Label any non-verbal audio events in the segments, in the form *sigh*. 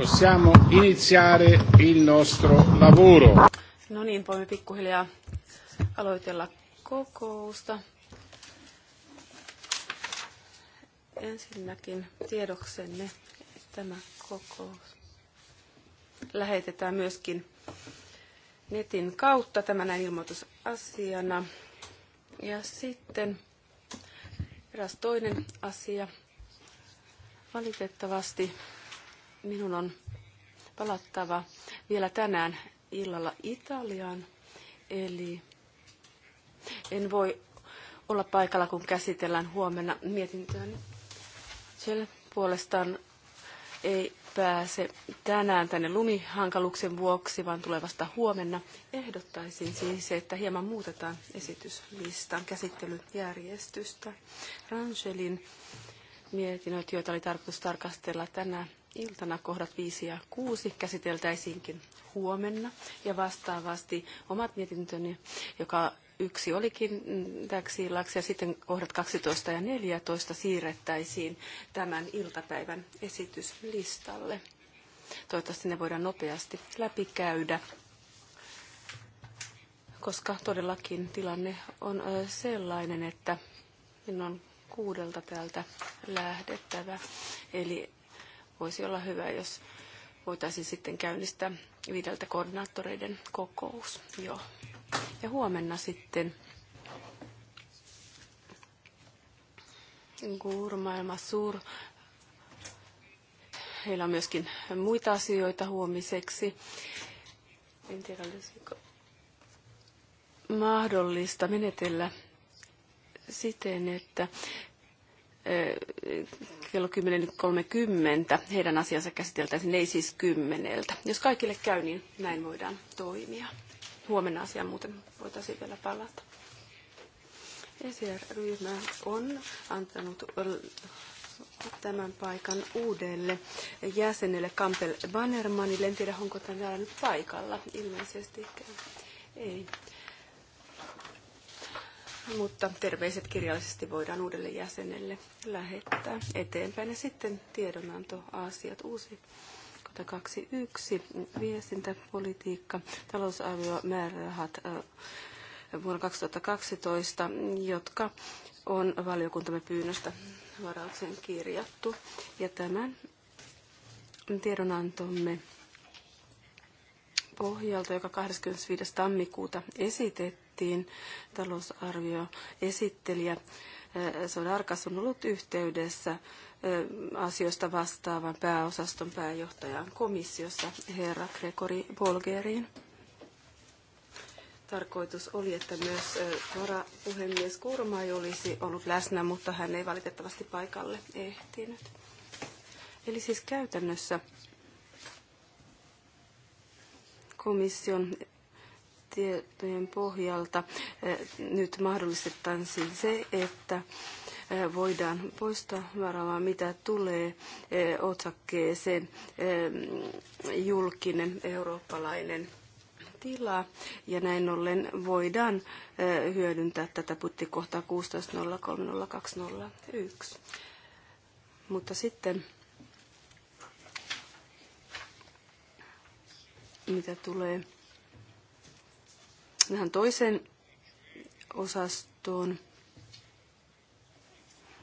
Possiamo iniziare il nostro lavoro. No niin, voimme pikkuhiljaa aloitella kokousta. Ensinnäkin tiedoksenne tämä kokous lähetetään myöskin netin kautta tämä näin ilmoitusasiana. Ja sitten eräs toinen asia. Valitettavasti Minun on palattava vielä tänään illalla Italiaan, eli en voi olla paikalla, kun käsitellään huomenna mietintöä. Siellä puolestaan ei pääse tänään tänne lumihankaluksen vuoksi, vaan tulevasta huomenna. Ehdottaisin siis, että hieman muutetaan esityslistan käsittelyjärjestystä. Rangelin mietinnöt, joita oli tarkoitus tarkastella tänään, iltana kohdat 5 ja 6 käsiteltäisiinkin huomenna. Ja vastaavasti omat mietintöni, joka yksi olikin mm, täksi illaksi, ja sitten kohdat 12 ja 14 siirrettäisiin tämän iltapäivän esityslistalle. Toivottavasti ne voidaan nopeasti läpikäydä, koska todellakin tilanne on sellainen, että minun on kuudelta täältä lähdettävä. Eli Voisi olla hyvä, jos voitaisiin sitten käynnistää viideltä koordinaattoreiden kokous. Joo. Ja huomenna sitten Gurmaelma Sur. Heillä on myöskin muita asioita huomiseksi. En tiedä, olisiko mahdollista menetellä siten, että kello 10.30 heidän asiansa käsiteltäisiin, ei siis kymmeneltä. Jos kaikille käy, niin näin voidaan toimia. Huomenna asiaan muuten voitaisiin vielä palata. esr ryhmä on antanut tämän paikan uudelle jäsenelle Kampel Bannermanille. En tiedä, onko tämä nyt paikalla. Ilmeisesti ei mutta terveiset kirjallisesti voidaan uudelle jäsenelle lähettää eteenpäin. Ja sitten asiat uusi 21 viestintäpolitiikka, talousarviomäärärahat vuonna 2012, jotka on valiokuntamme pyynnöstä varaukseen kirjattu. Ja tämän tiedonantomme pohjalta, joka 25. tammikuuta esitettiin, kuultiin talousarvioesittelijä. Se on arkasun ollut yhteydessä asioista vastaavan pääosaston pääjohtajan komissiossa herra Gregori Bolgeriin. Tarkoitus oli, että myös varapuhemies Kurmai olisi ollut läsnä, mutta hän ei valitettavasti paikalle ehtinyt. Eli siis käytännössä komission tietojen pohjalta eh, nyt siis se, että eh, voidaan poistaa varaa, mitä tulee eh, otsakkeeseen julkinen eurooppalainen tila. Ja näin ollen voidaan hyödyntää tätä puttikohtaa 16.03.0201. Mutta sitten mitä tulee tähän toiseen osastoon,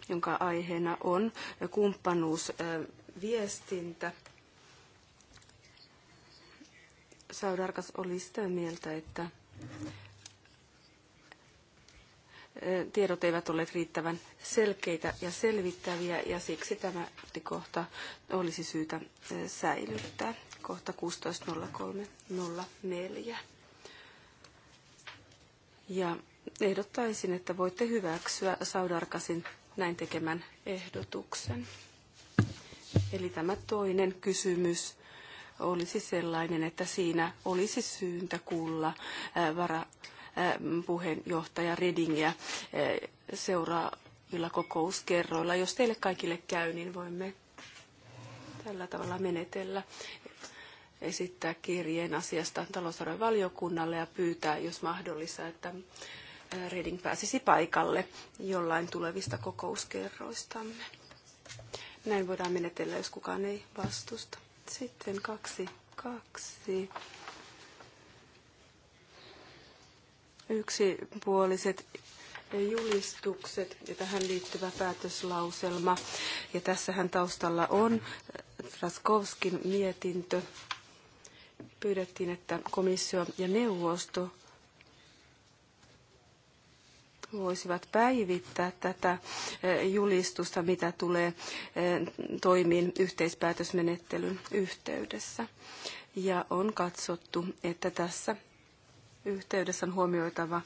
jonka aiheena on kumppanuusviestintä. Saudarkas oli sitä mieltä, että e, tiedot eivät ole riittävän selkeitä ja selvittäviä ja siksi tämä kohta olisi syytä e, säilyttää kohta 16.03.04. Ja ehdottaisin, että voitte hyväksyä Saudarkasin näin tekemän ehdotuksen. Eli tämä toinen kysymys olisi sellainen, että siinä olisi syyntä kuulla vara puheenjohtaja Redingiä seuraavilla kokouskerroilla. Jos teille kaikille käy, niin voimme tällä tavalla menetellä esittää kirjeen asiasta talousarvojen valiokunnalle ja pyytää, jos mahdollista, että Reading pääsisi paikalle jollain tulevista kokouskerroistamme. Näin voidaan menetellä, jos kukaan ei vastusta. Sitten kaksi, kaksi. Yksipuoliset julistukset ja tähän liittyvä päätöslauselma. Ja tässähän taustalla on Raskovskin mietintö pyydettiin, että komissio ja neuvosto voisivat päivittää tätä e, julistusta, mitä tulee e, toimiin yhteispäätösmenettelyn yhteydessä. Ja on katsottu, että tässä yhteydessä on huomioitava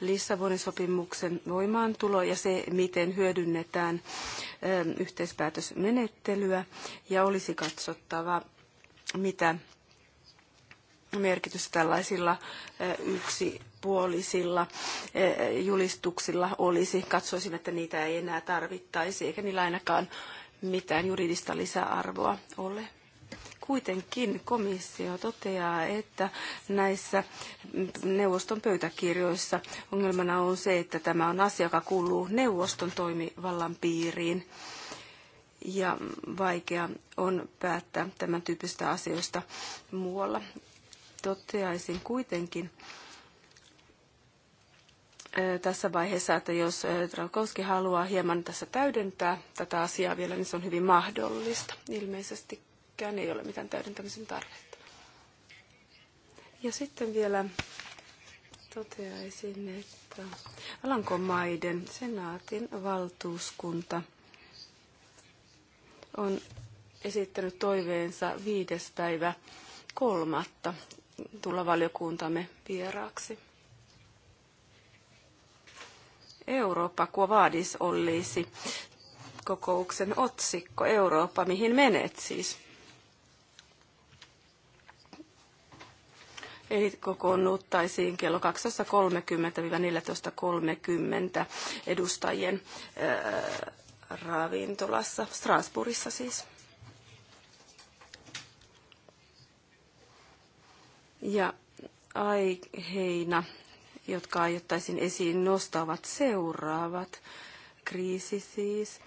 Lissabonin sopimuksen voimaantulo ja se, miten hyödynnetään e, yhteispäätösmenettelyä. Ja olisi katsottava, mitä merkitystä tällaisilla yksipuolisilla julistuksilla olisi. Katsoisin, että niitä ei enää tarvittaisi, eikä niillä ainakaan mitään juridista lisäarvoa ole. Kuitenkin komissio toteaa, että näissä neuvoston pöytäkirjoissa ongelmana on se, että tämä on asia, joka kuuluu neuvoston toimivallan piiriin ja vaikea on päättää tämän tyyppistä asioista muualla Toteaisin kuitenkin tässä vaiheessa, että jos Trakowski haluaa hieman tässä täydentää tätä asiaa vielä, niin se on hyvin mahdollista. Ilmeisestikään ei ole mitään täydentämisen tarvetta. Ja sitten vielä toteaisin, että Alankomaiden senaatin valtuuskunta on esittänyt toiveensa viides päivä kolmatta tulla valiokuntamme vieraaksi. Eurooppa vaadis olisi kokouksen otsikko. Eurooppa, mihin menet siis? Eli kokoonnuttaisiin kello 12.30-14.30 edustajien ää, äh, ravintolassa, Strasbourgissa siis. Ja aiheina, jotka aiottaisin esiin nostavat seuraavat. Kriisi siis,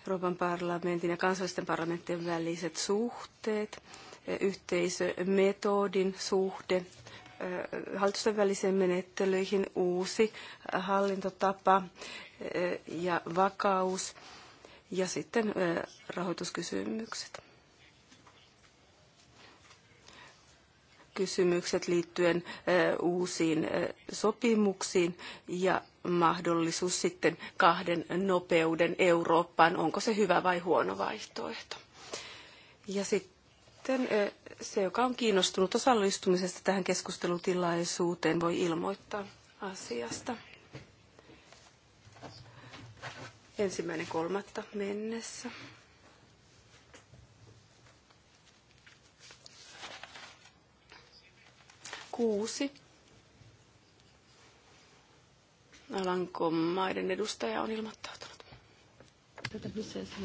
Euroopan parlamentin ja kansallisten parlamenttien väliset suhteet, yhteisömetodin suhde, hallitusten välisiin menettelyihin uusi hallintotapa ja vakaus ja sitten rahoituskysymykset. kysymykset liittyen eh, uusiin eh, sopimuksiin ja mahdollisuus sitten kahden nopeuden Eurooppaan, onko se hyvä vai huono vaihtoehto. Ja sitten eh, se, joka on kiinnostunut osallistumisesta tähän keskustelutilaisuuteen, voi ilmoittaa asiasta. Ensimmäinen kolmatta mennessä. 6. Alankomaiden edustaja on ilmoittautunut.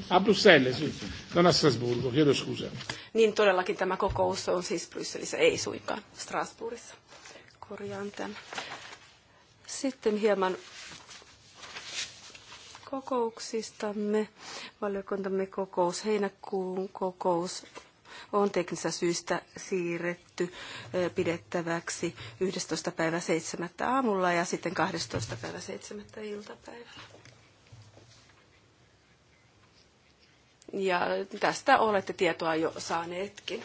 A ah, Bruxelles, sì. Non a Strasburgo, chiedo scusa. Niin todellakin tämä kokous on siis Brysselissä, ei suinkaan Strasbourgissa. Korjaan tämän. Sitten hieman kokouksistamme. Valiokuntamme kokous, heinäkuun kokous on teknisistä syistä siirretty pidettäväksi 11. päivä 7. aamulla ja sitten 12. päivä 7. iltapäivällä. Ja tästä olette tietoa jo saaneetkin.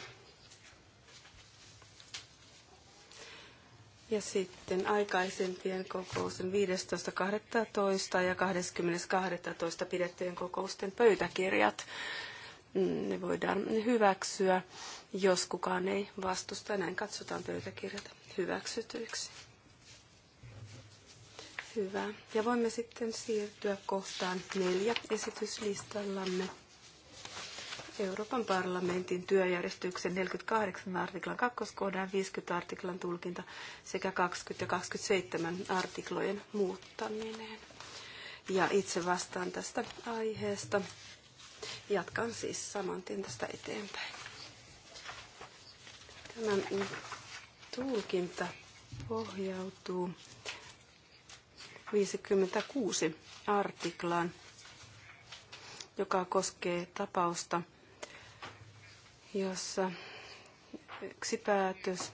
Ja sitten aikaisempien kokousten 15.12. ja 20.12. pidettyjen kokousten pöytäkirjat ne voidaan hyväksyä, jos kukaan ei vastusta. Näin katsotaan pöytäkirjat hyväksytyiksi. Hyvä. Ja voimme sitten siirtyä kohtaan neljä esityslistallamme. Euroopan parlamentin työjärjestyksen 48 artiklan kakkoskohdan 50 artiklan tulkinta sekä 20 ja 27 artiklojen muuttaminen. Ja itse vastaan tästä aiheesta. Jatkan siis saman tien tästä eteenpäin. Tämän tulkinta pohjautuu 56 artiklaan, joka koskee tapausta, jossa yksi päätös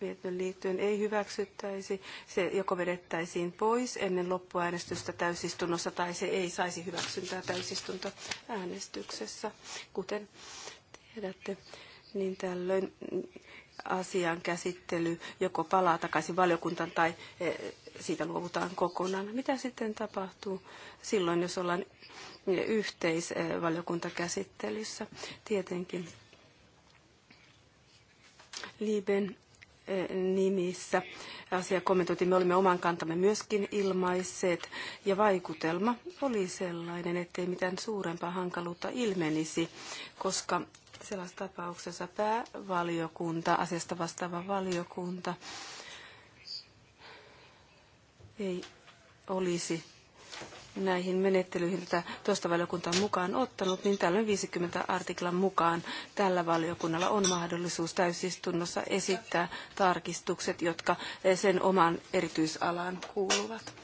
mietintöön liittyen ei hyväksyttäisi, se joko vedettäisiin pois ennen loppuäänestystä täysistunnossa tai se ei saisi hyväksyntää täysistuntoäänestyksessä, kuten tiedätte, niin tällöin asian käsittely joko palaa takaisin valiokuntaan tai eh, siitä luovutaan kokonaan. Mitä sitten tapahtuu silloin, jos ollaan eh, yhteisvaliokuntakäsittelyssä? Eh, Tietenkin Liben nimissä. Asia kommentoitiin, me olimme oman kantamme myöskin ilmaisseet, ja vaikutelma oli sellainen, ettei mitään suurempaa hankaluutta ilmenisi, koska sellaisessa tapauksessa päävaliokunta, asiasta vastaava valiokunta, ei olisi näihin menettelyihin, joita tuosta valiokunta on mukaan ottanut, niin tällöin 50 artiklan mukaan tällä valiokunnalla on mahdollisuus täysistunnossa esittää tarkistukset, jotka eh, sen oman erityisalaan kuuluvat.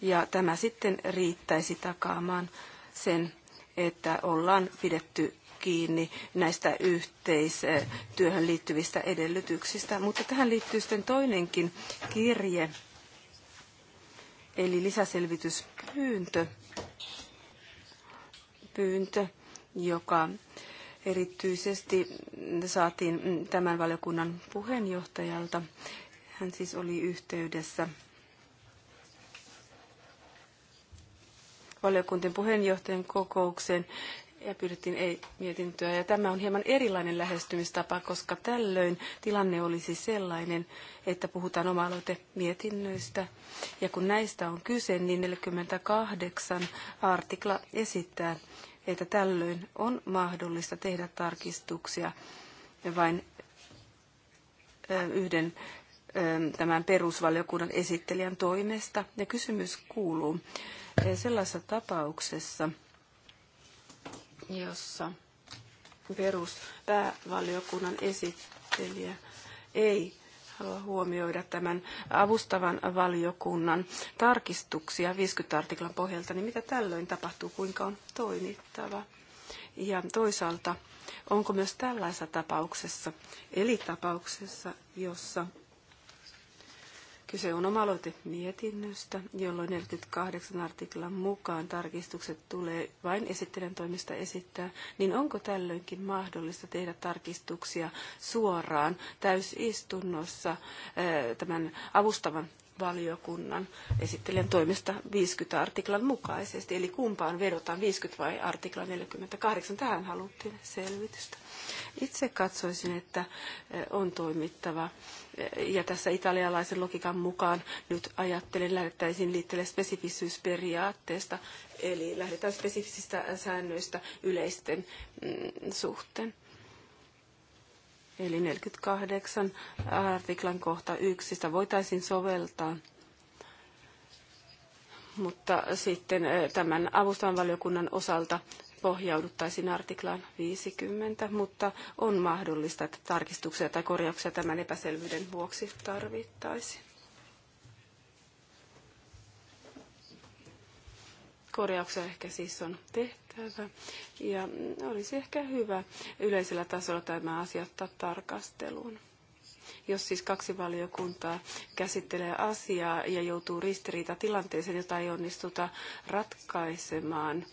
Ja tämä sitten riittäisi takaamaan sen, että ollaan pidetty kiinni näistä yhteistyöhön eh, liittyvistä edellytyksistä. Mutta tähän liittyy sitten toinenkin kirje, eli lisäselvityspyyntö, pyyntö, joka erityisesti saatiin tämän valiokunnan puheenjohtajalta. Hän siis oli yhteydessä valiokuntien puheenjohtajan kokoukseen ja pyydettiin ei-mietintöä. Ja tämä on hieman erilainen lähestymistapa, koska tällöin tilanne olisi sellainen, että puhutaan oma mietinnöistä. Ja kun näistä on kyse, niin 48 artikla esittää, että tällöin on mahdollista tehdä tarkistuksia vain yhden tämän perusvaliokunnan esittelijän toimesta. Ja kysymys kuuluu, e, sellaisessa tapauksessa – jossa peruspäävaliokunnan esittelijä ei halua huomioida tämän avustavan valiokunnan tarkistuksia 50 artiklan pohjalta, niin mitä tällöin tapahtuu, kuinka on toimittava. Ja toisaalta, onko myös tällaisessa tapauksessa, eli tapauksessa, jossa Kyse on omaloite mietinnöstä, jolloin 48 artiklan mukaan tarkistukset tulee vain esittelijän toimista esittää, niin onko tällöinkin mahdollista tehdä tarkistuksia suoraan täysistunnossa eh, tämän avustavan valiokunnan esittelijän toimesta 50 artiklan mukaisesti. Eli kumpaan vedotaan, 50 vai artikla 48? Tähän haluttiin selvitystä. Itse katsoisin, että eh, on toimittava. Eh, ja tässä italialaisen logikan mukaan nyt ajattelen, lähdettäisiin liittele spesifisyysperiaatteesta, eli lähdetään spesifisistä säännöistä yleisten mm, suhteen. Eli 48 artiklan kohta 1 sitä voitaisiin soveltaa. Mutta sitten eh, tämän avustavan valiokunnan osalta pohjauduttaisiin artiklaan 50, mutta on mahdollista, että tarkistuksia tai korjauksia tämän epäselvyyden vuoksi tarvittaisiin. korjauksia ehkä siis on tehtävä. Ja olisi ehkä hyvä yleisellä tasolla tämä asia ottaa tarkasteluun. Jos siis kaksi valiokuntaa käsittelee asiaa ja joutuu ristiriitatilanteeseen, jota ei onnistuta ratkaisemaan,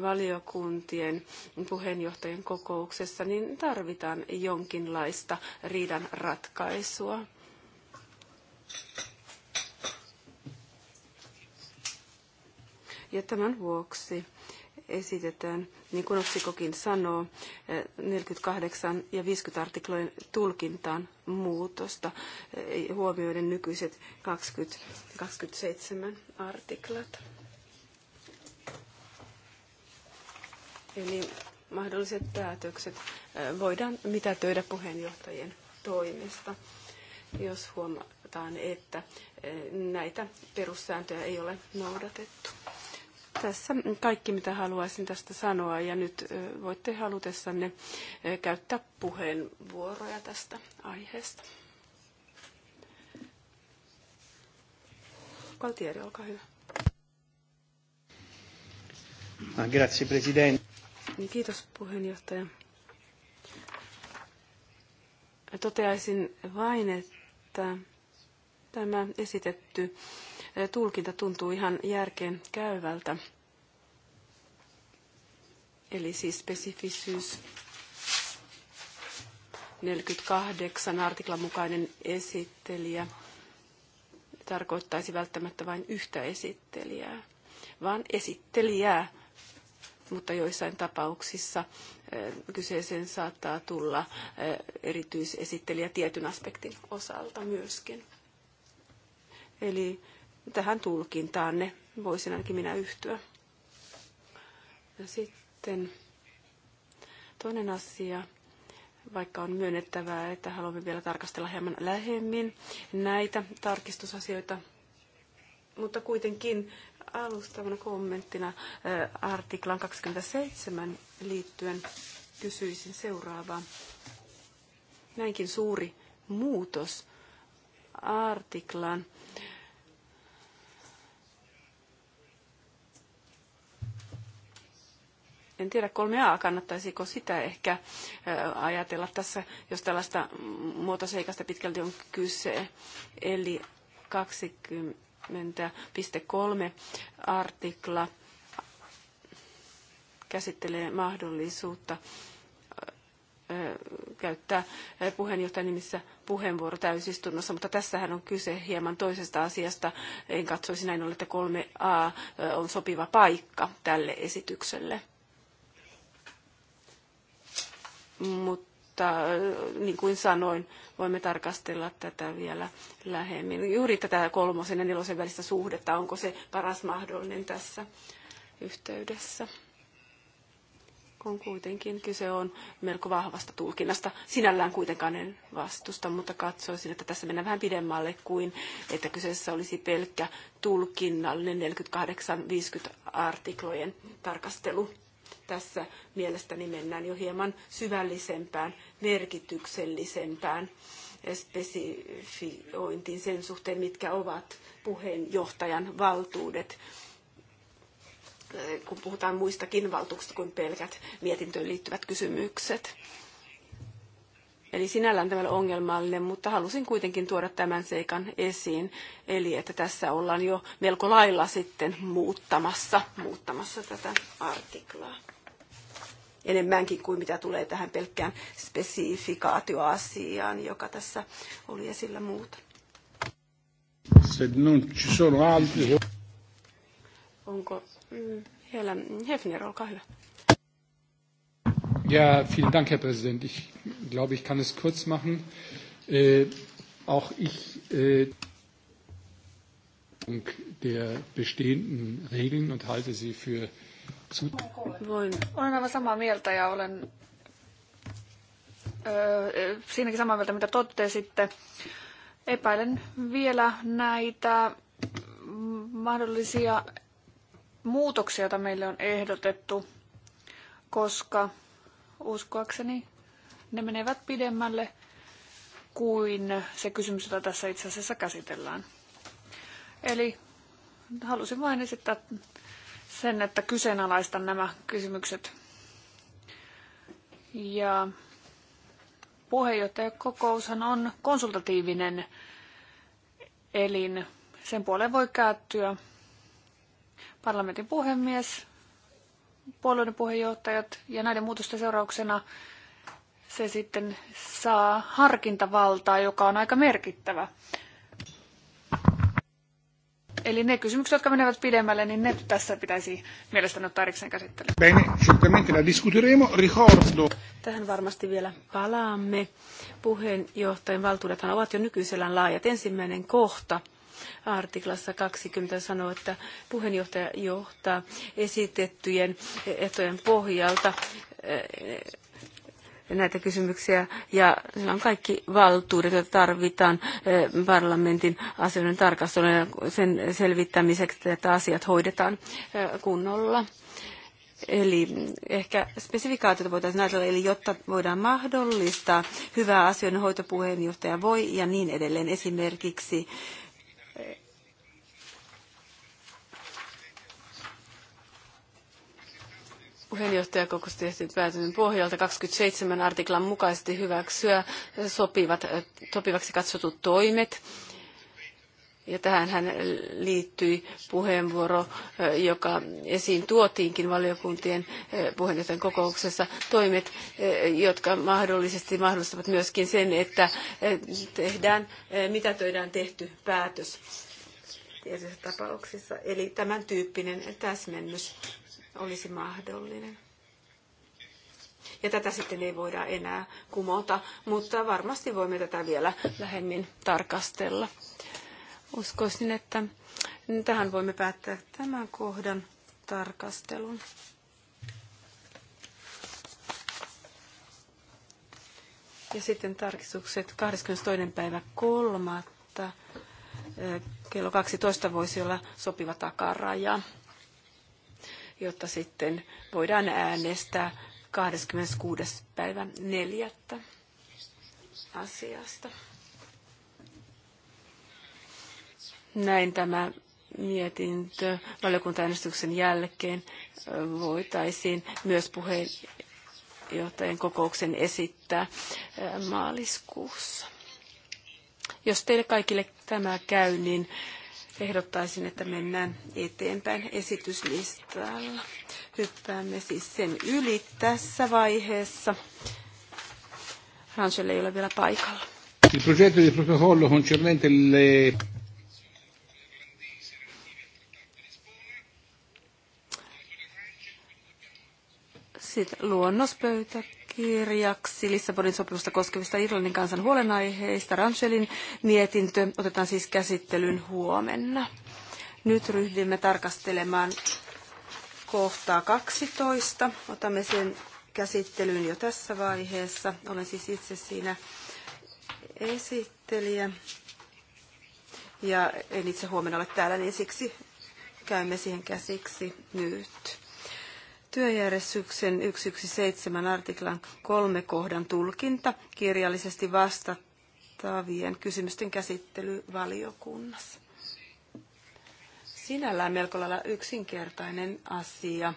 valiokuntien puheenjohtajien kokouksessa, niin tarvitaan jonkinlaista riidan ratkaisua. Ja tämän vuoksi esitetään, niin kuin otsikokin sanoo, 48 eh, ja 50 artiklojen tulkintaan muutosta, eh, huomioiden nykyiset 20, 27 artiklat. Eli mahdolliset päätökset eh, voidaan mitätöidä puheenjohtajien toimista, jos huomataan, että näitä perussääntöjä ei ole noudatettu. Tässä kaikki, mitä haluaisin tästä sanoa, ja nyt voitte halutessanne käyttää puheenvuoroja tästä aiheesta. Valtieri, olkaa hyvä. Ah, grazie, Presidente. Niin, kiitos puheenjohtaja. Toteaisin vain, että tämä esitetty tulkinta tuntuu ihan järkeen käyvältä. Eli siis spesifisyys 48 artiklan mukainen esittelijä tarkoittaisi välttämättä vain yhtä esittelijää, vaan esittelijää, mutta joissain tapauksissa eh, kyseeseen saattaa tulla eh, erityisesittelijä tietyn aspektin osalta myöskin. Eli tähän tulkintaan ne voisin ainakin minä yhtyä. Ja sitten sitten toinen asia, vaikka on myönnettävää, että haluamme vielä tarkastella hieman lähemmin näitä tarkistusasioita, mutta kuitenkin alustavana kommenttina äh, artiklan 27 liittyen kysyisin seuraavaa. Näinkin suuri muutos artiklaan En tiedä 3a, kannattaisiko sitä ehkä ajatella tässä, jos tällaista muotoseikasta pitkälti on kyse. Eli 20.3 artikla käsittelee mahdollisuutta käyttää puheenjohtajan nimissä puheenvuoro täysistunnossa, mutta tässähän on kyse hieman toisesta asiasta. En katsoisi näin ollen, että 3a on sopiva paikka tälle esitykselle. mutta äh, niin kuin sanoin, voimme tarkastella tätä vielä lähemmin. Juuri tätä kolmosen ja nelosen välistä suhdetta, onko se paras mahdollinen tässä yhteydessä. Kun kuitenkin kyse on melko vahvasta tulkinnasta. Sinällään kuitenkaan en vastusta, mutta katsoisin, että tässä mennään vähän pidemmälle kuin, että kyseessä olisi pelkkä tulkinnallinen 48-50 artiklojen tarkastelu tässä mielestäni mennään jo hieman syvällisempään, merkityksellisempään spesifiointiin sen suhteen, mitkä ovat puheenjohtajan valtuudet kun puhutaan muistakin valtuuksista kuin pelkät mietintöön liittyvät kysymykset. Eli sinällään tämä ongelmallinen, mutta halusin kuitenkin tuoda tämän seikan esiin. Eli että tässä ollaan jo melko lailla sitten muuttamassa, muuttamassa tätä artiklaa. Enemmänkin kuin mitä tulee tähän pelkkään spesifikaatioasiaan, joka tässä oli esillä muuta. Onko mm, Helen Hefner, olkaa hyvä. Ja, vielen Dank, Herr Präsident. Ich glaube, ich kann es kurz machen. Äh, auch ich äh, der bestehenden Regeln und halte sie für zu. Äh, siinäkin samaa mieltä, mitä totesitte. Epäilen vielä näitä mahdollisia muutoksia, joita meille on ehdotettu, koska uskoakseni ne menevät pidemmälle kuin se kysymys, jota tässä itse asiassa käsitellään. Eli halusin vain esittää sen, että kyseenalaistan nämä kysymykset. Ja puheenjohtajakokoushan on konsultatiivinen elin. Sen puoleen voi käyttyä parlamentin puhemies, puolueiden puheenjohtajat ja näiden muutosten seurauksena se sitten saa harkintavaltaa, joka on aika merkittävä. Eli ne kysymykset, jotka menevät pidemmälle, niin ne tässä pitäisi mielestäni ottaa erikseen käsittelyyn. Tähän varmasti vielä palaamme. Puheenjohtajan valtuudethan ovat jo nykyisellään laajat. Ensimmäinen kohta artiklassa 20 sanoo, että puheenjohtaja johtaa esitettyjen ehtojen pohjalta eh, näitä kysymyksiä ja sillä on kaikki valtuudet, joita tarvitaan eh, parlamentin asioiden tarkastelun ja sen selvittämiseksi, että asiat hoidetaan eh, kunnolla. Eli ehkä spesifikaatiota voitaisiin ajatella, eli jotta voidaan mahdollistaa hyvää asioiden hoitopuheenjohtaja voi ja niin edelleen esimerkiksi puheenjohtajakokous tehtiin päätöksen pohjalta 27 artiklan mukaisesti hyväksyä sopivat, sopivaksi katsotut toimet. Ja tähän liittyi puheenvuoro, joka esiin tuotiinkin valiokuntien puheenjohtajan kokouksessa. Toimet, jotka mahdollisesti mahdollistavat myöskin sen, että tehdään, mitätöidään tehty päätös tietyissä tapauksissa. Eli tämän tyyppinen täsmennys olisi mahdollinen. Ja tätä sitten ei voida enää kumota, mutta varmasti voimme tätä vielä lähemmin tarkastella. Uskoisin, että tähän voimme päättää tämän kohdan tarkastelun. Ja sitten tarkistukset 22. päivä kolmatta kello 12 voisi olla sopiva takaraja jotta sitten voidaan äänestää 26. päivä neljättä asiasta. Näin tämä mietintö valiokuntaäänestyksen jälkeen voitaisiin myös puheenjohtajan kokouksen esittää maaliskuussa. Jos teille kaikille tämä käy, niin ehdottaisin, että mennään eteenpäin esityslistalla. Hyppäämme siis sen yli tässä vaiheessa. Rangel ei ole vielä paikalla. Il progetto di protocollo concernente le... Sitten luonnospöytä kirjaksi Lissabonin sopimusta koskevista Irlannin kansan huolenaiheista. Rangelin mietintö otetaan siis käsittelyyn huomenna. Nyt ryhdymme tarkastelemaan kohtaa 12. Otamme sen käsittelyyn jo tässä vaiheessa. Olen siis itse siinä esittelijä. Ja en itse huomenna ole täällä, niin siksi käymme siihen käsiksi nyt. Työjärjestyksen 117 artiklan kolme kohdan tulkinta kirjallisesti vastattavien kysymysten käsittely valiokunnassa. Sinällään melko lailla yksinkertainen asia.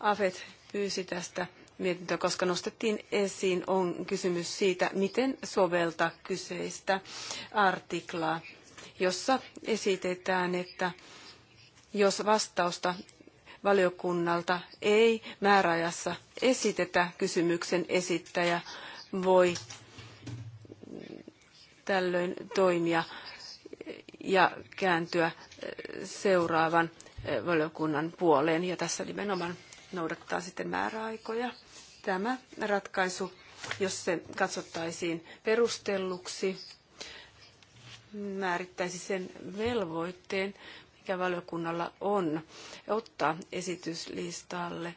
Afet pyysi tästä mietintöä, koska nostettiin esiin on kysymys siitä, miten soveltaa kyseistä artiklaa, jossa esitetään, että jos vastausta valiokunnalta ei määräajassa esitetä, kysymyksen esittäjä voi tällöin toimia ja kääntyä seuraavan valiokunnan puoleen. Ja tässä nimenomaan noudattaa sitten määräaikoja. Tämä ratkaisu, jos se katsottaisiin perustelluksi, määrittäisi sen velvoitteen, mikä valiokunnalla on ottaa esityslistalle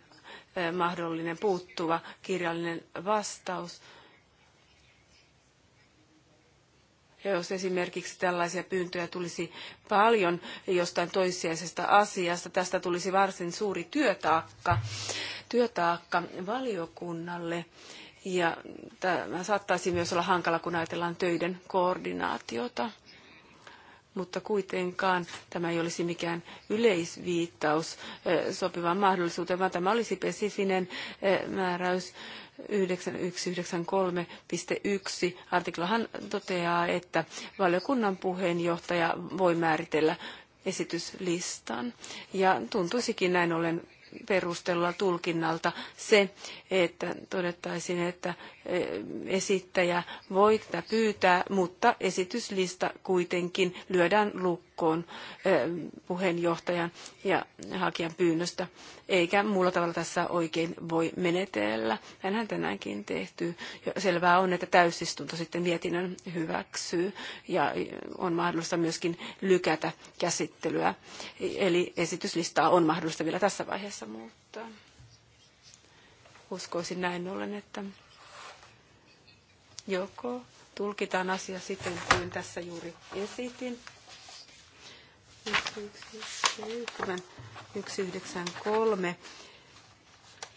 eh, mahdollinen puuttuva kirjallinen vastaus. Ja jos esimerkiksi tällaisia pyyntöjä tulisi paljon jostain toissijaisesta asiasta, tästä tulisi varsin suuri työtaakka, työtaakka valiokunnalle. Ja tämä saattaisi myös olla hankala, kun ajatellaan töiden koordinaatiota mutta kuitenkaan tämä ei olisi mikään yleisviittaus eh, sopivaan mahdollisuuteen, vaan tämä olisi spesifinen eh, määräys 9193.1. Artiklahan toteaa, että valiokunnan puheenjohtaja voi määritellä esityslistan. Ja tuntuisikin näin ollen perustellulla tulkinnalta se, että todettaisiin, että e, esittäjä voi tätä pyytää, mutta esityslista kuitenkin lyödään lukkoon YKn eh, puheenjohtajan ja hakijan pyynnöstä, eikä muulla tavalla tässä oikein voi menetellä. Näinhän tänäänkin tehty. Selvää on, että täysistunto sitten mietinnön hyväksyy ja on mahdollista myöskin lykätä käsittelyä. Eli esityslistaa on mahdollista vielä tässä vaiheessa muuttaa. Uskoisin näin ollen, että joko tulkitaan asia siten kuin tässä juuri esitin, 197, 193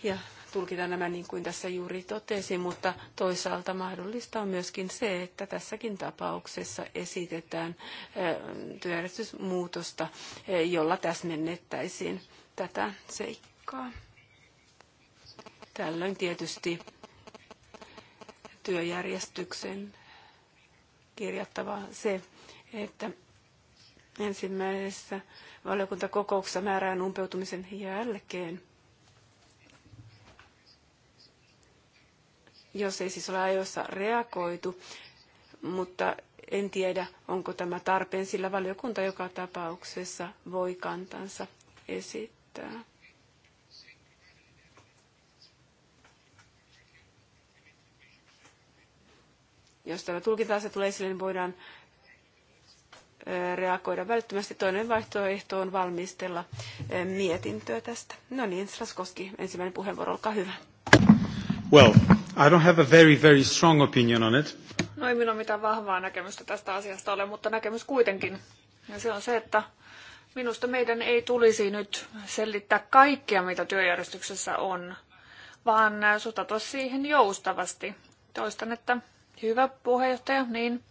ja tulkita nämä niin kuin tässä juuri totesin, mutta toisaalta mahdollista on myöskin se, että tässäkin tapauksessa esitetään eh, työjärjestysmuutosta, eh, jolla täsmennettäisiin tätä seikkaa. Tällöin tietysti työjärjestyksen kirjattava se, että ensimmäisessä valiokuntakokouksessa määrään umpeutumisen jälkeen. Jos ei siis ole ajoissa reagoitu, mutta en tiedä, onko tämä tarpeen, sillä valiokunta joka tapauksessa voi kantansa esittää. Jos tämä tulkinta-asia tulee esille, niin voidaan reagoida välittömästi. Toinen vaihtoehto on valmistella mietintöä tästä. No niin, Sraskoski ensimmäinen puheenvuoro, olkaa hyvä. Well, I don't have a very, very strong opinion on it. No ei minulla mitään vahvaa näkemystä tästä asiasta ole, mutta näkemys kuitenkin. Ja se on se, että minusta meidän ei tulisi nyt selittää kaikkea, mitä työjärjestyksessä on, vaan suhtautua siihen joustavasti. Toistan, että hyvä puheenjohtaja, niin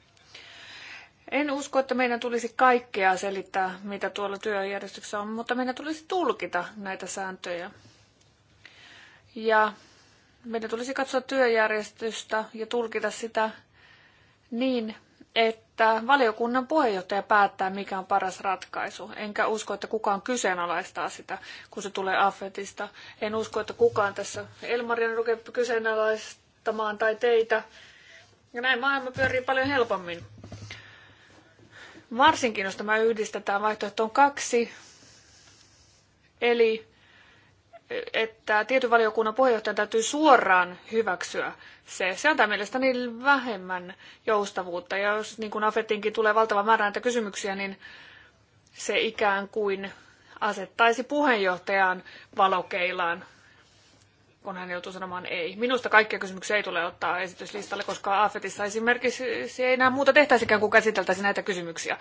en usko, että meidän tulisi kaikkea selittää, mitä tuolla työjärjestyksessä on, mutta meidän tulisi tulkita näitä sääntöjä. Ja meidän tulisi katsoa työjärjestystä ja tulkita sitä niin, että valiokunnan puheenjohtaja päättää, mikä on paras ratkaisu. Enkä usko, että kukaan kyseenalaistaa sitä, kun se tulee Affetista. En usko, että kukaan tässä Elmarin rukee kyseenalaistamaan tai teitä. Ja näin maailma pyörii paljon helpommin. Varsinkin, jos tämä yhdistetään vaihtoehtoon kaksi, eli että tietyn valiokunnan puheenjohtajan täytyy suoraan hyväksyä se. Se antaa mielestäni vähemmän joustavuutta. Ja jos niin kuin Afetinkin tulee valtava määrä näitä kysymyksiä, niin se ikään kuin asettaisi puheenjohtajan valokeilaan kun hän joutuu sanomaan ei. Minusta kaikkia kysymyksiä ei tule ottaa esityslistalle, koska AFETissa esimerkiksi ei enää muuta tehtäisikään kuin käsiteltäisiin näitä kysymyksiä.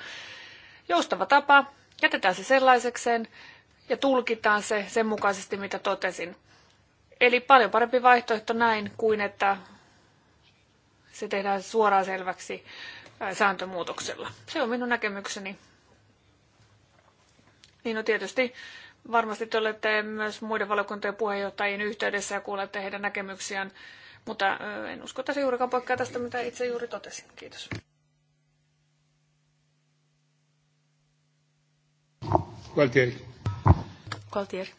Joustava tapa, jätetään se sellaisekseen ja tulkitaan se sen mukaisesti, mitä totesin. Eli paljon parempi vaihtoehto näin kuin, että se tehdään suoraan selväksi äh, sääntömuutoksella. Se on minun näkemykseni. Niin no tietysti Varmasti te olette myös muiden valiokuntien puheenjohtajien yhteydessä ja kuulette heidän näkemyksiään, mutta en usko, että se juurikaan poikkeaa tästä, mitä itse juuri totesin. Kiitos. Gualtieri. Gualtieri.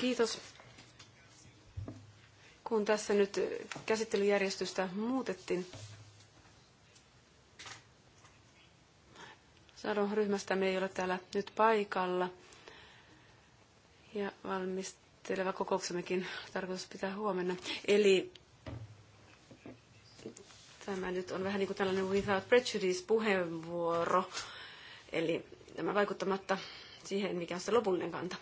Kiitos. Kun tässä nyt käsittelyjärjestystä muutettiin, Salo ryhmästämme ei ole täällä nyt paikalla. Ja valmisteleva kokouksemmekin tarkoitus pitää huomenna. Eli tämä nyt on vähän niin kuin tällainen without prejudice-puheenvuoro. Eli tämä vaikuttamatta siihen, mikä on se lopullinen kanta.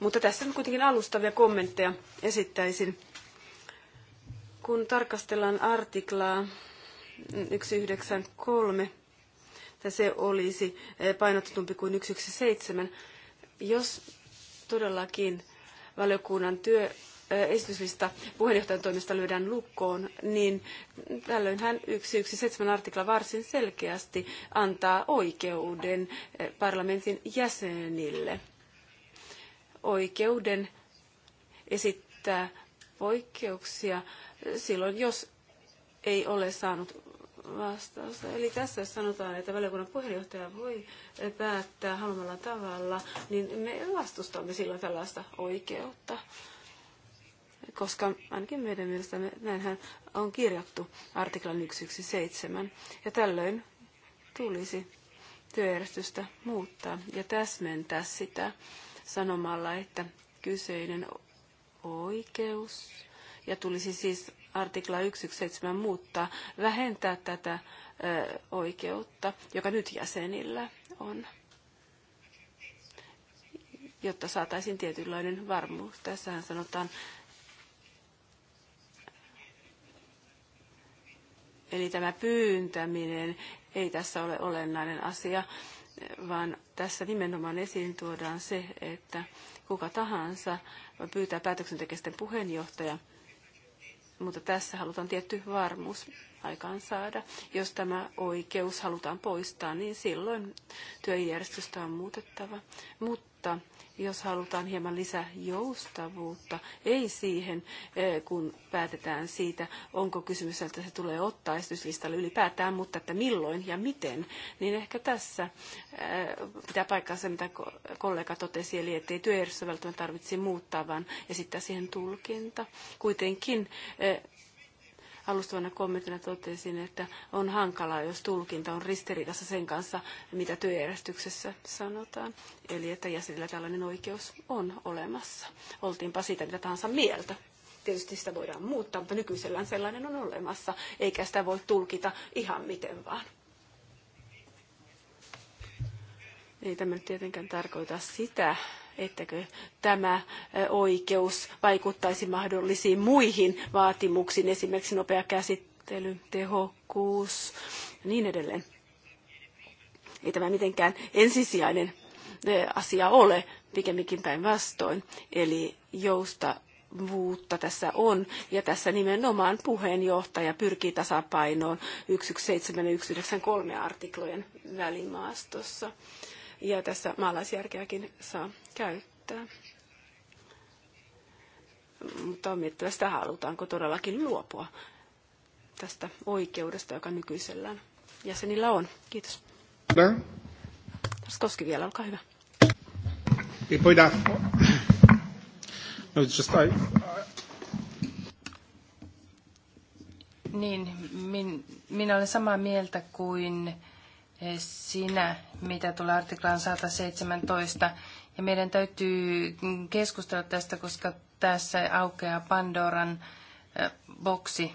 Mutta tässä on kuitenkin alustavia kommentteja esittäisin. Kun tarkastellaan artiklaa 193, että se olisi eh, painotetumpi kuin 117. Jos todellakin valiokunnan työ eh, esityslista puheenjohtajan toimesta lyödään lukkoon, niin tällöinhän 117 artikla varsin selkeästi antaa oikeuden eh, parlamentin jäsenille. Oikeuden esittää poikkeuksia silloin, jos ei ole saanut vastaus. Eli tässä jos sanotaan, että valiokunnan puheenjohtaja voi päättää haluamalla tavalla, niin me vastustamme silloin tällaista oikeutta. Koska ainakin meidän mielestämme näinhän on kirjattu artiklan 117. Ja tällöin tulisi työjärjestystä muuttaa ja täsmentää sitä sanomalla, että kyseinen oikeus ja tulisi siis artikla 117 muuttaa, vähentää tätä oikeutta, joka nyt jäsenillä on, jotta saataisiin tietynlainen varmuus. Tässähän sanotaan, eli tämä pyyntäminen ei tässä ole olennainen asia, vaan tässä nimenomaan esiin tuodaan se, että kuka tahansa pyytää päätöksentekijöiden puheenjohtaja – mutta tässä halutaan tietty varmuus aikaansaada. Jos tämä oikeus halutaan poistaa, niin silloin työjärjestystä on muutettava. Mutta jos halutaan hieman lisää joustavuutta, ei siihen, eh, kun päätetään siitä, onko kysymys, että se tulee ottaa esityslistalle ylipäätään, mutta että milloin ja miten, niin ehkä tässä eh, pitää paikkaa se, mitä kollega totesi, eli ettei työjärjestö välttämättä tarvitse muuttaa, vaan esittää siihen tulkinta. Kuitenkin eh, alustavana kommenttina totesin, että on hankalaa, jos tulkinta on ristiriidassa sen kanssa, mitä työjärjestyksessä sanotaan. Eli että jäsenillä tällainen oikeus on olemassa. Oltiinpa siitä mitä tahansa mieltä. Tietysti sitä voidaan muuttaa, mutta nykyisellään sellainen on olemassa, eikä sitä voi tulkita ihan miten vaan. Ei tämä tietenkään tarkoita sitä, ettäkö tämä oikeus vaikuttaisi mahdollisiin muihin vaatimuksiin, esimerkiksi nopea käsittely, tehokkuus ja niin edelleen. Ei tämä mitenkään ensisijainen asia ole, pikemminkin päinvastoin. Eli joustavuutta tässä on, ja tässä nimenomaan puheenjohtaja pyrkii tasapainoon 117 ja 193 artiklojen välimaastossa ja tässä maalaisjärkeäkin saa käyttää. Mutta on miettivä sitä, halutaanko todellakin luopua tästä oikeudesta, joka nykyisellään jäsenillä on. Kiitos. No. Koski vielä, olkaa hyvä. Ei voida. No, just I, Niin, min, minä olen samaa mieltä kuin siinä, mitä tulee artiklaan 117. Ja meidän täytyy keskustella tästä, koska tässä aukeaa Pandoran boksi.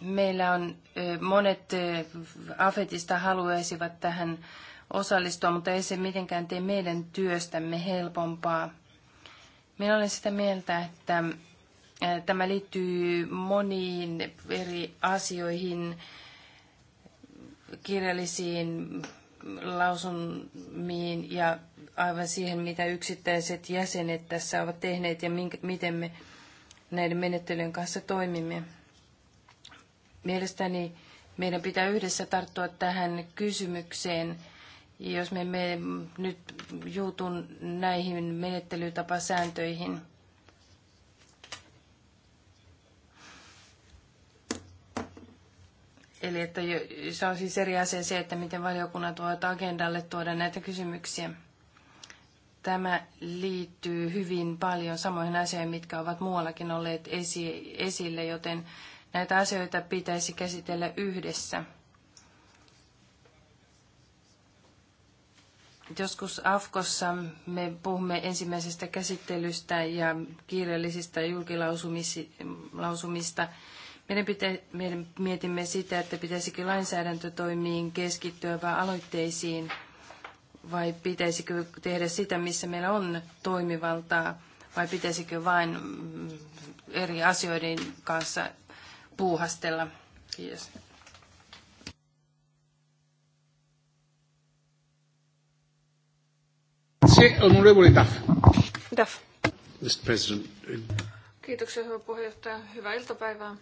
Meillä on monet Afetista haluaisivat tähän osallistua, mutta ei se mitenkään tee meidän työstämme helpompaa. Minä olen sitä mieltä, että tämä liittyy moniin eri asioihin, kirjallisiin lausumiin ja aivan siihen, mitä yksittäiset jäsenet tässä ovat tehneet ja minkä, miten me näiden menettelyjen kanssa toimimme. Mielestäni meidän pitää yhdessä tarttua tähän kysymykseen. Jos me me nyt juutun näihin menettelytapasääntöihin – Eli että se on siis eri asia se, että miten valiokunnat voivat agendalle tuoda näitä kysymyksiä. Tämä liittyy hyvin paljon samoihin asioihin, mitkä ovat muuallakin olleet esi- esille, joten näitä asioita pitäisi käsitellä yhdessä. Joskus AFKossa me puhumme ensimmäisestä käsittelystä ja kiireellisistä julkilausumista meidän pitä, meidän mietimme sitä, että pitäisikö lainsäädäntötoimiin keskittyä vai aloitteisiin, vai pitäisikö tehdä sitä, missä meillä on toimivaltaa, vai pitäisikö vain mm, eri asioiden kanssa puuhastella. Kiitos. Se on Mr. President. Kiitoksia, hyvä puheenjohtaja. Hyvää iltapäivää.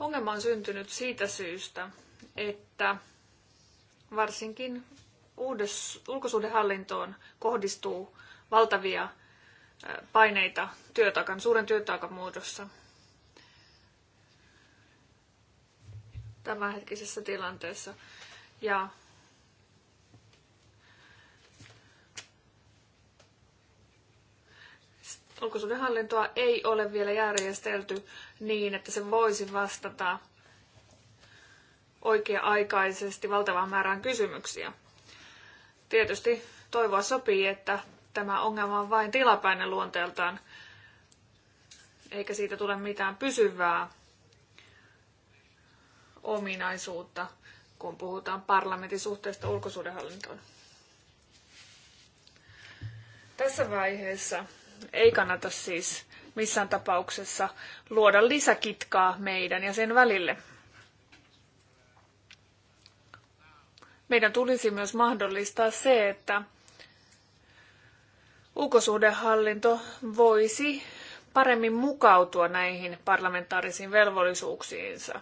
Ongelma on syntynyt siitä syystä, että varsinkin uudes, ulkosuhdehallintoon kohdistuu valtavia paineita työtaakan, suuren työtaakan muodossa. tämänhetkisessä tilanteessa. Ja ulkosuhdehallintoa ei ole vielä järjestelty niin, että se voisi vastata oikea-aikaisesti valtavaan määrään kysymyksiä. Tietysti toivoa sopii, että tämä ongelma on vain tilapäinen luonteeltaan, eikä siitä tule mitään pysyvää ominaisuutta, kun puhutaan parlamentin suhteesta ulkosuhdehallintoon. Tässä vaiheessa ei kannata siis missään tapauksessa luoda lisäkitkaa meidän ja sen välille. Meidän tulisi myös mahdollistaa se, että ulkosuhdehallinto voisi paremmin mukautua näihin parlamentaarisiin velvollisuuksiinsa.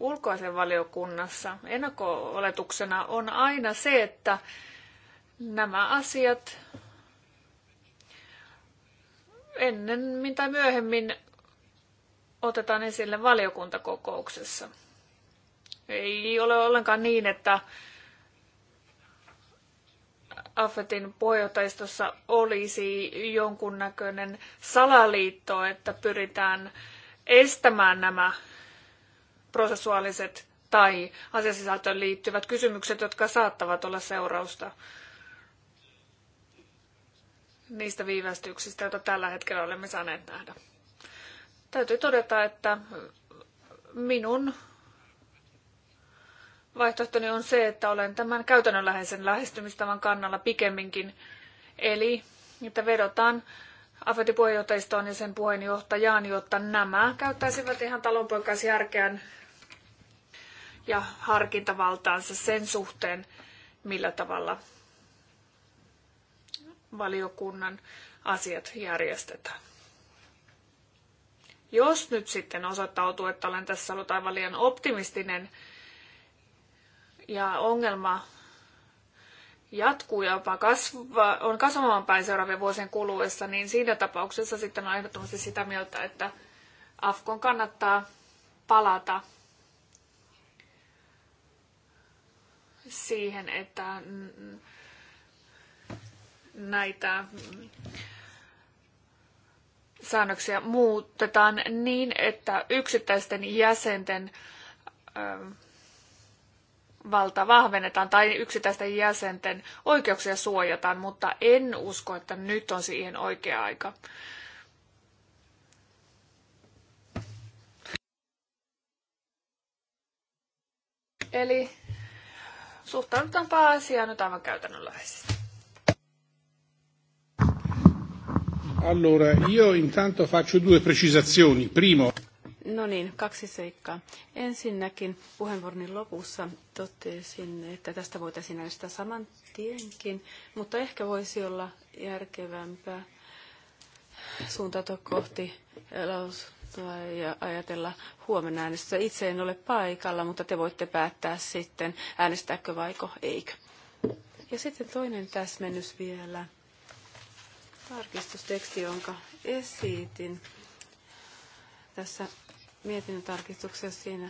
Ulkoisen valiokunnassa ennakko-oletuksena on aina se, että nämä asiat Ennen tai myöhemmin otetaan esille valiokuntakokouksessa. Ei ole ollenkaan niin, että AFETin puheenjohtajistossa olisi jonkunnäköinen salaliitto, että pyritään estämään nämä prosessuaaliset tai asiasisältöön liittyvät kysymykset, jotka saattavat olla seurausta niistä viivästyksistä, joita tällä hetkellä olemme saaneet nähdä. Täytyy todeta, että minun vaihtoehtoni on se, että olen tämän käytännönläheisen lähestymistavan kannalla pikemminkin. Eli että vedotaan Afetin puheenjohtajistoon ja sen puheenjohtajaan, jotta nämä käyttäisivät ihan talonpoikaisjärkeän ja harkintavaltaansa sen suhteen, millä tavalla valiokunnan asiat järjestetään. Jos nyt sitten osoittautuu, että olen tässä ollut aivan liian optimistinen ja ongelma jatkuu ja jopa kasva, on kasvamaan päin seuraavien vuosien kuluessa, niin siinä tapauksessa sitten on ehdottomasti sitä mieltä, että Afkon kannattaa palata siihen, että näitä säännöksiä muutetaan niin, että yksittäisten jäsenten ähm, valta vahvennetaan tai yksittäisten jäsenten oikeuksia suojataan, mutta en usko, että nyt on siihen oikea aika. Eli suhtaudutaan asiaan nyt aivan käytännönläheisesti. Allora, io intanto faccio due precisazioni. Primo. No niin, kaksi seikkaa. Ensinnäkin puheenvuoroni lopussa totesin, että tästä voitaisiin näistä saman tienkin, mutta ehkä voisi olla järkevämpää suuntautua kohti lausuntoa ja ajatella huomenna äänestystä. Itse en ole paikalla, mutta te voitte päättää sitten, äänestääkö vaiko eikö. Ja sitten toinen täsmennys vielä tarkistusteksti, jonka esitin tässä mietinnön tarkistuksessa siinä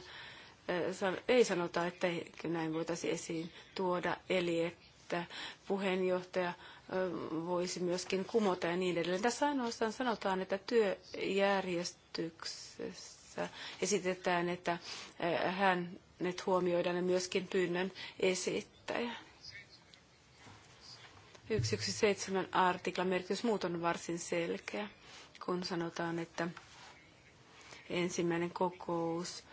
eh, ei sanota, että näin voitaisiin esiin tuoda, eli että puheenjohtaja eh, voisi myöskin kumota ja niin edelleen. Tässä ainoastaan sanotaan, että työjärjestyksessä esitetään, että eh, hänet huomioidaan ja myöskin pyynnön esittäjä. 117 artikla merkitys muut on varsin selkeä, kun sanotaan, että ensimmäinen kokous,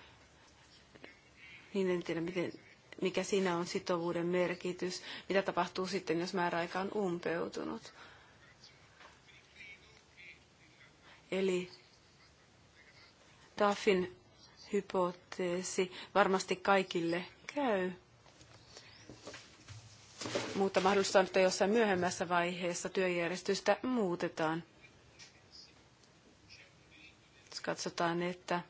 niin en tiedä, miten, mikä siinä on sitovuuden merkitys, mitä tapahtuu sitten, jos määräaika on umpeutunut. Eli Duffin hypoteesi varmasti kaikille käy mutta mahdollista on, että jossain myöhemmässä vaiheessa työjärjestystä muutetaan. Jos katsotaan, että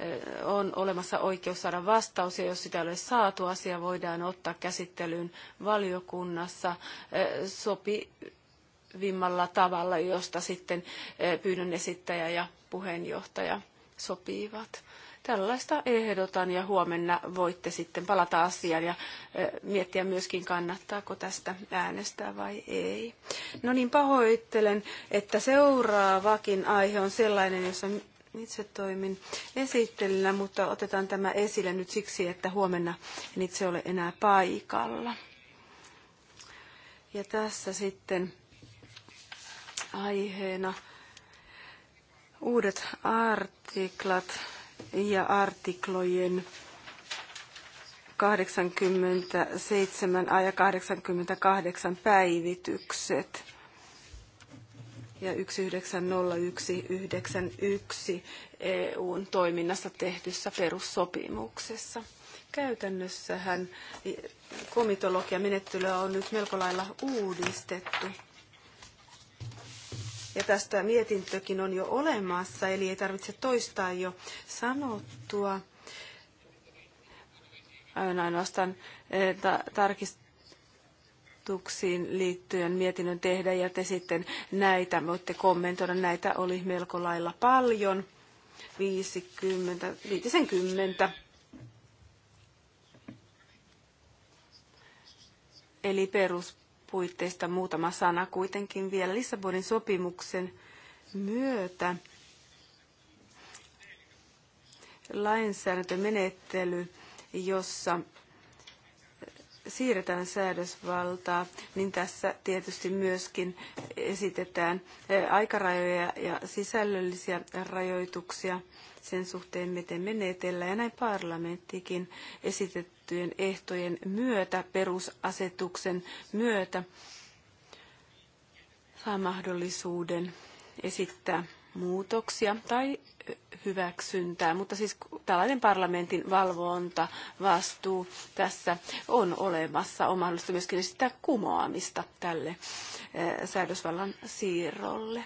eh, on olemassa oikeus saada vastaus, ja jos sitä ei ole saatu, asia voidaan ottaa käsittelyyn valiokunnassa eh, sopivimmalla tavalla, josta sitten eh, pyynnön esittäjä ja puheenjohtaja sopivat. Tällaista ehdotan ja huomenna voitte sitten palata asiaan ja miettiä myöskin kannattaako tästä äänestää vai ei. No niin, pahoittelen, että seuraavakin aihe on sellainen, jossa itse toimin esittelynä, mutta otetaan tämä esille nyt siksi, että huomenna en itse ole enää paikalla. Ja tässä sitten aiheena uudet artiklat ja artiklojen 87 ja 88 päivitykset ja 190191 EUn toiminnassa tehdyssä perussopimuksessa. Käytännössähän komitologiamenettelyä on nyt melko lailla uudistettu ja tästä mietintökin on jo olemassa, eli ei tarvitse toistaa jo sanottua. Aion ainoastaan eh, ta- tarkistuksiin liittyen mietinnön tehdä, ja te sitten näitä voitte kommentoida. Näitä oli melko lailla paljon, 50, 50. Eli perus puitteista muutama sana kuitenkin vielä Lissabonin sopimuksen myötä. Lainsäädäntömenettely, jossa siirretään säädösvaltaa, niin tässä tietysti myöskin esitetään aikarajoja ja sisällöllisiä rajoituksia sen suhteen, miten menetellään. Ja näin parlamenttikin esitettyjen ehtojen myötä, perusasetuksen myötä, saa mahdollisuuden esittää muutoksia tai hyväksyntää, mutta siis tällainen parlamentin valvonta, vastuu tässä on olemassa. On mahdollista myöskin esittää kumoamista tälle eh, säädösvallan siirrolle.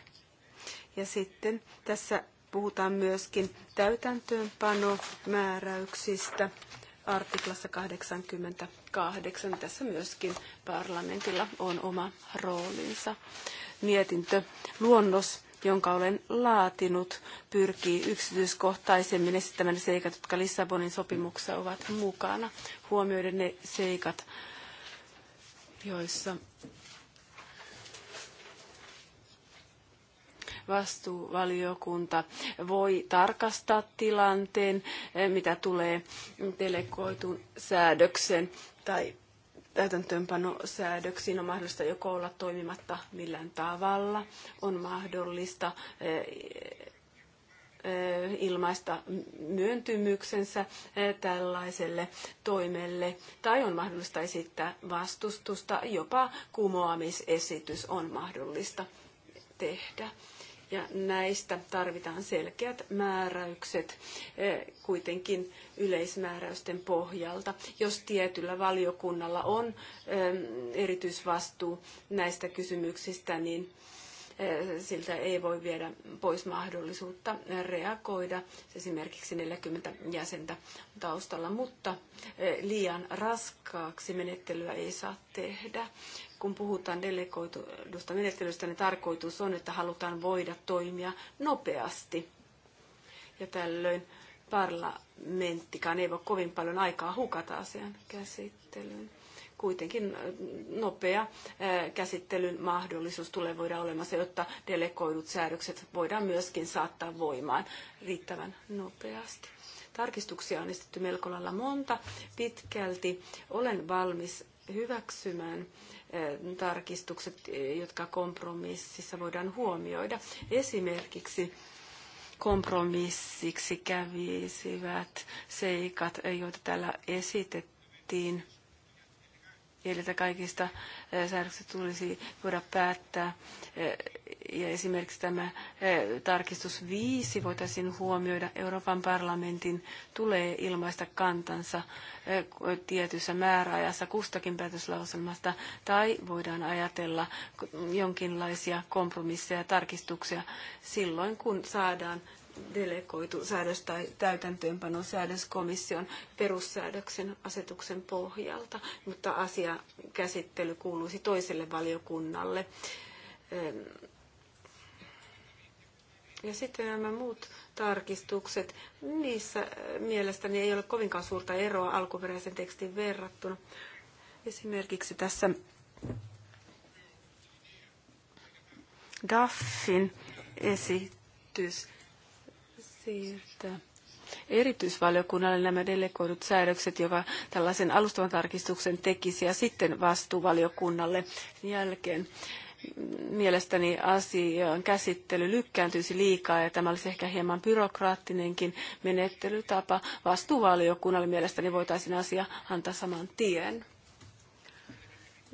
Ja sitten tässä puhutaan myöskin täytäntöönpanomääräyksistä artiklassa 88. Tässä myöskin parlamentilla on oma roolinsa. Mietintö luonnos jonka olen laatinut, pyrkii yksityiskohtaisemmin esittämään ne seikat, jotka Lissabonin sopimuksessa ovat mukana, huomioiden ne seikat, joissa vastuuvaliokunta voi tarkastaa tilanteen, eh, mitä tulee delegoitun säädöksen tai täytäntöönpanosäädöksiin on mahdollista joko olla toimimatta millään tavalla, on mahdollista eh, eh, ilmaista myöntymyksensä tällaiselle toimelle tai on mahdollista esittää vastustusta, jopa kumoamisesitys on mahdollista tehdä ja näistä tarvitaan selkeät määräykset eh, kuitenkin yleismääräysten pohjalta. Jos tietyllä valiokunnalla on eh, erityisvastuu näistä kysymyksistä, niin eh, siltä ei voi viedä pois mahdollisuutta reagoida esimerkiksi 40 jäsentä taustalla, mutta liian raskaaksi menettelyä ei saa tehdä kun puhutaan delegoidusta menettelystä, niin tarkoitus on, että halutaan voida toimia nopeasti. Ja tällöin parlamenttikaan ei voi kovin paljon aikaa hukata asian käsittelyyn. Kuitenkin nopea käsittelyn mahdollisuus tulee voida olemassa, jotta delegoidut säädökset voidaan myöskin saattaa voimaan riittävän nopeasti. Tarkistuksia on esitetty melko lailla monta. Pitkälti olen valmis hyväksymään tarkistukset, jotka kompromississa voidaan huomioida. Esimerkiksi kompromissiksi kävisivät seikat, joita täällä esitettiin Eli kaikista säädöksistä tulisi voida päättää. Ja esimerkiksi tämä tarkistus 5 voitaisiin huomioida. Euroopan parlamentin tulee ilmaista kantansa tietyssä määräajassa kustakin päätöslauselmasta. Tai voidaan ajatella jonkinlaisia kompromisseja ja tarkistuksia silloin, kun saadaan delegoitu säädös tai täytäntöönpanosäädös komission perussäädöksen asetuksen pohjalta, mutta asia käsittely kuuluisi toiselle valiokunnalle. Ja sitten nämä muut tarkistukset, niissä eh, mielestäni ei ole kovinkaan suurta eroa alkuperäisen tekstin verrattuna. Esimerkiksi tässä Daffin esitys siirtää erityisvaliokunnalle nämä delegoidut säädökset, joka tällaisen alustavan tarkistuksen tekisi, ja sitten vastuuvaliokunnalle sen jälkeen. Mielestäni asian käsittely lykkääntyisi liikaa ja tämä olisi ehkä hieman byrokraattinenkin menettelytapa. Vastuuvaliokunnalle mielestäni voitaisiin asia antaa saman tien.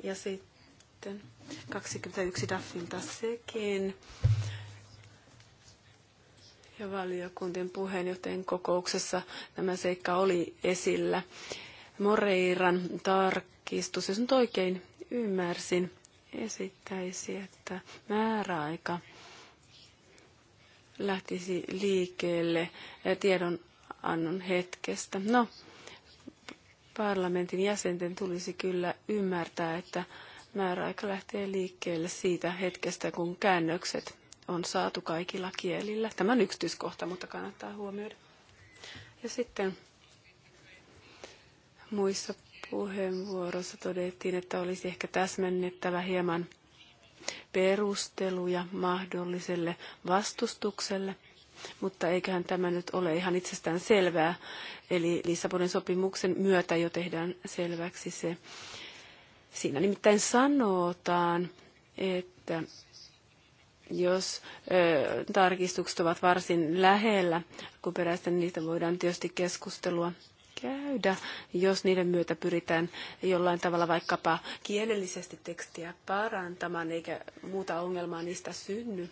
Ja sitten 21 Daffilta sekin ja valiokuntien puheenjohtajien kokouksessa nämä seikka oli esillä. Moreiran tarkistus, jos nyt oikein ymmärsin, esittäisi, että määräaika lähtisi liikkeelle tiedonannon hetkestä. No, parlamentin jäsenten tulisi kyllä ymmärtää, että määräaika lähtee liikkeelle siitä hetkestä, kun käännökset on saatu kaikilla kielillä. Tämä on yksityiskohta, mutta kannattaa huomioida. Ja sitten muissa puheenvuorossa todettiin, että olisi ehkä täsmennettävä hieman perusteluja mahdolliselle vastustukselle, mutta eiköhän tämä nyt ole ihan itsestään selvää. Eli Lissabonin sopimuksen myötä jo tehdään selväksi se. Siinä nimittäin sanotaan, että jos ö, tarkistukset ovat varsin lähellä kun perästä niistä voidaan tietysti keskustelua käydä, jos niiden myötä pyritään jollain tavalla vaikkapa kielellisesti tekstiä parantamaan, eikä muuta ongelmaa niistä synny.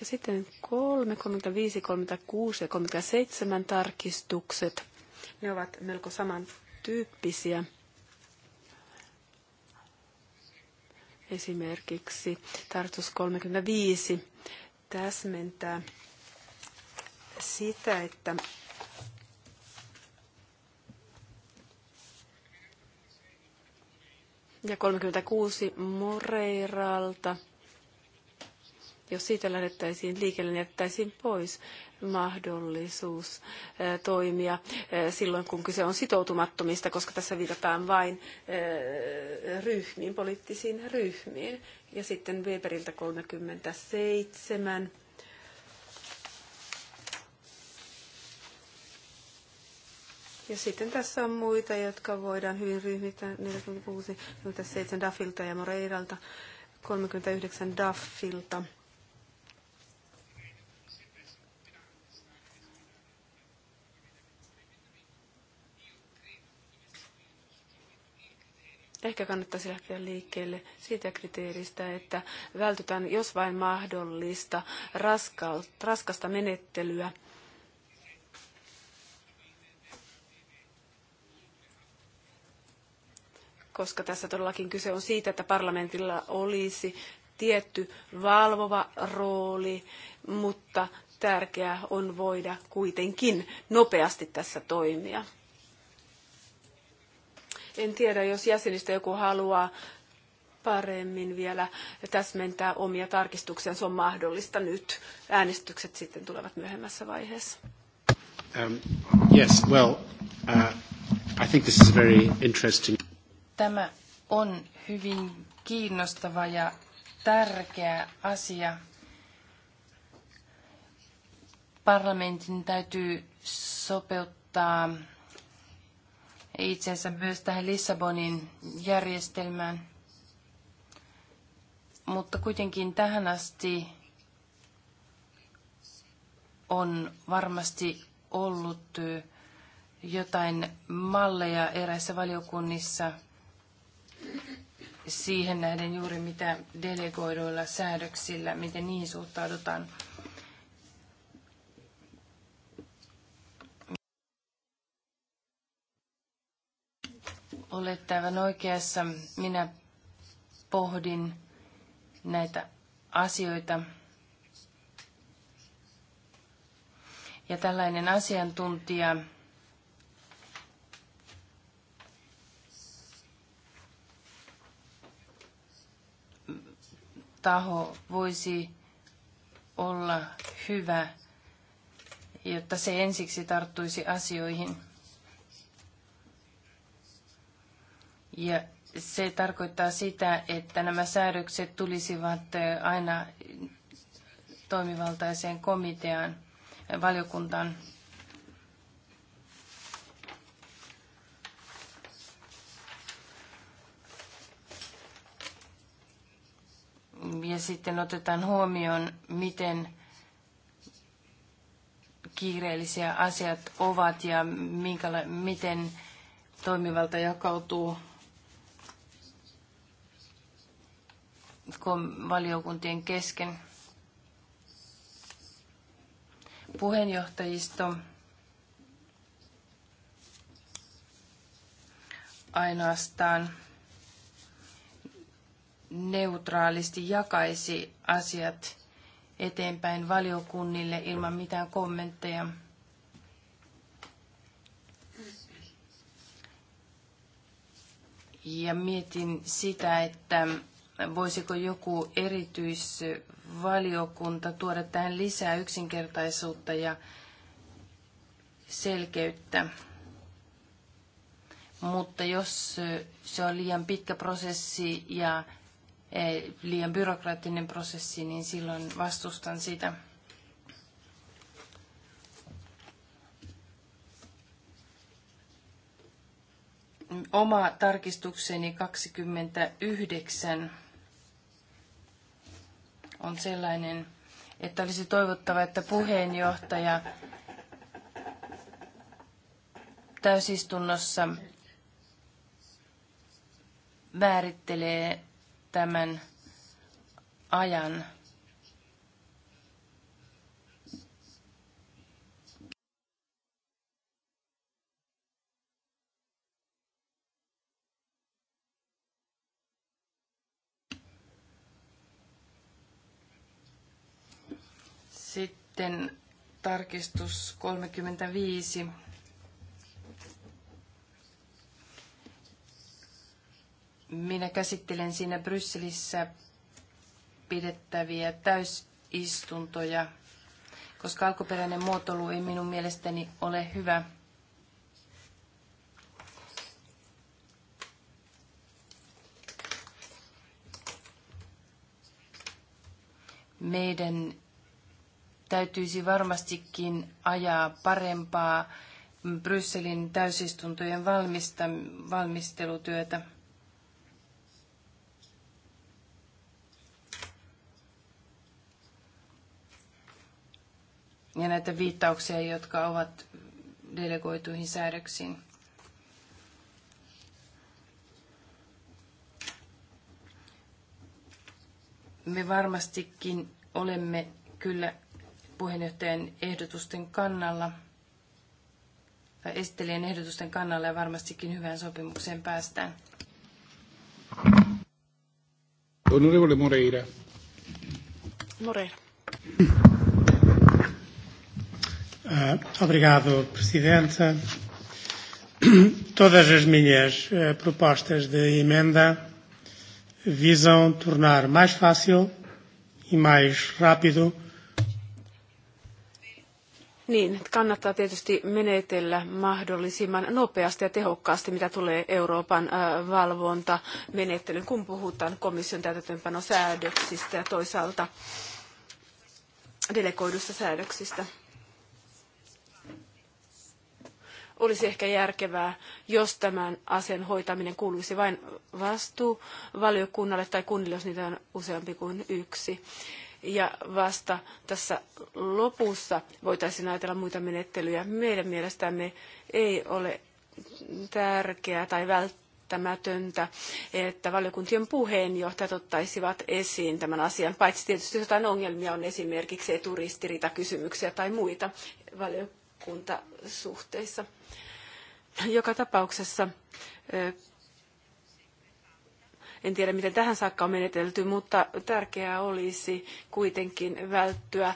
Ja sitten 3, 35, 36 ja 37 tarkistukset. Ne ovat melko samantyyppisiä. Esimerkiksi tartus 35 täsmentää sitä, että ja 36 Moreiralta. Jos siitä lähdettäisiin liikelle, niin jättäisiin pois mahdollisuus toimia silloin, kun kyse on sitoutumattomista, koska tässä viitataan vain ryhmiin, poliittisiin ryhmiin. Ja sitten Weberiltä 37. Ja sitten tässä on muita, jotka voidaan hyvin ryhmittää, 46, 47 Daffilta ja Moreiralta, 39 Daffilta. Ehkä kannattaisi lähteä liikkeelle siitä kriteeristä, että vältytään, jos vain mahdollista, raskaut, raskasta menettelyä. Koska tässä todellakin kyse on siitä, että parlamentilla olisi tietty valvova rooli, mutta tärkeää on voida kuitenkin nopeasti tässä toimia. En tiedä, jos jäsenistä joku haluaa paremmin vielä täsmentää omia tarkistuksia. Se on mahdollista nyt. Äänestykset sitten tulevat myöhemmässä vaiheessa. Um, yes, well, uh, I think this is very interesting. Tämä on hyvin kiinnostava ja tärkeä asia. Parlamentin täytyy sopeuttaa itsensä myös tähän Lissabonin järjestelmään. Mutta kuitenkin tähän asti on varmasti ollut jotain malleja eräissä valiokunnissa siihen nähden juuri mitä delegoiduilla säädöksillä, miten niihin suhtaudutaan. Olet aivan oikeassa. Minä pohdin näitä asioita. Ja tällainen asiantuntija taho voisi olla hyvä, jotta se ensiksi tarttuisi asioihin. Ja se tarkoittaa sitä, että nämä säädökset tulisivat aina toimivaltaiseen komiteaan, valiokuntaan. Ja sitten otetaan huomioon, miten kiireellisiä asiat ovat ja minkäla- miten toimivalta jakautuu valiokuntien kesken. Puheenjohtajisto ainoastaan neutraalisti jakaisi asiat eteenpäin valiokunnille ilman mitään kommentteja. Ja mietin sitä, että voisiko joku erityisvaliokunta tuoda tähän lisää yksinkertaisuutta ja selkeyttä. Mutta jos se on liian pitkä prosessi ja eh, liian byrokraattinen prosessi, niin silloin vastustan sitä. oma tarkistukseni 29 on sellainen, että olisi toivottava, että puheenjohtaja täysistunnossa määrittelee tämän ajan Sitten tarkistus 35. Minä käsittelen siinä Brysselissä pidettäviä täysistuntoja, koska alkuperäinen muotoilu ei minun mielestäni ole hyvä. Meidän täytyisi varmastikin ajaa parempaa Brysselin täysistuntojen valmista, valmistelutyötä. Ja näitä viittauksia, jotka ovat delegoituihin säädöksiin. Me varmastikin olemme kyllä puheenjohtajan ehdotusten kannalla, tai esittelijän ehdotusten kannalla ja varmastikin hyvään sopimukseen päästään. Onorevole Moreira. Moreira. Eh, obrigado, Presidenta. Todas as minhas eh, propostas de emenda visam tornar mais fácil e mais rápido niin, kannattaa tietysti menetellä mahdollisimman nopeasti ja tehokkaasti, mitä tulee Euroopan äh, valvontamenettelyyn, kun puhutaan komission täytäntöönpanosäädöksistä ja toisaalta delegoidusta säädöksistä. Olisi ehkä järkevää, jos tämän asian hoitaminen kuuluisi vain vastuuvaliokunnalle tai kunnille, jos niitä on useampi kuin yksi ja vasta tässä lopussa voitaisiin ajatella muita menettelyjä. Meidän mielestämme ei ole tärkeää tai välttämätöntä, että valiokuntien puheenjohtajat ottaisivat esiin tämän asian, paitsi tietysti jotain ongelmia on esimerkiksi eturistiriitakysymyksiä tai muita valiokuntasuhteissa. Joka tapauksessa en tiedä, miten tähän saakka on menetelty, mutta tärkeää olisi kuitenkin välttyä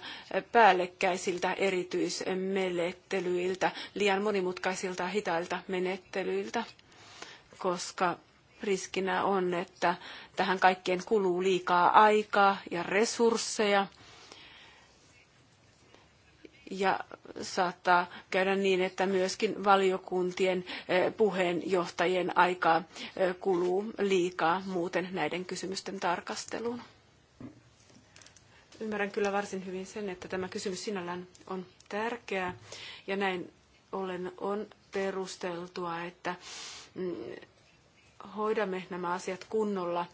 päällekkäisiltä erityismenettelyiltä, liian monimutkaisilta ja hitailta menettelyiltä, koska riskinä on, että tähän kaikkeen kuluu liikaa aikaa ja resursseja – ja saattaa käydä niin, että myöskin valiokuntien eh, puheenjohtajien aikaa eh, kuluu liikaa muuten näiden kysymysten tarkasteluun. Ymmärrän kyllä varsin hyvin sen, että tämä kysymys sinällään on tärkeä ja näin ollen on perusteltua, että mm, hoidamme nämä asiat kunnolla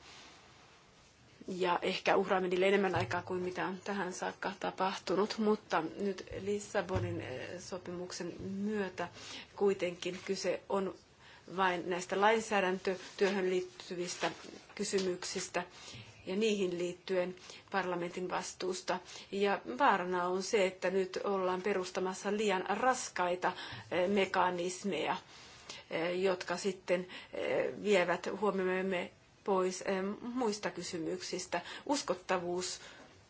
ja ehkä uhraamme niille enemmän aikaa kuin mitä on tähän saakka tapahtunut, mutta nyt Lissabonin eh, sopimuksen myötä kuitenkin kyse on vain näistä lainsäädäntötyöhön liittyvistä kysymyksistä ja niihin liittyen parlamentin vastuusta. Ja vaarana on se, että nyt ollaan perustamassa liian raskaita eh, mekanismeja, eh, jotka sitten vievät huomioimme pois muista kysymyksistä. Uskottavuus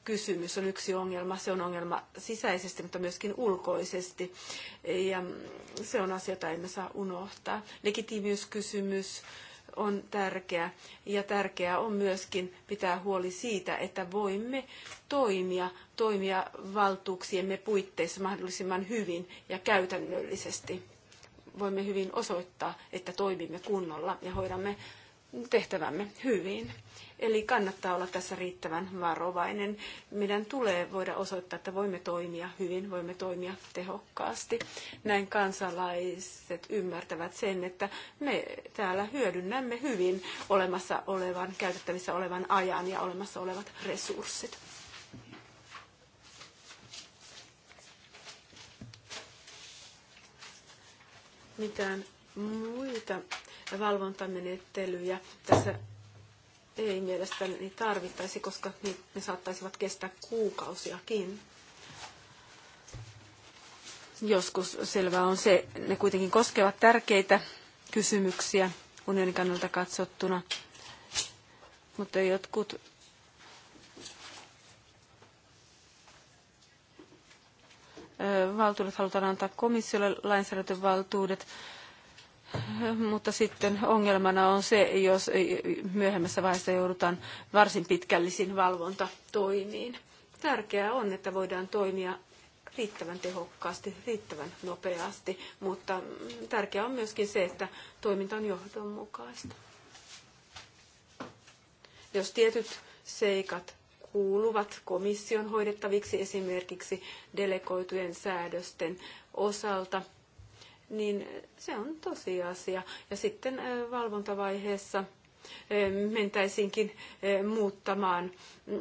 kysymys on yksi ongelma. Se on ongelma sisäisesti, mutta myöskin ulkoisesti. Ja se on asia, jota emme saa unohtaa. Legitiimiyskysymys on tärkeä. Ja tärkeää on myöskin pitää huoli siitä, että voimme toimia, toimia valtuuksiemme puitteissa mahdollisimman hyvin ja käytännöllisesti. Voimme hyvin osoittaa, että toimimme kunnolla ja hoidamme tehtävämme hyvin. Eli kannattaa olla tässä riittävän varovainen. Meidän tulee voida osoittaa, että voimme toimia hyvin, voimme toimia tehokkaasti. Näin kansalaiset ymmärtävät sen, että me täällä hyödynnämme hyvin olemassa olevan, käytettävissä olevan ajan ja olemassa olevat resurssit. Mitään muita valvontamenettelyjä tässä ei mielestäni tarvittaisi, koska ne saattaisivat kestää kuukausiakin. Joskus selvää on se, ne kuitenkin koskevat tärkeitä kysymyksiä unionin kannalta katsottuna, mutta jotkut valtuudet halutaan antaa komissiolle lainsäädäntövaltuudet. valtuudet mutta sitten ongelmana on se, jos myöhemmässä vaiheessa joudutaan varsin pitkällisiin valvontatoimiin. Tärkeää on, että voidaan toimia riittävän tehokkaasti, riittävän nopeasti, mutta tärkeää on myöskin se, että toiminta on johdonmukaista. Jos tietyt seikat kuuluvat komission hoidettaviksi esimerkiksi delegoitujen säädösten osalta, niin se on tosiasia. Ja sitten valvontavaiheessa mentäisinkin muuttamaan mm,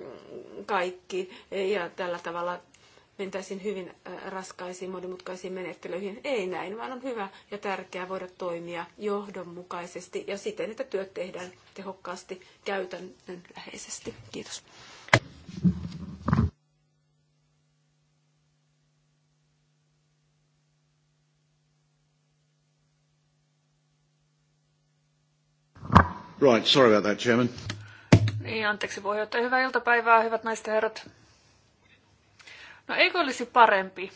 kaikki ja tällä tavalla mentäisiin hyvin raskaisiin, monimutkaisiin menettelyihin. Ei näin, vaan on hyvä ja tärkeää voida toimia johdonmukaisesti ja siten, että työt tehdään tehokkaasti käytännönläheisesti. Kiitos. Right, sorry about that, Chairman. Niin, anteeksi puheenjohtaja. Hyvää iltapäivää, hyvät naiset ja herrat. No eikö olisi parempi,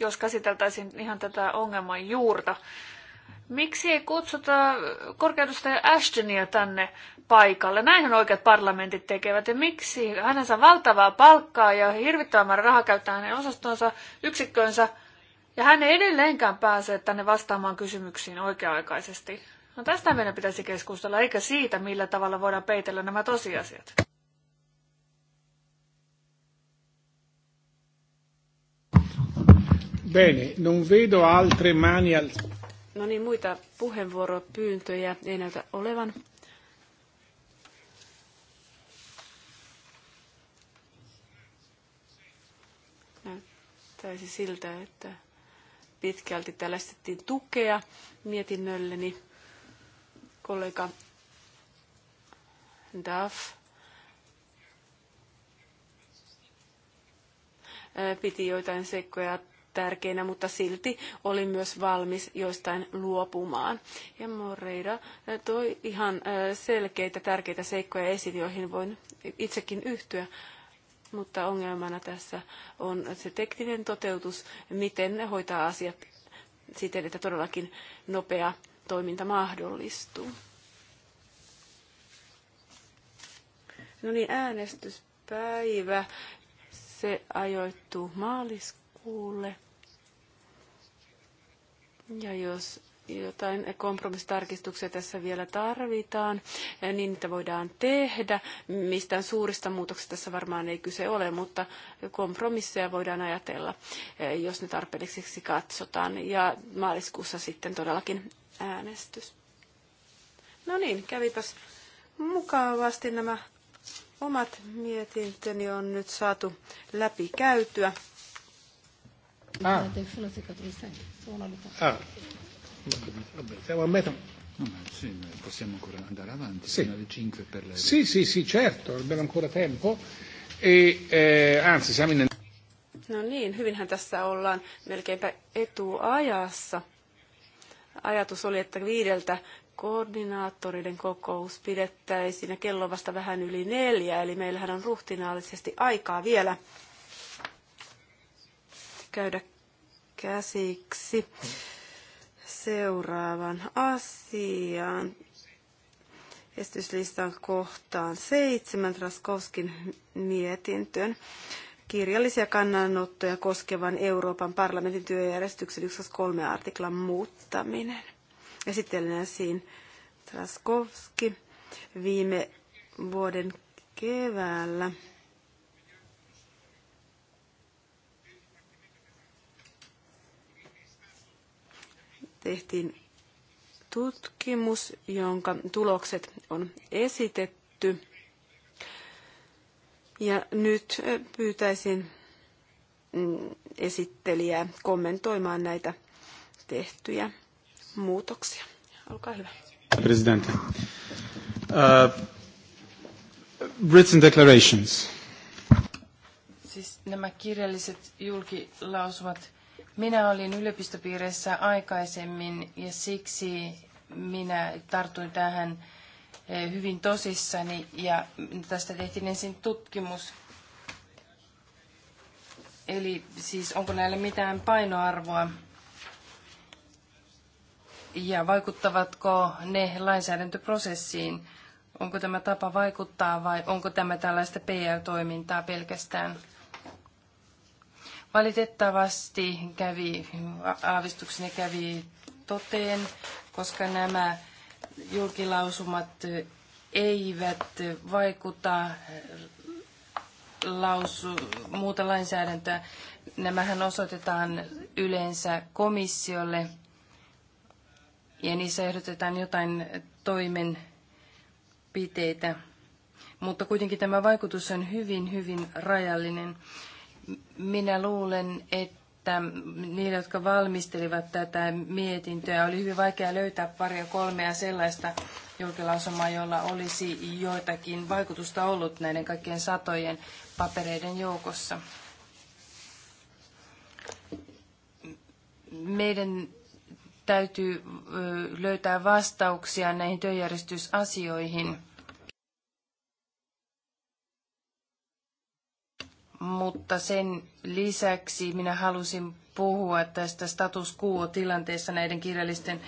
jos käsiteltäisiin ihan tätä ongelman juurta? Miksi ei kutsuta korkeudustaja Ashtonia tänne paikalle? Näinhän oikeat parlamentit tekevät. Ja miksi? Hänen saa valtavaa palkkaa ja hirvittävän määrä rahaa käyttää hänen osastonsa, yksikkönsä. Ja hän ei edelleenkään pääse tänne vastaamaan kysymyksiin oikea-aikaisesti. No tästä meidän pitäisi keskustella, eikä siitä, millä tavalla voidaan peitellä nämä tosiasiat. Bene, non vedo altre mani al... No niin, muita puheenvuoropyyntöjä ei näytä olevan. Näyttäisi siltä, että pitkälti täällä tukea mietinnölleni kollega Duff piti joitain seikkoja tärkeinä, mutta silti oli myös valmis joistain luopumaan. Ja Moreira toi ihan selkeitä, tärkeitä seikkoja esiin, joihin voin itsekin yhtyä. Mutta ongelmana tässä on se tekninen toteutus, miten ne hoitaa asiat siten, että todellakin nopea toiminta mahdollistuu. No niin, äänestyspäivä. Se ajoittuu maaliskuulle. Ja jos jotain kompromissitarkistuksia tässä vielä tarvitaan, niin niitä voidaan tehdä. Mistään suurista muutoksista tässä varmaan ei kyse ole, mutta kompromisseja voidaan ajatella, e, jos ne tarpeelliseksi katsotaan. Ja maaliskuussa sitten todellakin äänestys. No niin, kävipäs mukavasti nämä omat mietintöni on nyt saatu läpi käytyä. Ah. Ah. Vabbè, siamo a metà. No, ma sì, possiamo ancora andare avanti, sì. sono le 5 per le... Sì, sì, sì, certo, abbiamo ancora tempo. E, eh, anzi, siamo in... No niin, hyvinhän tässä ollaan melkeinpä etuajassa. Ajatus oli, että viideltä koordinaattoriden kokous pidettäisiin ja kello vasta vähän yli neljä, eli meillähän on ruhtinaallisesti aikaa vielä käydä käsiksi seuraavan asian Esityslistan kohtaan seitsemän Raskovskin mietintöön kirjallisia kannanottoja koskevan Euroopan parlamentin työjärjestyksen 1.3 artiklan muuttaminen. Esittelen siinä Traskovski viime vuoden keväällä tehtiin tutkimus, jonka tulokset on esitetty. Ja nyt pyytäisin mm, esittelijää kommentoimaan näitä tehtyjä muutoksia. Olkaa hyvä. Presidentti. Uh, written declarations. Siis nämä kirjalliset julkilausumat minä olin yliopistopiireissä aikaisemmin ja siksi minä tartuin tähän eh, hyvin tosissani ja tästä tehtiin ensin tutkimus. Eli siis onko näillä mitään painoarvoa ja vaikuttavatko ne lainsäädäntöprosessiin? Onko tämä tapa vaikuttaa vai onko tämä tällaista PR-toimintaa pelkästään? Valitettavasti kävi, aavistukseni kävi toteen, koska nämä julkilausumat eivät vaikuta lausu, muuta lainsäädäntöä. Nämähän osoitetaan yleensä komissiolle ja niissä ehdotetaan jotain toimenpiteitä. Mutta kuitenkin tämä vaikutus on hyvin, hyvin rajallinen. Minä luulen, että niillä, jotka valmistelivat tätä mietintöä, oli hyvin vaikea löytää paria kolmea sellaista julkilausumaa, jolla olisi joitakin vaikutusta ollut näiden kaikkien satojen papereiden joukossa. Meidän täytyy löytää vastauksia näihin työjärjestysasioihin – mutta sen lisäksi minä halusin puhua tästä status quo-tilanteessa näiden kirjallisten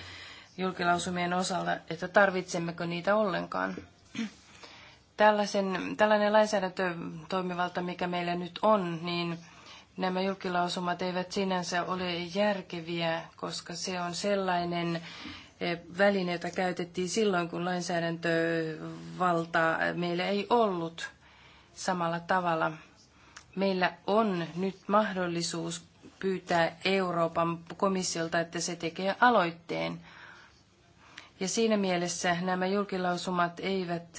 julkilausumien osalta, että tarvitsemmeko niitä ollenkaan. Tällaisen, tällainen lainsäädäntötoimivalta, mikä meillä nyt on, niin nämä julkilausumat eivät sinänsä ole järkeviä, koska se on sellainen eh, väline, jota käytettiin silloin, kun lainsäädäntövaltaa meillä ei ollut samalla tavalla meillä on nyt mahdollisuus pyytää Euroopan komissiolta, että se tekee aloitteen. Ja siinä mielessä nämä julkilausumat eivät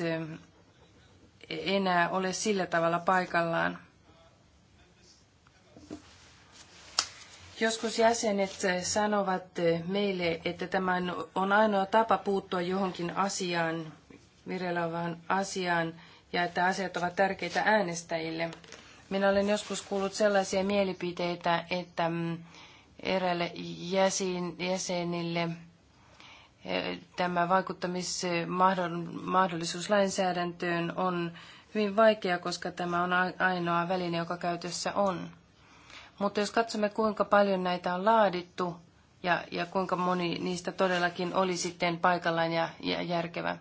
enää ole sillä tavalla paikallaan. Joskus jäsenet sanovat meille, että tämä on ainoa tapa puuttua johonkin asiaan, vireillä asiaan, ja että asiat ovat tärkeitä äänestäjille. Minä olen joskus kuullut sellaisia mielipiteitä, että mm, eräille jäsenille eh, tämä vaikuttamismahdollisuus lainsäädäntöön on hyvin vaikea, koska tämä on ainoa väline, joka käytössä on. Mutta jos katsomme, kuinka paljon näitä on laadittu ja, ja kuinka moni niistä todellakin oli sitten paikallaan ja, ja järkevä,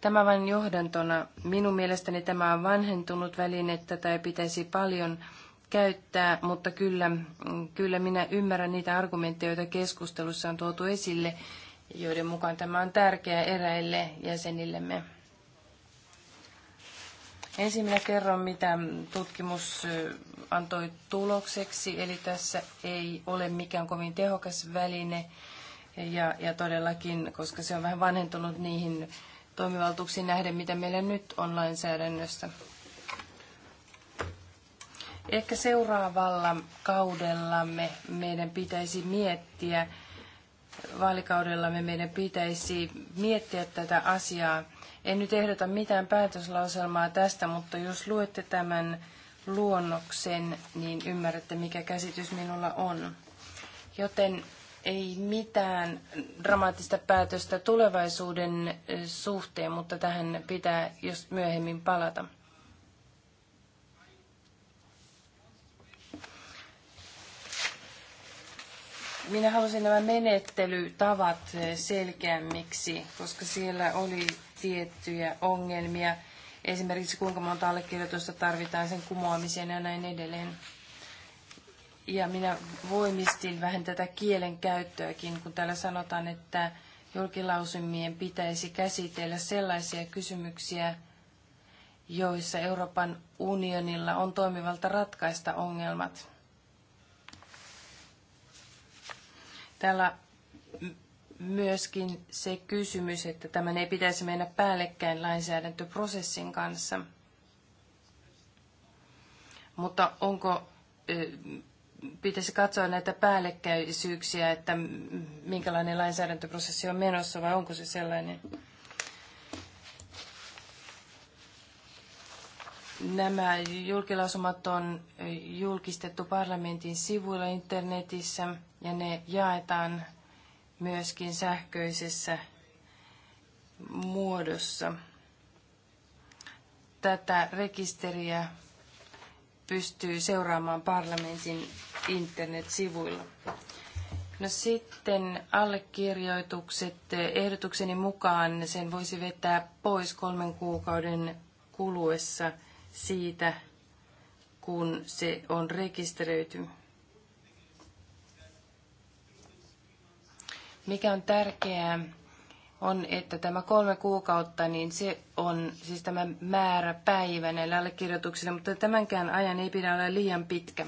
Tämä vain johdantona. Minun mielestäni tämä on vanhentunut väline, tätä ei pitäisi paljon käyttää, mutta kyllä, mm, kyllä minä ymmärrän niitä argumentteja, joita keskustelussa on tuotu esille, joiden mukaan tämä on tärkeä eräille jäsenillemme. Ensin minä kerron, mitä tutkimus antoi tulokseksi, eli tässä ei ole mikään kovin tehokas väline, ja, ja todellakin, koska se on vähän vanhentunut niihin toimivaltuuksiin nähden, mitä meillä nyt on lainsäädännössä. Ehkä seuraavalla kaudellamme meidän pitäisi miettiä, vaalikaudellamme meidän pitäisi miettiä tätä asiaa. En nyt ehdota mitään päätöslauselmaa tästä, mutta jos luette tämän luonnoksen, niin ymmärrätte, mikä käsitys minulla on. Joten ei mitään dramaattista päätöstä tulevaisuuden suhteen, mutta tähän pitää jos myöhemmin palata. Minä halusin nämä menettelytavat selkeämmiksi, koska siellä oli tiettyjä ongelmia. Esimerkiksi kuinka monta allekirjoitusta tarvitaan sen kumoamiseen ja näin edelleen ja minä voimistin vähän tätä kielen käyttöäkin, kun täällä sanotaan, että julkilausumien pitäisi käsitellä sellaisia kysymyksiä, joissa Euroopan unionilla on toimivalta ratkaista ongelmat. Täällä myöskin se kysymys, että tämän ei pitäisi mennä päällekkäin lainsäädäntöprosessin kanssa. Mutta onko pitäisi katsoa näitä päällekkäisyyksiä, että minkälainen lainsäädäntöprosessi on menossa vai onko se sellainen? Nämä julkilausumat on julkistettu parlamentin sivuilla internetissä ja ne jaetaan myöskin sähköisessä muodossa. Tätä rekisteriä pystyy seuraamaan parlamentin internetsivuilla. No sitten allekirjoitukset ehdotukseni mukaan sen voisi vetää pois kolmen kuukauden kuluessa siitä, kun se on rekisteröity. Mikä on tärkeää, on, että tämä kolme kuukautta, niin se on siis tämä määrä päivä näille allekirjoituksille, mutta tämänkään ajan ei pidä olla liian pitkä.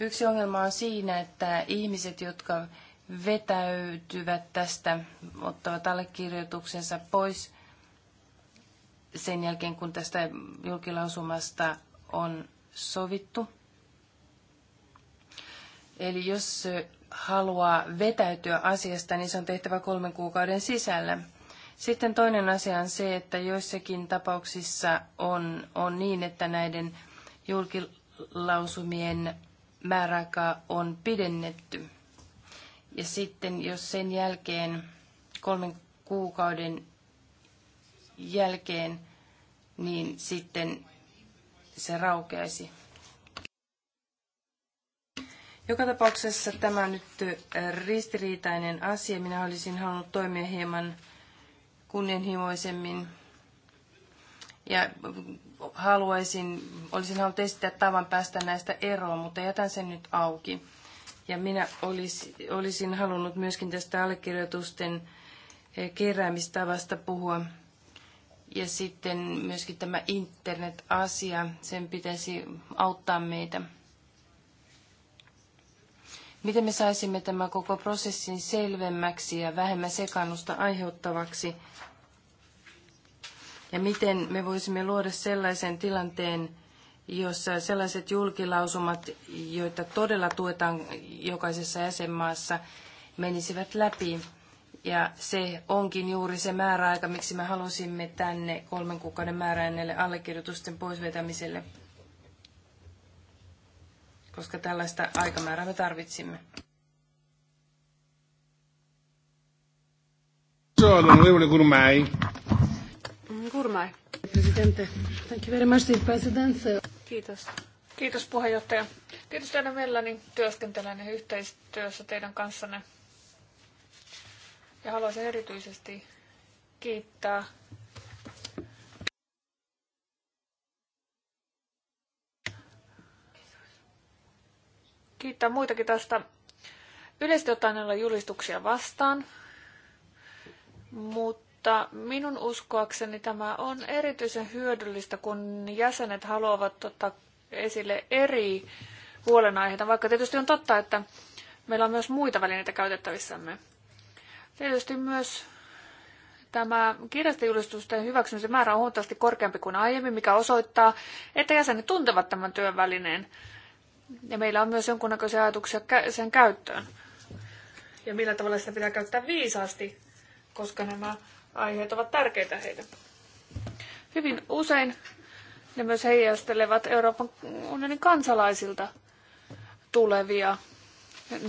Yksi ongelma on siinä, että ihmiset, jotka vetäytyvät tästä, ottavat allekirjoituksensa pois sen jälkeen, kun tästä julkilausumasta on sovittu. Eli jos haluaa vetäytyä asiasta, niin se on tehtävä kolmen kuukauden sisällä. Sitten toinen asia on se, että joissakin tapauksissa on, on niin, että näiden julkilausumien määräaika on pidennetty. Ja sitten jos sen jälkeen, kolmen kuukauden jälkeen, niin sitten se raukeaisi. Joka tapauksessa tämä on nyt äh, ristiriitainen asia. Minä olisin halunnut toimia hieman kunnianhimoisemmin. Ja äh, haluaisin, olisin halunnut esittää tavan päästä näistä eroon, mutta jätän sen nyt auki. Ja minä olis, olisin halunnut myöskin tästä allekirjoitusten äh, keräämistavasta puhua. Ja sitten myöskin tämä internet-asia, sen pitäisi auttaa meitä. Miten me saisimme tämän koko prosessin selvemmäksi ja vähemmän sekannusta aiheuttavaksi? Ja miten me voisimme luoda sellaisen tilanteen, jossa sellaiset julkilausumat, joita todella tuetaan jokaisessa jäsenmaassa, menisivät läpi. Ja se onkin juuri se määräaika, miksi me halusimme tänne kolmen kuukauden määräennelle allekirjoitusten poisvetämiselle koska tällaista aikamäärää me tarvitsimme. Kurmai. Presidente, thank you very much, the Kiitos. Kiitos puheenjohtaja. Kiitos teidän mielelläni työskentelen yhteistyössä teidän kanssanne. Ja haluaisin erityisesti kiittää kiittää muitakin tästä. Yleisesti ottaen en ole julistuksia vastaan, mutta minun uskoakseni tämä on erityisen hyödyllistä, kun jäsenet haluavat ottaa esille eri huolenaiheita, vaikka tietysti on totta, että meillä on myös muita välineitä käytettävissämme. Tietysti myös tämä kirjastojulistusten hyväksymisen määrä on huomattavasti korkeampi kuin aiemmin, mikä osoittaa, että jäsenet tuntevat tämän työvälineen ja meillä on myös jonkunnäköisiä ajatuksia sen käyttöön. Ja millä tavalla sitä pitää käyttää viisaasti, koska nämä aiheet ovat tärkeitä heille. Hyvin usein ne myös heijastelevat Euroopan unionin kansalaisilta tulevia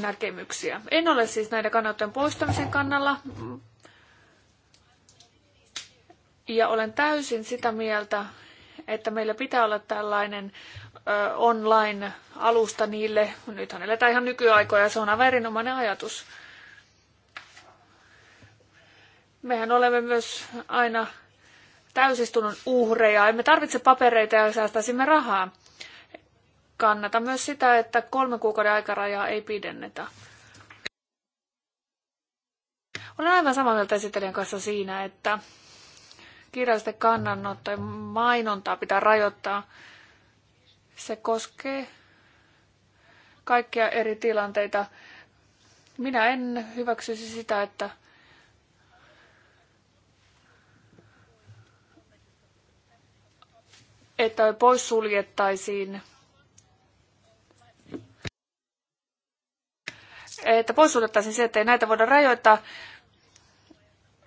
näkemyksiä. En ole siis näiden kannattojen poistamisen kannalla. Ja olen täysin sitä mieltä, että meillä pitää olla tällainen online-alusta niille. Nythän eletään ihan nykyaikoja ja se on aivan erinomainen ajatus. Mehän olemme myös aina täysistunnon uhreja. Emme tarvitse papereita ja säästäisimme rahaa. Kannata myös sitä, että kolme kuukauden aikarajaa ei pidennetä. Olen aivan samaa mieltä esittelijän kanssa siinä, että kirjallisten kannanottojen mainontaa pitää rajoittaa se koskee kaikkia eri tilanteita. Minä en hyväksyisi sitä, että että poissuljettaisiin että poissuljettaisiin se, ei näitä voida rajoittaa.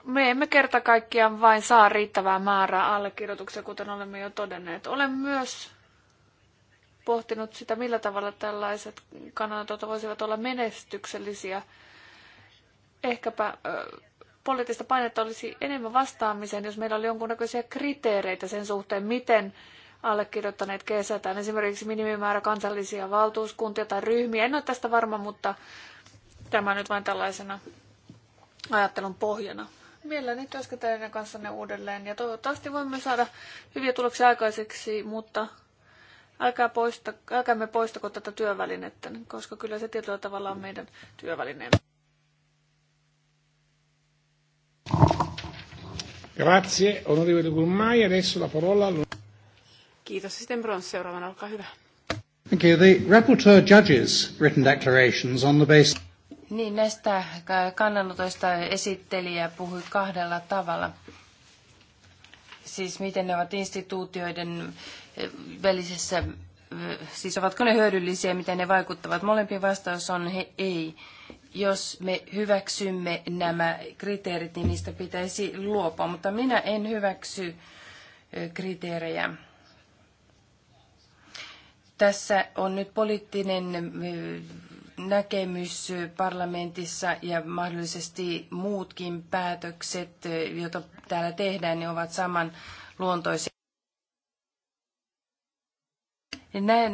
Me emme kerta kaikkiaan vain saa riittävää määrää allekirjoituksia, kuten olemme jo todenneet. Olen myös pohtinut sitä, millä tavalla tällaiset kannanotot voisivat olla menestyksellisiä. Ehkäpä poliittista painetta olisi enemmän vastaamiseen, jos meillä oli jonkunnäköisiä kriteereitä sen suhteen, miten allekirjoittaneet kesätään. Esimerkiksi minimimäärä kansallisia valtuuskuntia tai ryhmiä. En ole tästä varma, mutta tämä nyt vain tällaisena ajattelun pohjana. Mielelläni työskentelen kanssanne uudelleen ja toivottavasti voimme saada hyviä tuloksia aikaiseksi, mutta Älkää poista, me poistako tätä työvälinettä, koska kyllä se tietyllä tavalla on meidän työvälineemme. Grazie, onorevole Gulmai. Adesso la parola Kiitos. Sitten Brons seuraavana, olkaa hyvä. Thank you. The rapporteur judges written declarations on the basis... Niin, näistä kannanotoista esittelijä puhui kahdella tavalla siis miten ne ovat instituutioiden eh, välisessä, eh, siis ovatko ne hyödyllisiä, miten ne vaikuttavat. Molempi vastaus on he, ei. Jos me hyväksymme nämä kriteerit, niin niistä pitäisi luopua, mutta minä en hyväksy eh, kriteerejä. Tässä on nyt poliittinen näkemys parlamentissa ja mahdollisesti muutkin päätökset, joita täällä tehdään, niin ovat saman luontoisia.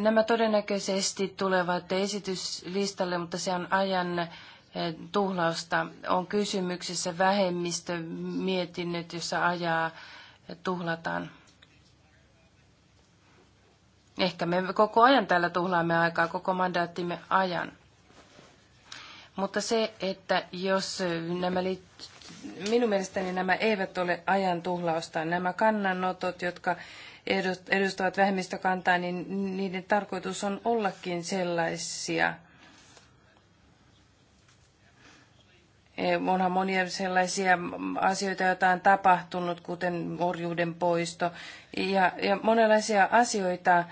Nämä todennäköisesti tulevat esityslistalle, mutta se on ajan eh, tuhlausta. On kysymyksessä mietinnöt, jossa ajaa eh, tuhlataan. Ehkä me koko ajan täällä tuhlaamme aikaa, koko mandaattimme ajan. Mutta se, että jos nämä liit- minun mielestäni nämä eivät ole ajan tuhlausta. Nämä kannanotot, jotka edustavat vähemmistökantaa, niin niiden tarkoitus on ollakin sellaisia. E, onhan monia sellaisia asioita, joita on tapahtunut, kuten orjuuden poisto ja, ja monenlaisia asioita,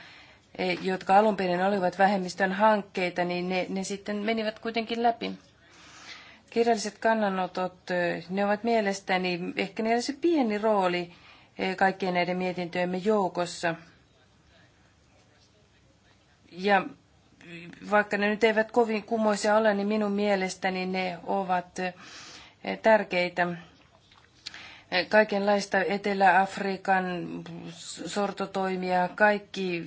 E, jotka alun perin olivat vähemmistön hankkeita, niin ne, ne sitten menivät kuitenkin läpi. Kirjalliset kannanotot, e, ne ovat mielestäni, ehkä niillä se pieni rooli e, kaikkien näiden mietintöjemme joukossa. Ja vaikka ne nyt eivät kovin kumoisia ole, niin minun mielestäni ne ovat tärkeitä kaikenlaista Etelä-Afrikan sortotoimia, kaikki,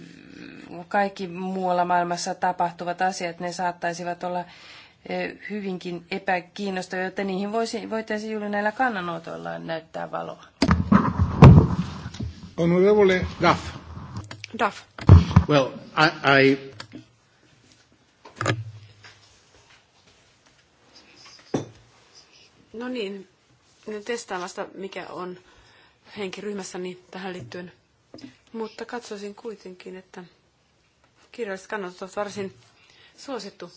kaikki muualla maailmassa tapahtuvat asiat, ne saattaisivat olla e, hyvinkin epäkiinnostavia, joten niihin voisi, voitaisiin juuri näillä kannanotoilla näyttää valoa. Honorable Duff. Duff. Well, I, I... No niin, nyt niin testaan vasta mikä on henkiryhmässäni tähän liittyen. Mutta katsoisin kuitenkin, että kirjalliset kannat ovat varsin suosittu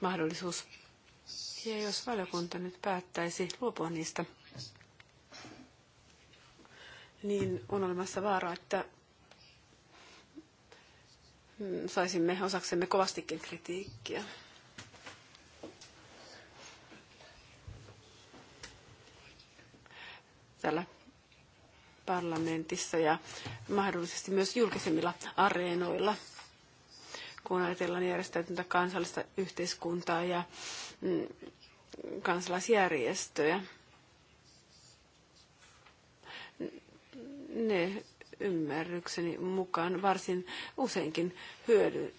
mahdollisuus. Ja jos valiokunta nyt päättäisi luopua niistä, niin on olemassa vaara, että saisimme osaksemme kovastikin kritiikkiä. täällä parlamentissa ja mahdollisesti myös julkisemmilla areenoilla, kun ajatellaan järjestäytyntä kansallista yhteiskuntaa ja mm, kansalaisjärjestöjä. Ne ymmärrykseni mukaan varsin useinkin hyödy,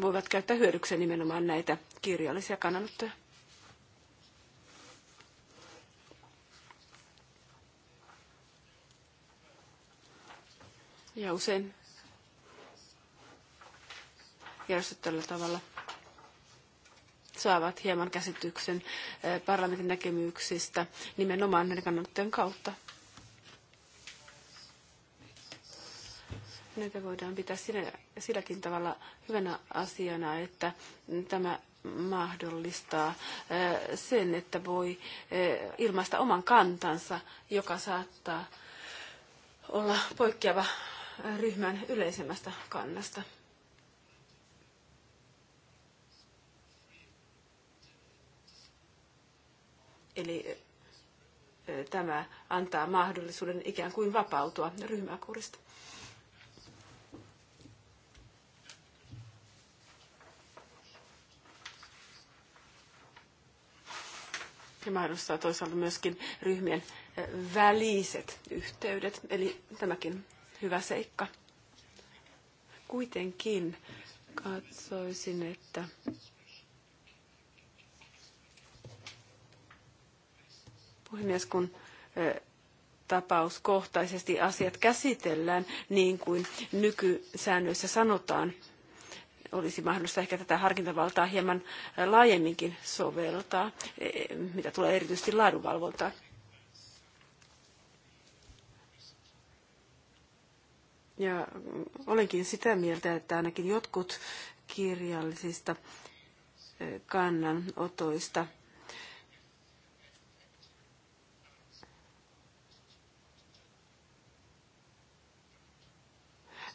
voivat käyttää hyödykseen nimenomaan näitä kirjallisia kannanottoja. Ja usein järjestöt tällä tavalla saavat hieman käsityksen parlamentin näkemyksistä nimenomaan näiden kannattajien kautta. Näitä voidaan pitää sillä, silläkin tavalla hyvänä asiana, että tämä mahdollistaa sen, että voi ilmaista oman kantansa, joka saattaa olla poikkeava ryhmän yleisemmästä kannasta. Eli tämä antaa mahdollisuuden ikään kuin vapautua ryhmäkurista. ja mahdollistaa toisaalta myöskin ryhmien väliset yhteydet. Eli tämäkin hyvä seikka. Kuitenkin katsoisin, että puhemies, kun tapauskohtaisesti asiat käsitellään niin kuin nykysäännöissä sanotaan, olisi mahdollista ehkä tätä harkintavaltaa hieman laajemminkin soveltaa, e, e, mitä tulee erityisesti laadunvalvontaan. Ja olenkin sitä mieltä, että ainakin jotkut kirjallisista e, kannanotoista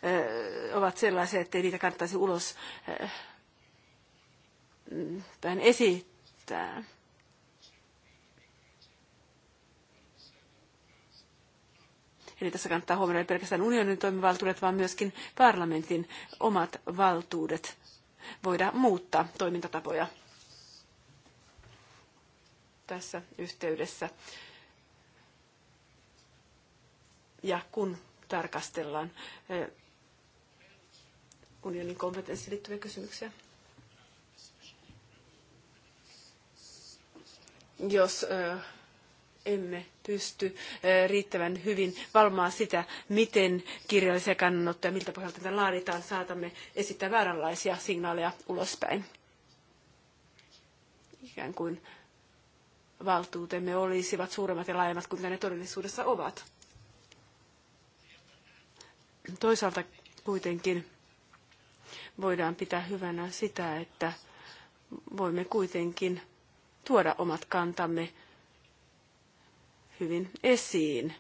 e, ovat sellaisia, ettei niitä kannattaisi ulos vähän e, mm, esittää. Eli tässä kannattaa huomioida ei pelkästään unionin toimivaltuudet, vaan myöskin parlamentin omat valtuudet voida muuttaa toimintatapoja tässä yhteydessä. Ja kun tarkastellaan eh, unionin kompetenssiin liittyviä kysymyksiä. Jos eh, emme pysty riittävän hyvin valmaa sitä, miten kirjallisia kannanottoja, miltä pohjalta niitä laaditaan, saatamme esittää vääränlaisia signaaleja ulospäin. Ikään kuin valtuutemme olisivat suuremmat ja laajemmat kuin ne todellisuudessa ovat. Toisaalta kuitenkin voidaan pitää hyvänä sitä, että voimme kuitenkin tuoda omat kantamme hyvin esiin.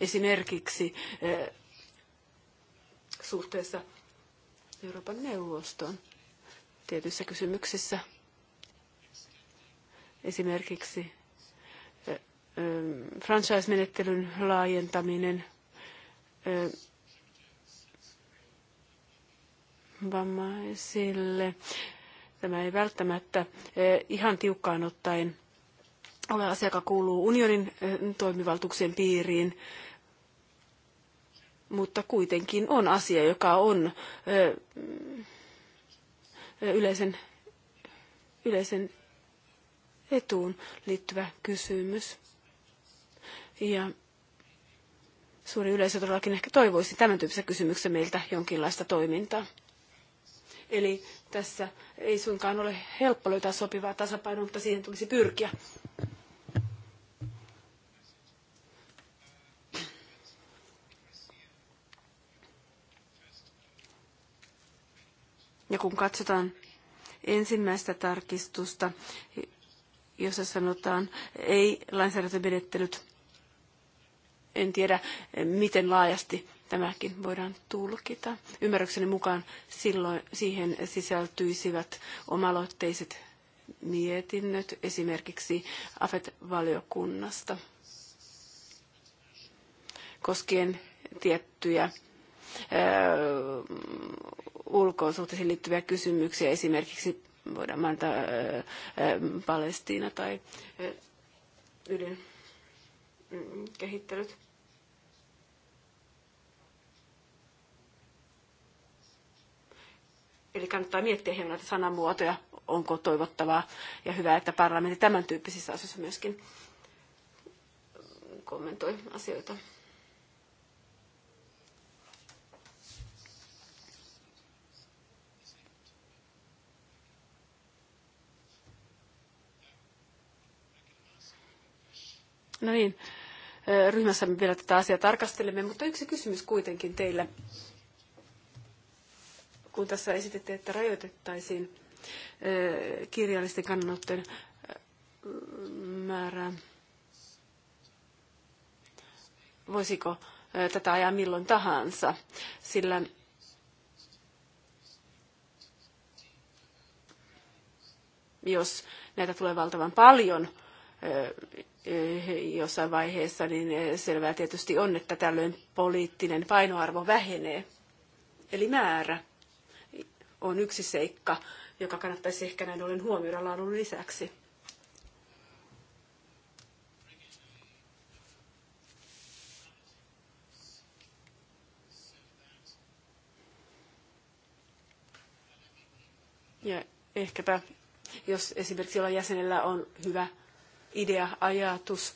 Esimerkiksi eh, suhteessa Euroopan neuvoston tietyissä kysymyksissä. Esimerkiksi eh, eh, franchise-menettelyn laajentaminen vammaisille. Tämä ei välttämättä eh, ihan tiukkaan ottaen ole asiakka kuuluu unionin eh, toimivaltuuksien piiriin, mutta kuitenkin on asia, joka on eh, yleisen, yleisen etuun liittyvä kysymys. Ja suuri yleisö todellakin ehkä toivoisi tämän tyyppisessä kysymyksessä meiltä jonkinlaista toimintaa. Eli tässä ei suinkaan ole helppo löytää sopivaa tasapainoa, mutta siihen tulisi pyrkiä. Ja kun katsotaan ensimmäistä tarkistusta, jossa sanotaan ei lainsäädäntömenettelyt, en tiedä miten laajasti tämäkin voidaan tulkita. Ymmärrykseni mukaan silloin siihen sisältyisivät omaloitteiset mietinnöt esimerkiksi AFET-valiokunnasta koskien tiettyjä öö, ulkosuhteisiin liittyviä kysymyksiä, esimerkiksi voidaan mainita öö, Palestiina tai öö, ydin kehittelyt. Eli kannattaa miettiä hieman näitä sanamuotoja, onko toivottavaa ja hyvä, että parlamentti tämän tyyppisissä asioissa myöskin kommentoi asioita. No niin, me vielä tätä asiaa tarkastelemme, mutta yksi kysymys kuitenkin teille kun tässä esitettiin, että rajoitettaisiin kirjallisten kannanottojen määrää. Voisiko tätä ajaa milloin tahansa, sillä jos näitä tulee valtavan paljon jossain vaiheessa, niin selvää tietysti on, että tällöin poliittinen painoarvo vähenee, eli määrä on yksi seikka, joka kannattaisi ehkä näin ollen huomioida laadun lisäksi. Ja ehkäpä, jos esimerkiksi jollain jäsenellä on hyvä idea, ajatus,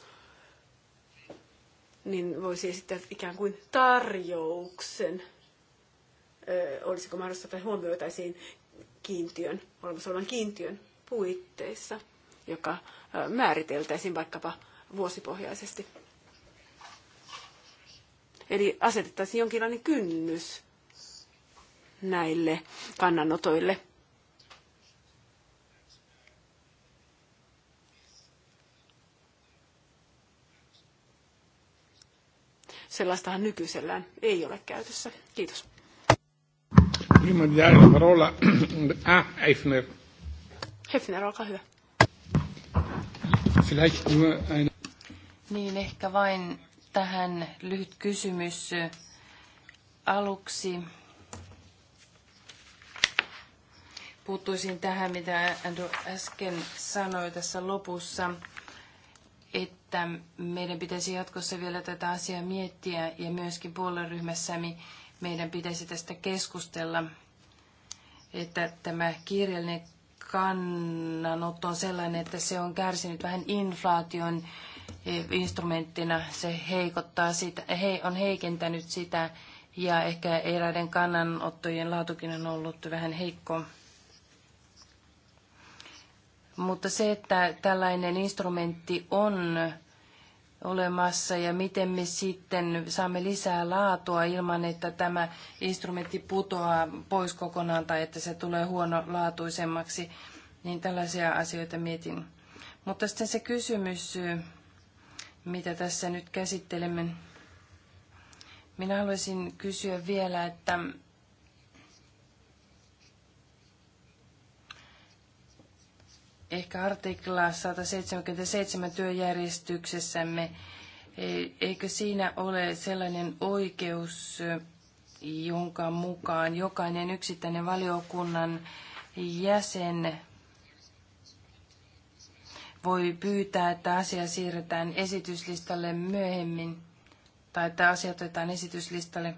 niin voisi esittää ikään kuin tarjouksen – olisiko mahdollista, että huomioitaisiin kiintiön, olemassa olevan kiintiön puitteissa, joka määriteltäisiin vaikkapa vuosipohjaisesti. Eli asetettaisiin jonkinlainen kynnys näille kannanotoille. Sellaistahan nykyisellään ei ole käytössä. Kiitos prima di dare la parola a Hefner. Hefner, olkaa hyvä. Vielleicht nur eine... Niin, ehkä vain tähän lyhyt kysymys aluksi. Puuttuisin tähän, mitä Andrew äsken sanoi tässä lopussa, että meidän pitäisi jatkossa vielä tätä asiaa miettiä ja myöskin puolueryhmässämme meidän pitäisi tästä keskustella, että tämä kirjallinen kannanotto on sellainen, että se on kärsinyt vähän inflaation eh, instrumenttina. Se heikottaa sitä, he, on heikentänyt sitä ja ehkä eräiden kannanottojen laatukin on ollut vähän heikko. Mutta se, että tällainen instrumentti on olemassa ja miten me sitten saamme lisää laatua ilman, että tämä instrumentti putoaa pois kokonaan tai että se tulee huonolaatuisemmaksi, niin tällaisia asioita mietin. Mutta sitten se kysymys, mitä tässä nyt käsittelemme, minä haluaisin kysyä vielä, että ehkä artikla 177 työjärjestyksessämme, e, eikö siinä ole sellainen oikeus, jonka mukaan jokainen yksittäinen valiokunnan jäsen voi pyytää, että asia siirretään esityslistalle myöhemmin tai että asia otetaan esityslistalle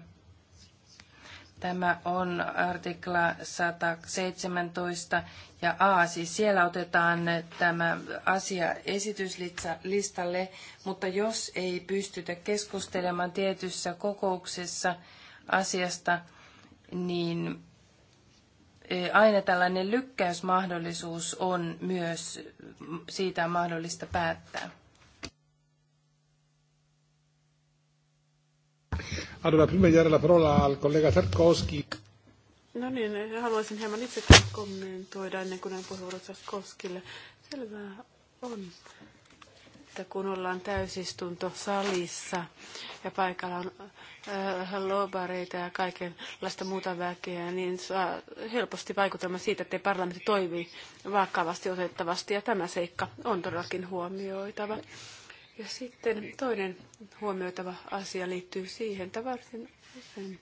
Tämä on artikla 117 ja A, siis siellä otetaan tämä asia esityslistalle, mutta jos ei pystytä keskustelemaan tietyssä kokouksessa asiasta, niin e, aina tällainen lykkäysmahdollisuus on myös siitä on mahdollista päättää. Allora, prima di dare la parola al collega Tarkovsky. No niin, haluaisin hieman itsekin kommentoida ennen kuin näin puheenvuoro Tarkovskille. Selvää on, että kun ollaan täysistuntosalissa ja paikalla on äh, lobareita ja kaikenlaista muuta väkeä, niin saa helposti vaikutelma siitä, että parlamentti toimii vakavasti otettavasti, ja tämä seikka on todellakin huomioitava. Ja sitten toinen huomioitava asia liittyy siihen, että varsin usein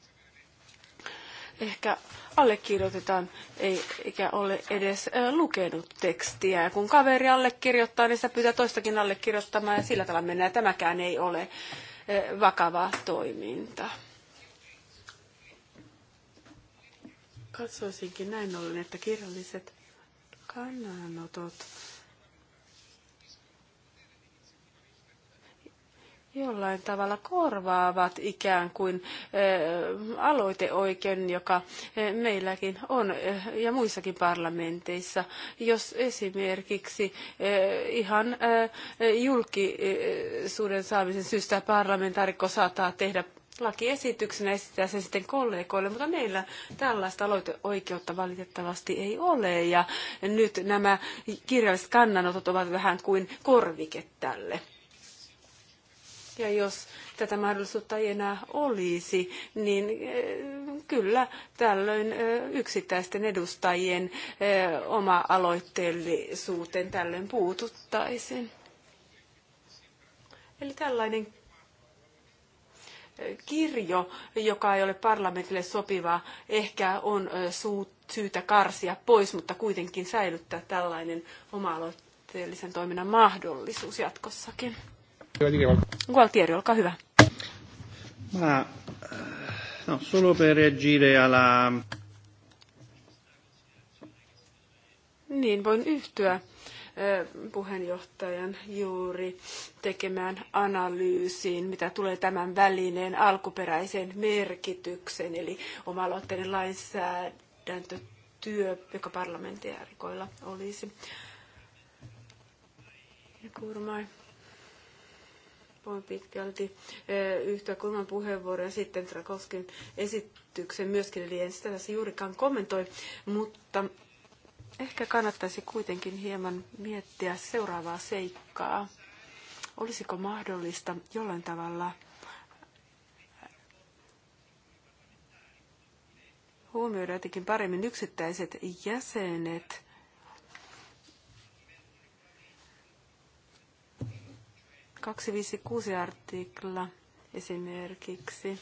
ehkä allekirjoitetaan, ei, eikä ole edes lukenut tekstiä. Ja kun kaveri allekirjoittaa, niin sitä pyytää toistakin allekirjoittamaan ja sillä tavalla mennään. Tämäkään ei ole vakava toiminta. Katsoisinkin näin ollen, että kirjalliset kannanotot jollain tavalla korvaavat ikään kuin eh, aloiteoikeuden, joka eh, meilläkin on eh, ja muissakin parlamenteissa. Jos esimerkiksi ihan julkisuuden saamisen syystä parlamentaarikko saattaa tehdä lakiesityksenä esittää sen sitten kollegoille, mutta meillä tällaista aloiteoikeutta valitettavasti ei ole ja nyt nämä kirjalliset kannanotot ovat vähän kuin korvike tälle. Ja jos tätä mahdollisuutta ei enää olisi, niin eh, kyllä tällöin eh, yksittäisten edustajien eh, oma aloitteellisuuteen tällöin puututtaisiin. Eli tällainen kirjo, joka ei ole parlamentille sopivaa, ehkä on syytä karsia pois, mutta kuitenkin säilyttää tällainen oma-aloitteellisen toiminnan mahdollisuus jatkossakin. Gualtieri, olkaa hyvä. Ma, eh, no, solo per reagire alla... Niin, voin yhtyä eh, puheenjohtajan juuri tekemään analyysiin, mitä tulee tämän välineen alkuperäiseen merkitykseen, eli oma-aloitteinen lainsäädäntötyö, joka parlamentaarikoilla olisi. Kurmai voin pitkälti eh, yhtyä Kulman puheenvuoroon ja sitten Trakoskin esityksen myöskin, eli en sitä tässä juurikaan kommentoi, mutta ehkä kannattaisi kuitenkin hieman miettiä seuraavaa seikkaa. Olisiko mahdollista jollain tavalla huomioida jotenkin paremmin yksittäiset jäsenet 256 artikla esimerkiksi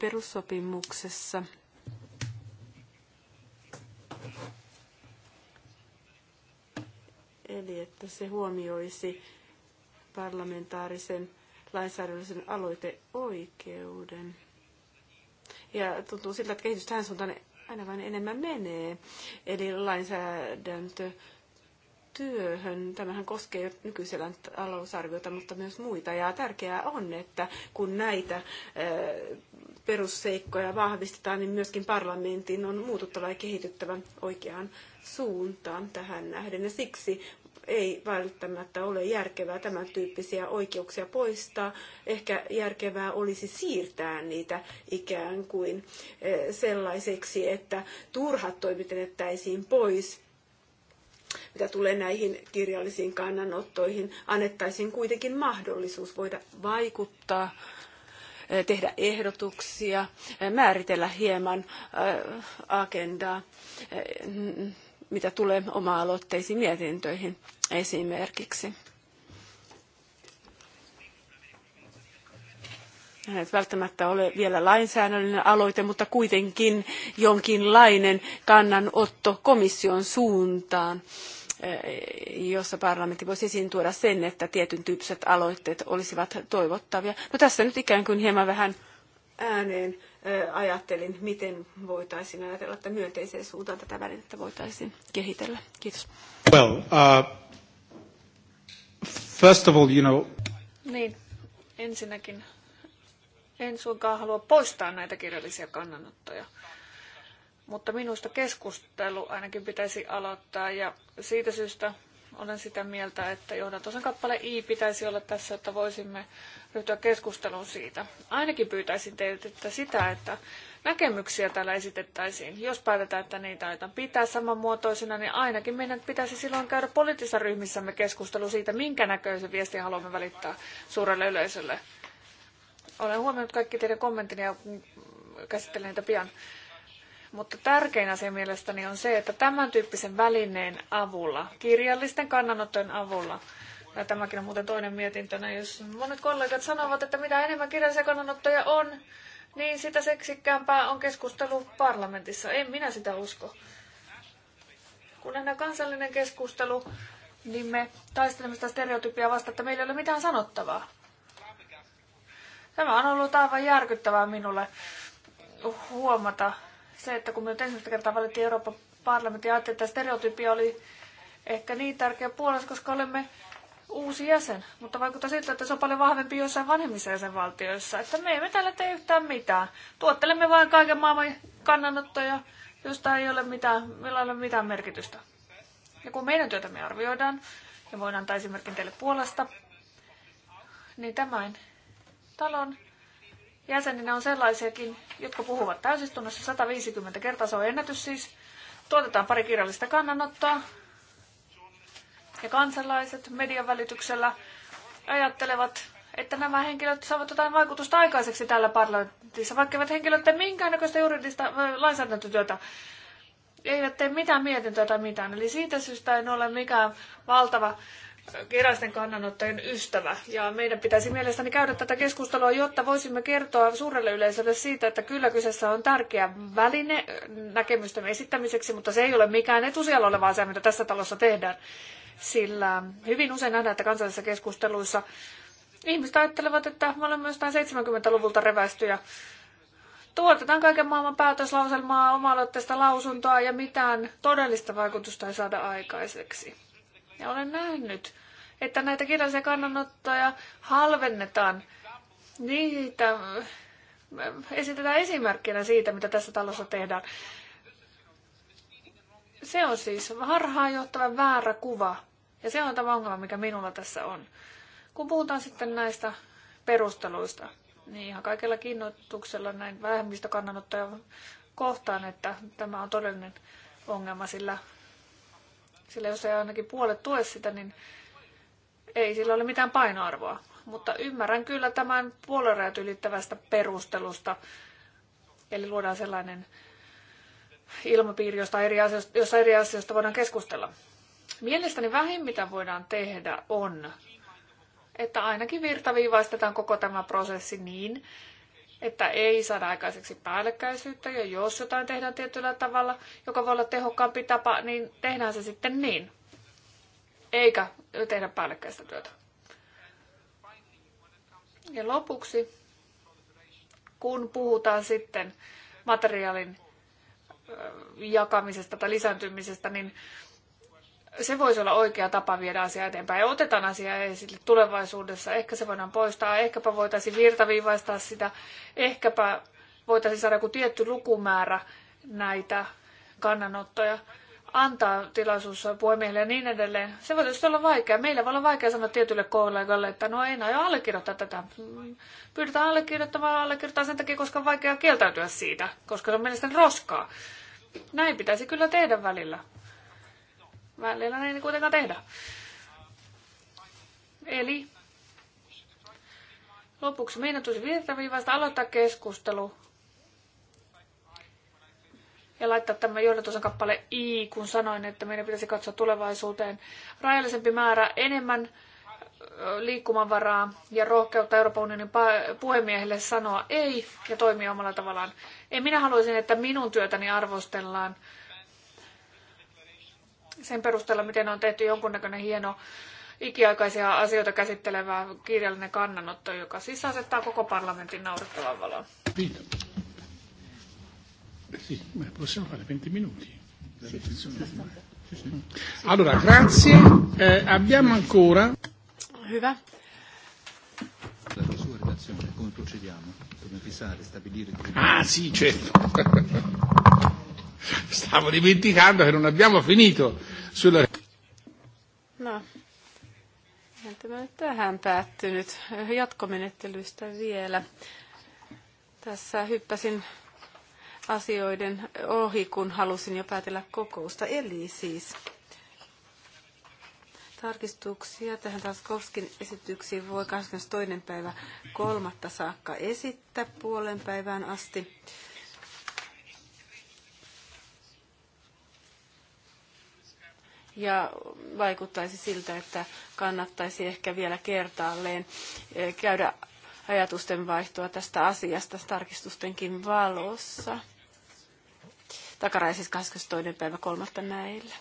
perussopimuksessa Eli että se huomioisi parlamentaarisen lainsäädännöllisen aloiteoikeuden. Ja tuntuu siltä, että kehitys tähän suuntaan aina vain enemmän menee. Eli lainsäädäntö työhön. Tämähän koskee nykyisellä talousarviota, mutta myös muita. Ja tärkeää on, että kun näitä äh, perusseikkoja vahvistetaan, niin myöskin parlamentin on muututtava ja kehityttävä oikeaan suuntaan tähän nähden. Ja siksi ei välttämättä ole järkevää tämän tyyppisiä oikeuksia poistaa. Ehkä järkevää olisi siirtää niitä ikään kuin äh, sellaiseksi, että turhat toimitettaisiin pois mitä tulee näihin kirjallisiin kannanottoihin, annettaisiin kuitenkin mahdollisuus voida vaikuttaa eh, tehdä ehdotuksia, eh, määritellä hieman eh, agendaa, mitä tulee oma-aloitteisiin mietintöihin esimerkiksi. Äh, välttämättä ole vielä lainsäädännöllinen aloite, mutta kuitenkin jonkinlainen kannanotto komission suuntaan äh, jossa parlamentti voisi esiin tuoda sen, että tietyn tyyppiset aloitteet olisivat toivottavia. No tässä nyt ikään kuin hieman vähän ääneen äh, ajattelin, miten voitaisiin ajatella, että myönteiseen suuntaan tätä välinettä voitaisiin kehitellä. Kiitos. Well, uh, first of all, you know... Niin, ensinnäkin en suinkaan halua poistaa näitä kirjallisia kannanottoja. Mutta minusta keskustelu ainakin pitäisi aloittaa ja siitä syystä olen sitä mieltä, että johdantosan kappale I pitäisi olla tässä, että voisimme ryhtyä keskusteluun siitä. Ainakin pyytäisin teiltä sitä, että näkemyksiä täällä esitettäisiin. Jos päätetään, että niitä aiotaan pitää samanmuotoisina, niin ainakin meidän pitäisi silloin käydä poliittisissa ryhmissämme keskustelu siitä, minkä näköisen viestin haluamme välittää suurelle yleisölle. Olen huomannut kaikki teidän kommenttinne ja käsittelen niitä pian. Mutta tärkein asia mielestäni on se, että tämän tyyppisen välineen avulla, kirjallisten kannanottojen avulla, ja tämäkin on muuten toinen mietintönä, jos monet kollegat sanovat, että mitä enemmän kirjallisia kannanottoja on, niin sitä seksikkäämpää on keskustelu parlamentissa. En minä sitä usko. Kun nähdään kansallinen keskustelu, niin me taistelemme sitä stereotypia vasta, että meillä ei ole mitään sanottavaa. Tämä on ollut aivan järkyttävää minulle huomata se, että kun me ensimmäistä kertaa valittiin Euroopan parlamentin, ajattelin, että stereotypia oli ehkä niin tärkeä puolesta, koska olemme uusi jäsen, mutta vaikuttaa siltä, että se on paljon vahvempi joissain vanhemmissa jäsenvaltioissa, että me emme täällä tee yhtään mitään. Tuottelemme vain kaiken maailman kannanottoja, josta ei ole mitään, millä ei ole mitään merkitystä. Ja kun meidän työtämme arvioidaan, ja voin antaa esimerkin teille Puolasta, niin tämän talon jäseninä on sellaisiakin, jotka puhuvat täysistunnossa 150 kertaa, se on ennätys siis. Tuotetaan pari kirjallista kannanottoa ja kansalaiset median välityksellä ajattelevat, että nämä henkilöt saavat jotain vaikutusta aikaiseksi täällä parlamentissa, vaikka eivät henkilöt tee minkäännäköistä juridista lainsäädäntötyötä, eivät tee mitään mietintöä tai mitään. Eli siitä syystä en ole mikään valtava virallisten kannanottojen ystävä. Ja meidän pitäisi mielestäni käydä tätä keskustelua, jotta voisimme kertoa suurelle yleisölle siitä, että kyllä kyseessä on tärkeä väline näkemystemme esittämiseksi, mutta se ei ole mikään etusijalla oleva asia, mitä tässä talossa tehdään. Sillä hyvin usein nähdään, että kansallisissa keskusteluissa ihmiset ajattelevat, että me olemme jostain 70-luvulta revästyjä. Tuotetaan kaiken maailman päätöslauselmaa, oma-aloitteista lausuntoa ja mitään todellista vaikutusta ei saada aikaiseksi. Ja olen nähnyt, että näitä kirjallisia kannanottoja halvennetaan. Niitä äh, esitetään esimerkkinä siitä, mitä tässä talossa tehdään. Se on siis harhaanjohtava väärä kuva. Ja se on tämä ongelma, mikä minulla tässä on. Kun puhutaan sitten näistä perusteluista, niin ihan kaikella kiinnostuksella näin vähemmistökannanottoja kohtaan, että tämä on todellinen ongelma, sillä sillä jos ei ainakin puolet tue sitä, niin ei sillä ole mitään painoarvoa. Mutta ymmärrän kyllä tämän puolueen ylittävästä perustelusta. Eli luodaan sellainen ilmapiiri, josta eri asioista, jossa eri asioista voidaan keskustella. Mielestäni vähin, mitä voidaan tehdä, on, että ainakin virtaviivaistetaan koko tämä prosessi niin, että ei saada aikaiseksi päällekkäisyyttä, ja jos jotain tehdään tietyllä tavalla, joka voi olla tehokkaampi tapa, niin tehdään se sitten niin, eikä tehdä päällekkäistä työtä. Ja lopuksi, kun puhutaan sitten materiaalin jakamisesta tai lisääntymisestä, niin se voisi olla oikea tapa viedä asiaa eteenpäin. Ja otetaan asiaa esille tulevaisuudessa. Ehkä se voidaan poistaa, ehkäpä voitaisiin virtaviivaistaa sitä, ehkäpä voitaisiin saada joku tietty lukumäärä näitä kannanottoja, antaa tilaisuus puhemiehelle ja niin edelleen. Se voi tietysti olla vaikea. Meillä voi olla vaikea sanoa tietylle kollegalle, että no ei, aio allekirjoittaa tätä. Pyydetään allekirjoittamaan, allekirjoittaa sen takia, koska on vaikea kieltäytyä siitä, koska se on mielestäni roskaa. Näin pitäisi kyllä tehdä välillä. Välillä ne ei kuitenkaan tehdä. Eli lopuksi meidän tulisi virtaviivasta aloittaa keskustelu ja laittaa tämä johdatusen kappale I, kun sanoin, että meidän pitäisi katsoa tulevaisuuteen rajallisempi määrä, enemmän liikkumavaraa ja rohkeutta Euroopan unionin puhemiehelle sanoa ei ja toimia omalla tavallaan. En minä haluaisin, että minun työtäni arvostellaan sen perusteella, miten on tehty jonkunnäköinen hieno ikiaikaisia asioita käsittelevä kirjallinen kannanotto, joka siis asettaa koko parlamentin naurettavan valon. Siis allora, grazie. Eh, abbiamo ancora... Hyvä. La sua redazione, come procediamo? Come fissare, stabilire... Ah, sì, certo. *laughs* Stavo dimenticando che non abbiamo finito sulla... No. tähän päättynyt. Jatkomenettelystä vielä. Tässä hyppäsin asioiden ohi, kun halusin jo päätellä kokousta. Eli siis tarkistuksia tähän Taskovskin esityksiin voi 22. päivä kolmatta saakka esittää puolen päivään asti. ja vaikuttaisi siltä, että kannattaisi ehkä vielä kertaalleen eh, käydä ajatusten vaihtoa tästä asiasta tarkistustenkin valossa. Takaraisessa siis 22. päivä kolmatta näillä.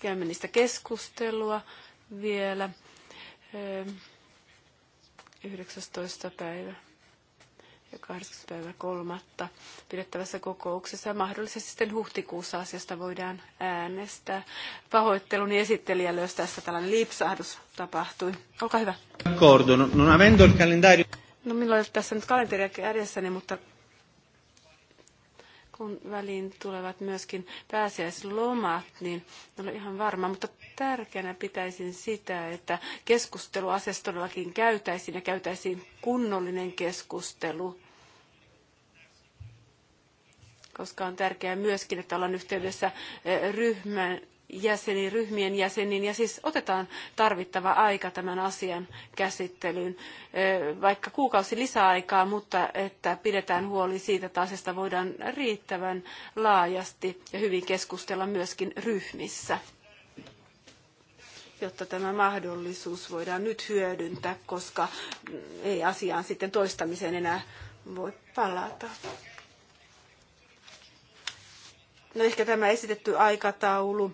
Käymme niistä keskustelua vielä 19. Eh, päivä ja 80. päivä kolmatta pidettävässä kokouksessa. Mahdollisesti sitten huhtikuussa asiasta voidaan äänestää. Pahoitteluni esittelijälle, jos tässä tällainen lipsahdus tapahtui. Olkaa hyvä. Non avendo il calendario... No minulla ei ole tässä nyt kalenteria kädessäni, mutta kun väliin tulevat myöskin pääsiäislomat, niin olen ihan varma, mutta tärkeänä pitäisin sitä, että keskustelu asiasta todellakin käytäisiin ja käytäisiin kunnollinen keskustelu koska on tärkeää myöskin, että ollaan yhteydessä ryhmän jäseniin, ryhmien jäseniin, ja siis otetaan tarvittava aika tämän asian käsittelyyn, vaikka kuukausi lisäaikaa, mutta että pidetään huoli siitä, että asiasta voidaan riittävän laajasti ja hyvin keskustella myöskin ryhmissä jotta tämä mahdollisuus voidaan nyt hyödyntää, koska ei asiaan sitten toistamiseen enää voi palata. No ehkä tämä esitetty aikataulu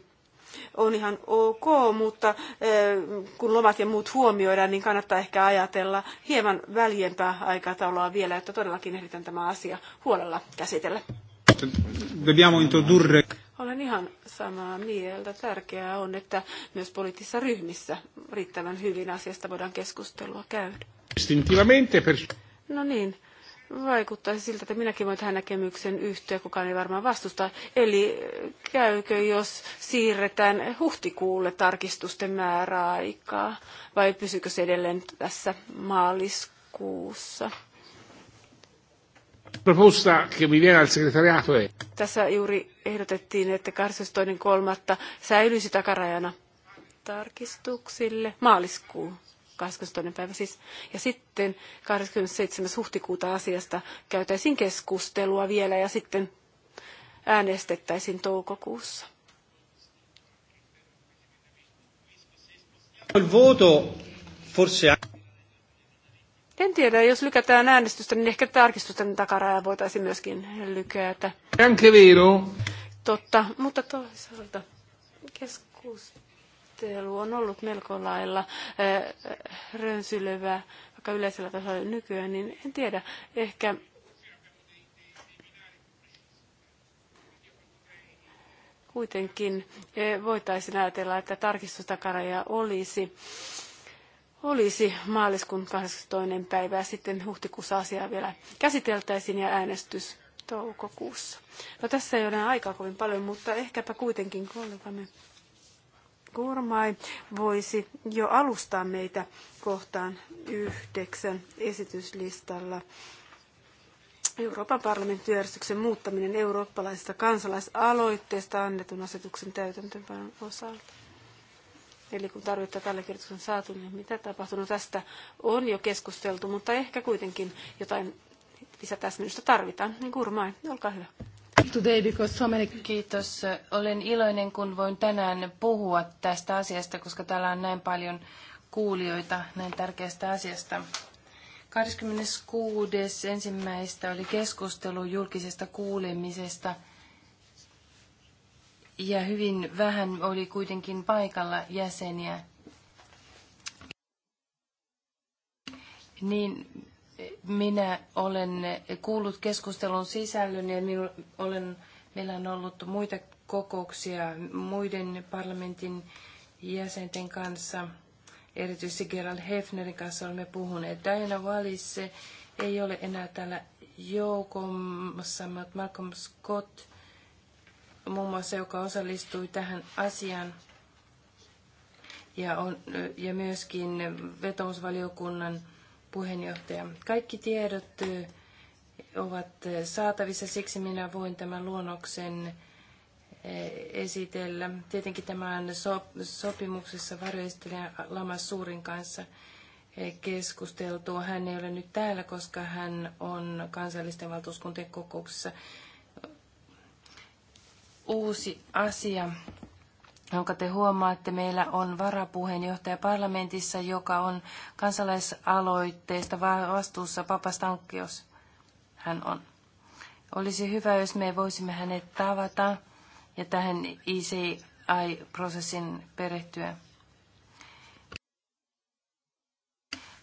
on ihan ok, mutta eh, kun lomat ja muut huomioidaan, niin kannattaa ehkä ajatella hieman väljempää aikataulua vielä, että todellakin ehditään tämä asia huolella käsitellä. Olen ihan samaa mieltä. Tärkeää on, että myös poliittisissa ryhmissä riittävän hyvin asiasta voidaan keskustelua käydä. No niin, Vaikuttaisi siltä, että minäkin voin tähän näkemyksen yhtyä, kukaan ei varmaan vastusta. Eli käykö, jos siirretään huhtikuulle tarkistusten määräaikaa, vai pysykö se edelleen tässä maaliskuussa? Proposta che mi viene al segretariato è... Tässä juuri ehdotettiin, että 22.3. säilyisi takarajana tarkistuksille maaliskuun. 22. päivä siis. Ja sitten 27. huhtikuuta asiasta käytäisiin keskustelua vielä ja sitten äänestettäisiin toukokuussa. En tiedä, jos lykätään äänestystä, niin ehkä tarkistusten takaraja voitaisiin myöskin lykätä. Anche vero. Totta, mutta toisaalta keskustelu keskustelu on ollut melko lailla eh, rönsylevä, vaikka yleisellä tasolla nykyään, niin en tiedä, ehkä kuitenkin eh, voitaisiin ajatella, että tarkistustakaraja olisi olisi maaliskuun 22. päivä ja sitten huhtikuussa asiaa vielä käsiteltäisiin ja äänestys toukokuussa. No tässä ei ole aikaa kovin paljon, mutta ehkäpä kuitenkin kollegamme Kurmai voisi jo alustaa meitä kohtaan yhdeksän esityslistalla. Euroopan parlamentin järjestyksen muuttaminen eurooppalaisesta kansalaisaloitteesta annetun asetuksen täytäntöönpanon osalta. Eli kun tarvittaa tällä kirjoituksen saatu, niin mitä tapahtunut? No tästä on jo keskusteltu, mutta ehkä kuitenkin jotain lisätäsmennystä tarvitaan. Niin kurmai, olkaa hyvä. Today because so many... Kiitos. Olen iloinen, kun voin tänään puhua tästä asiasta, koska täällä on näin paljon kuulijoita näin tärkeästä asiasta. 26. ensimmäistä oli keskustelu julkisesta kuulemisesta ja hyvin vähän oli kuitenkin paikalla jäseniä. Niin minä olen kuullut keskustelun sisällön ja minulla olen, meillä on ollut muita kokouksia muiden parlamentin jäsenten kanssa. Erityisesti Gerald Hefnerin kanssa olemme puhuneet. Diana Wallis ei ole enää täällä joukossa, mutta Malcolm Scott muun muassa, joka osallistui tähän asiaan ja, on, ja myöskin vetomusvaliokunnan puheenjohtaja. Kaikki tiedot ovat saatavissa, siksi minä voin tämän luonnoksen esitellä. Tietenkin tämä on sopimuksessa varjoistelija Lamas Suurin kanssa keskusteltua. Hän ei ole nyt täällä, koska hän on kansallisten valtuuskuntien kokouksessa. Uusi asia jonka te huomaatte, meillä on varapuheenjohtaja parlamentissa, joka on kansalaisaloitteesta vastuussa Papastankios. Hän on. Olisi hyvä, jos me voisimme hänet tavata ja tähän ICI-prosessin perehtyä.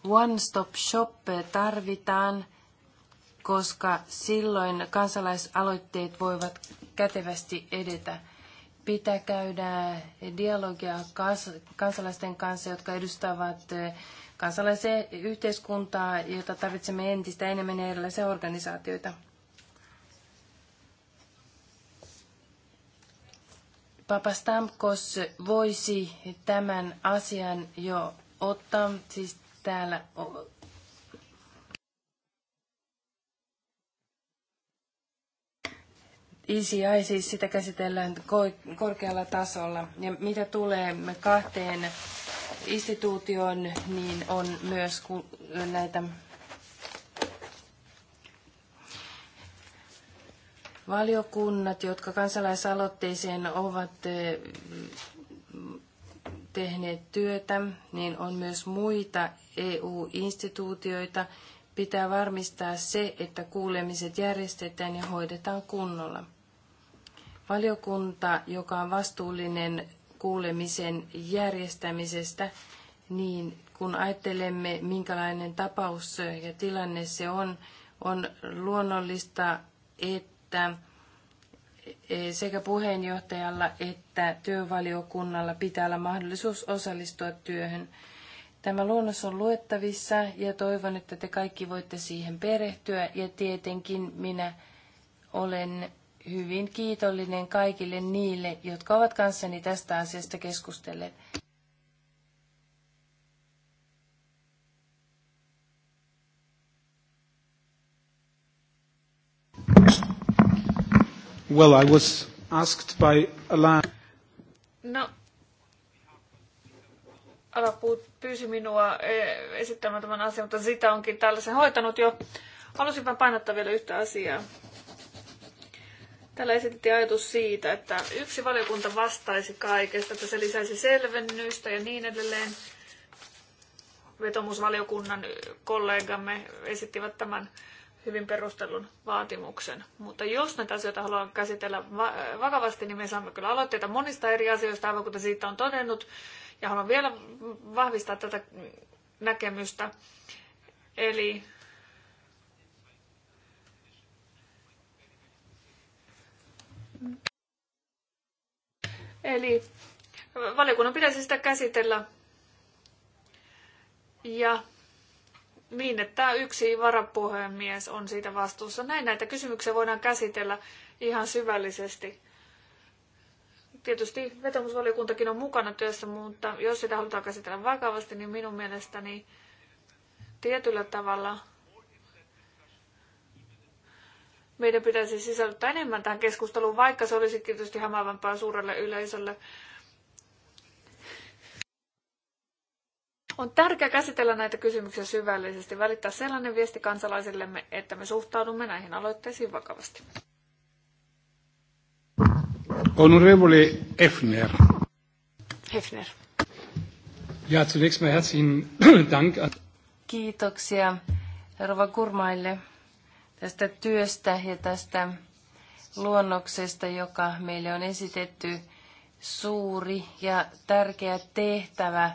One Stop Shop tarvitaan, koska silloin kansalaisaloitteet voivat kätevästi edetä pitää käydä dialogia kansalaisten kanssa, jotka edustavat eh, kansalaisen yhteiskuntaa, jota tarvitsemme entistä enemmän erilaisia organisaatioita. Stamkos voisi tämän asian jo ottaa siis täällä ICI, siis sitä käsitellään korkealla tasolla. Ja mitä tulee kahteen instituutioon, niin on myös näitä valiokunnat, jotka kansalaisaloitteeseen ovat tehneet työtä, niin on myös muita EU-instituutioita. Pitää varmistaa se, että kuulemiset järjestetään ja hoidetaan kunnolla. Valiokunta, joka on vastuullinen kuulemisen järjestämisestä, niin kun ajattelemme, minkälainen tapaus ja tilanne se on, on luonnollista, että e, sekä puheenjohtajalla että työvaliokunnalla pitää olla mahdollisuus osallistua työhön. Tämä luonnos on luettavissa ja toivon, että te kaikki voitte siihen perehtyä ja tietenkin minä olen hyvin kiitollinen kaikille niille, jotka ovat kanssani tästä asiasta keskustelleet. Well, I was asked by Alain. No, Ala pyysi minua eh, esittämään tämän asian, mutta sitä onkin tällaisen hoitanut jo. Halusin vain painottaa vielä yhtä asiaa. Täällä esitettiin ajatus siitä, että yksi valiokunta vastaisi kaikesta, että se lisäisi selvennystä ja niin edelleen. Vetomusvaliokunnan kollegamme esittivät tämän hyvin perustellun vaatimuksen. Mutta jos näitä asioita haluan käsitellä vakavasti, niin me saamme kyllä aloitteita monista eri asioista, aivan kuten siitä on todennut. Ja haluan vielä vahvistaa tätä näkemystä. Eli Eli valiokunnan pitäisi sitä käsitellä ja niin, että yksi varapuhemies on siitä vastuussa. Näin näitä kysymyksiä voidaan käsitellä ihan syvällisesti. Tietysti vetomusvaliokuntakin on mukana työssä, mutta jos sitä halutaan käsitellä vakavasti, niin minun mielestäni tietyllä tavalla meidän pitäisi sisällyttää enemmän tähän keskusteluun, vaikka se olisikin tietysti hämäävämpää suurelle yleisölle. On tärkeää käsitellä näitä kysymyksiä syvällisesti, välittää sellainen viesti kansalaisillemme, että me suhtaudumme näihin aloitteisiin vakavasti. Honorable Hefner. Hefner. Ja, zunächst mal herzlichen Dank. Kiitoksia Rova Kurmaille tästä työstä ja tästä luonnoksesta, joka meille on esitetty. Suuri ja tärkeä tehtävä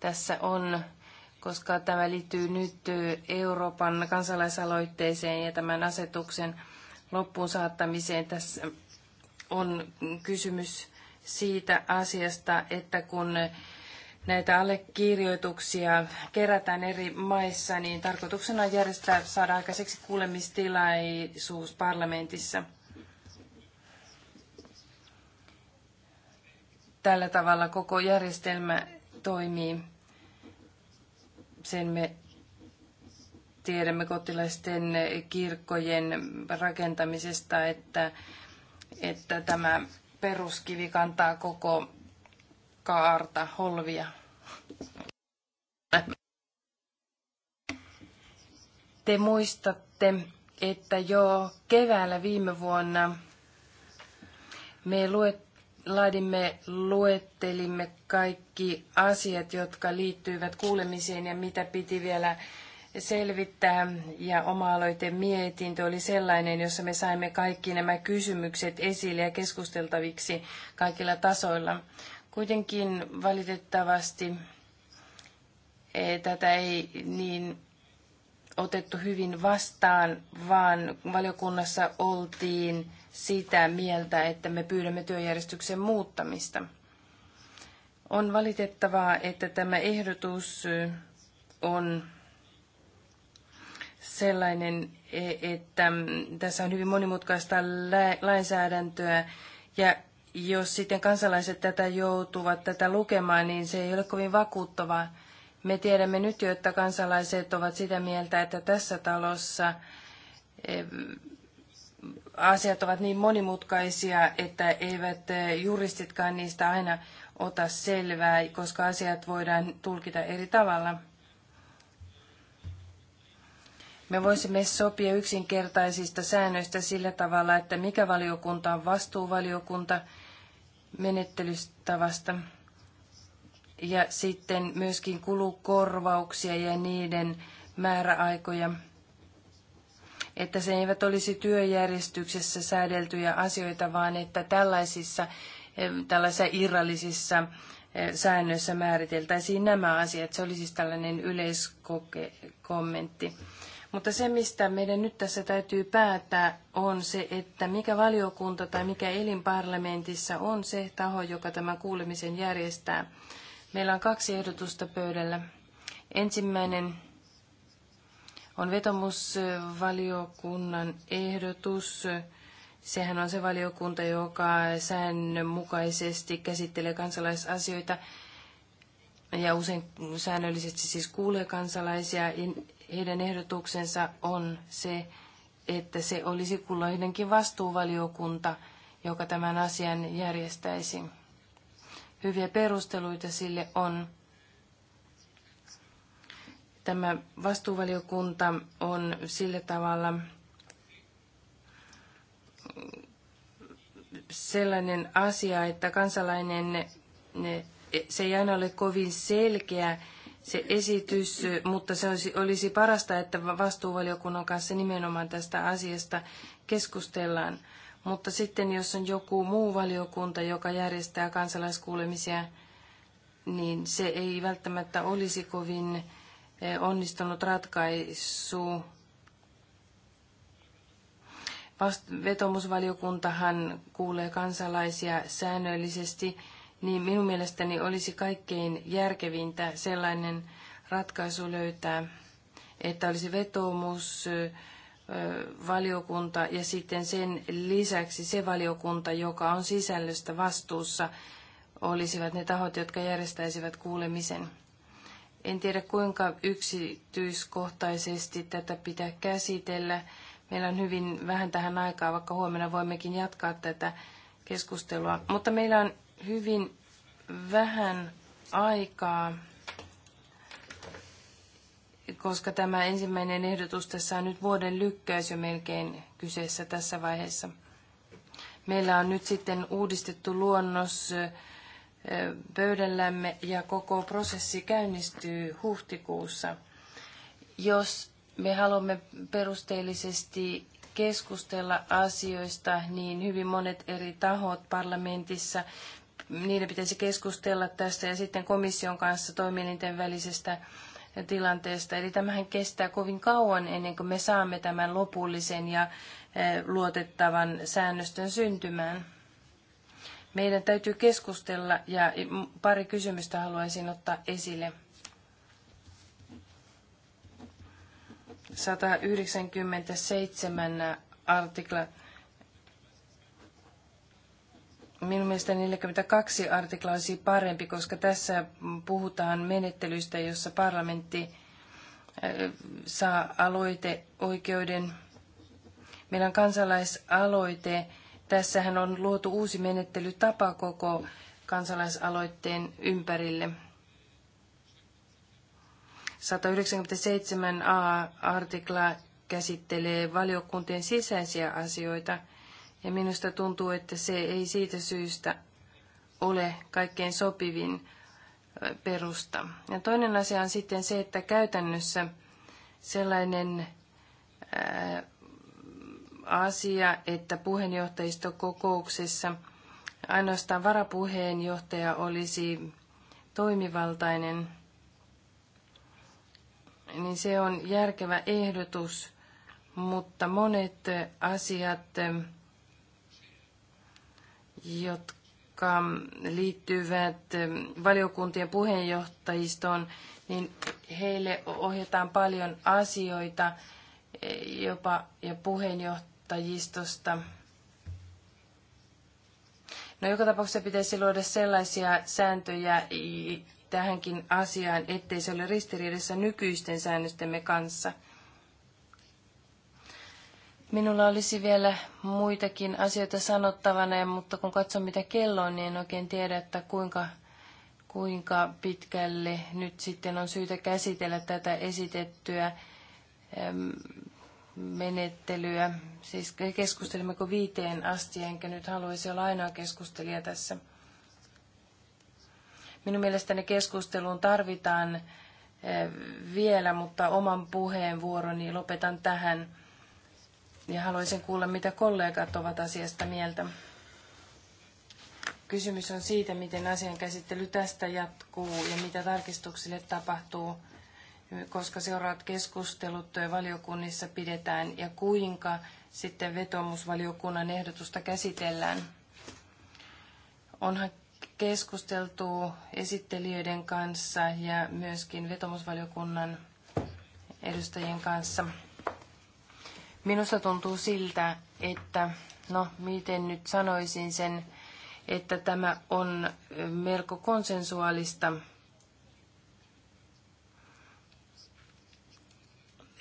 tässä on, koska tämä liittyy nyt Euroopan kansalaisaloitteeseen ja tämän asetuksen loppuun saattamiseen. Tässä on kysymys siitä asiasta, että kun näitä allekirjoituksia kerätään eri maissa, niin tarkoituksena on järjestää, saada aikaiseksi kuulemistilaisuus parlamentissa. Tällä tavalla koko järjestelmä toimii. Sen me tiedämme kotilaisten kirkkojen rakentamisesta, että, että tämä peruskivi kantaa koko kaarta, holvia. Te muistatte, että jo keväällä viime vuonna me luet, laadimme, luettelimme kaikki asiat, jotka liittyivät kuulemiseen ja mitä piti vielä selvittää. Ja oma-aloite mietintö oli sellainen, jossa me saimme kaikki nämä kysymykset esille ja keskusteltaviksi kaikilla tasoilla. Kuitenkin valitettavasti eh, tätä ei niin otettu hyvin vastaan, vaan valiokunnassa oltiin sitä mieltä, että me pyydämme työjärjestyksen muuttamista. On valitettavaa, että tämä ehdotus eh, on sellainen, eh, että mm, tässä on hyvin monimutkaista lainsäädäntöä ja jos sitten kansalaiset tätä joutuvat tätä lukemaan, niin se ei ole kovin vakuuttavaa. Me tiedämme nyt jo, että kansalaiset ovat sitä mieltä, että tässä talossa asiat ovat niin monimutkaisia, että eivät eh, juristitkaan niistä aina ota selvää, koska asiat voidaan tulkita eri tavalla. Me voisimme sopia yksinkertaisista säännöistä sillä tavalla, että mikä valiokunta on vastuuvaliokunta – menettelystavasta. Ja sitten myöskin kulukorvauksia ja niiden määräaikoja, että se eivät olisi työjärjestyksessä säädeltyjä asioita, vaan että tällaisissa, tällaisissa irrallisissa säännöissä määriteltäisiin nämä asiat. Se oli siis tällainen yleiskommentti. Mutta se, mistä meidän nyt tässä täytyy päättää, on se, että mikä valiokunta tai mikä elin parlamentissa on se taho, joka tämän kuulemisen järjestää. Meillä on kaksi ehdotusta pöydällä. Ensimmäinen on vetomusvaliokunnan ehdotus. Sehän on se valiokunta, joka säännönmukaisesti käsittelee kansalaisasioita ja usein säännöllisesti siis kuulee kansalaisia heidän ehdotuksensa on se, että se olisi kulloinenkin vastuuvaliokunta, joka tämän asian järjestäisi. Hyviä perusteluita sille on. Tämä vastuuvaliokunta on sillä tavalla sellainen asia, että kansalainen, se ei aina ole kovin selkeä, se esitys, mutta se olisi, olisi parasta, että vastuuvaliokunnan kanssa nimenomaan tästä asiasta keskustellaan. Mutta sitten jos on joku muu valiokunta, joka järjestää kansalaiskuulemisia, niin se ei välttämättä olisi kovin eh, onnistunut ratkaisu. Vast- vetomusvaliokuntahan kuulee kansalaisia säännöllisesti niin minun mielestäni olisi kaikkein järkevintä sellainen ratkaisu löytää, että olisi vetoomus valiokunta ja sitten sen lisäksi se valiokunta, joka on sisällöstä vastuussa, olisivat ne tahot, jotka järjestäisivät kuulemisen. En tiedä kuinka yksityiskohtaisesti tätä pitää käsitellä. Meillä on hyvin vähän tähän aikaa, vaikka huomenna voimmekin jatkaa tätä keskustelua. Mutta meillä on hyvin vähän aikaa, koska tämä ensimmäinen ehdotus tässä on nyt vuoden lykkäys jo melkein kyseessä tässä vaiheessa. Meillä on nyt sitten uudistettu luonnos pöydällämme ja koko prosessi käynnistyy huhtikuussa. Jos me haluamme perusteellisesti keskustella asioista, niin hyvin monet eri tahot parlamentissa, niiden pitäisi keskustella tästä ja sitten komission kanssa toimielinten välisestä tilanteesta. Eli tämähän kestää kovin kauan ennen kuin me saamme tämän lopullisen ja eh, luotettavan säännöstön syntymään. Meidän täytyy keskustella ja pari kysymystä haluaisin ottaa esille. 197 artikla Minun mielestäni 42 artikla olisi parempi, koska tässä puhutaan menettelystä, jossa parlamentti saa aloiteoikeuden. Meillä on kansalaisaloite. Tässähän on luotu uusi menettelytapa koko kansalaisaloitteen ympärille. 197a artikla käsittelee valiokuntien sisäisiä asioita – ja minusta tuntuu, että se ei siitä syystä ole kaikkein sopivin perusta. Ja toinen asia on sitten se, että käytännössä sellainen asia, että puheenjohtajistokokouksessa ainoastaan varapuheenjohtaja olisi toimivaltainen, niin se on järkevä ehdotus, mutta monet asiat jotka liittyvät eh, valiokuntien puheenjohtajistoon, niin heille ohjataan paljon asioita eh, jopa ja puheenjohtajistosta. No joka tapauksessa pitäisi luoda sellaisia sääntöjä tähänkin asiaan, ettei se ole ristiriidassa nykyisten säännöstemme kanssa – Minulla olisi vielä muitakin asioita sanottavana, mutta kun katson mitä kello on, niin en oikein tiedä, että kuinka, kuinka pitkälle nyt sitten on syytä käsitellä tätä esitettyä ähm, menettelyä. Siis keskustelimmeko viiteen asti, enkä nyt haluaisi olla ainoa keskustelija tässä. Minun mielestäni keskusteluun tarvitaan äh, vielä, mutta oman puheenvuoroni lopetan tähän ja haluaisin kuulla, mitä kollegat ovat asiasta mieltä. Kysymys on siitä, miten asian käsittely tästä jatkuu ja mitä tarkistuksille tapahtuu, koska seuraavat keskustelut valiokunnissa pidetään ja kuinka sitten vetomusvaliokunnan ehdotusta käsitellään. Onhan keskusteltu esittelijöiden kanssa ja myöskin vetomusvaliokunnan edustajien kanssa. Minusta tuntuu siltä, että no miten nyt sanoisin sen, että tämä on melko konsensuaalista.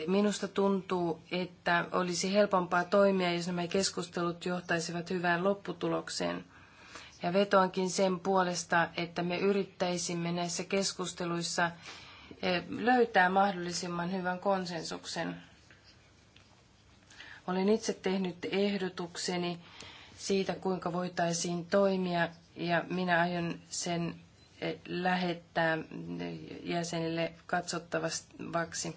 Minusta tuntuu, että olisi helpompaa toimia, jos nämä keskustelut johtaisivat hyvään lopputulokseen. Ja vetoankin sen puolesta, että me yrittäisimme näissä keskusteluissa eh, löytää mahdollisimman hyvän konsensuksen. Olen itse tehnyt ehdotukseni siitä, kuinka voitaisiin toimia, ja minä aion sen eh, lähettää jäsenille katsottavaksi.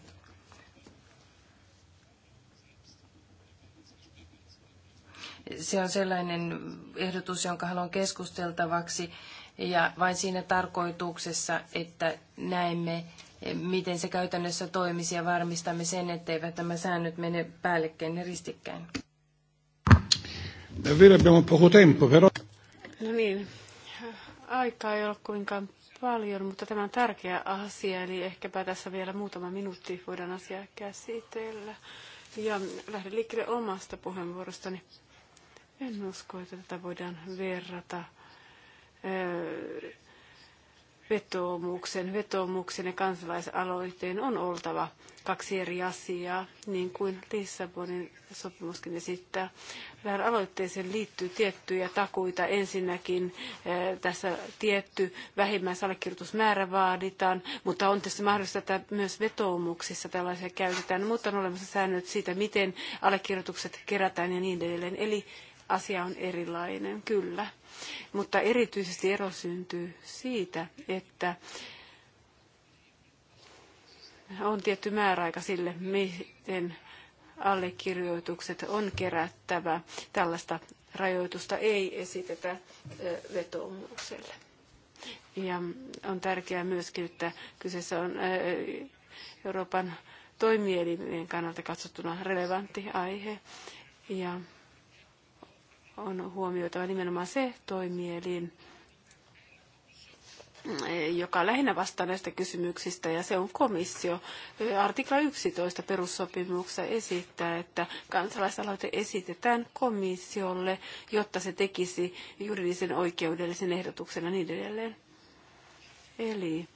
Se on sellainen ehdotus, jonka haluan keskusteltavaksi ja vain siinä tarkoituksessa, että näemme, miten se käytännössä toimisi ja varmistamme sen, etteivät nämä säännöt mene päällekkäin ja ristikkäin. No niin, aikaa ei ole kuinkaan paljon, mutta tämä on tärkeä asia, eli ehkäpä tässä vielä muutama minuutti voidaan asiaa käsitellä. Ja lähden liikkeelle omasta puheenvuorostani. En usko, että tätä voidaan verrata vetoomuksen, vetoomuksen ja kansalaisaloitteen on oltava kaksi eri asiaa, niin kuin Lissabonin sopimuskin esittää. Tähän aloitteeseen liittyy tiettyjä takuita. Ensinnäkin eh, tässä tietty vähimmäisallekirjoitusmäärä vaaditaan, mutta on tietysti mahdollista, että myös vetoomuksissa tällaisia käytetään, mutta on olemassa säännöt siitä, miten allekirjoitukset kerätään ja niin edelleen. Eli asia on erilainen, kyllä. Mutta erityisesti ero syntyy siitä, että on tietty määräaika sille, miten allekirjoitukset on kerättävä. Tällaista rajoitusta ei esitetä vetoomukselle. Ja on tärkeää myöskin, että kyseessä on Euroopan toimielimien kannalta katsottuna relevantti aihe. Ja on huomioitava nimenomaan se toimielin, joka lähinnä vastaa näistä kysymyksistä, ja se on komissio. Artikla 11 perussopimuksessa esittää, että kansalaisaloite esitetään komissiolle, jotta se tekisi juridisen oikeudellisen ehdotuksen ja niin edelleen. Eli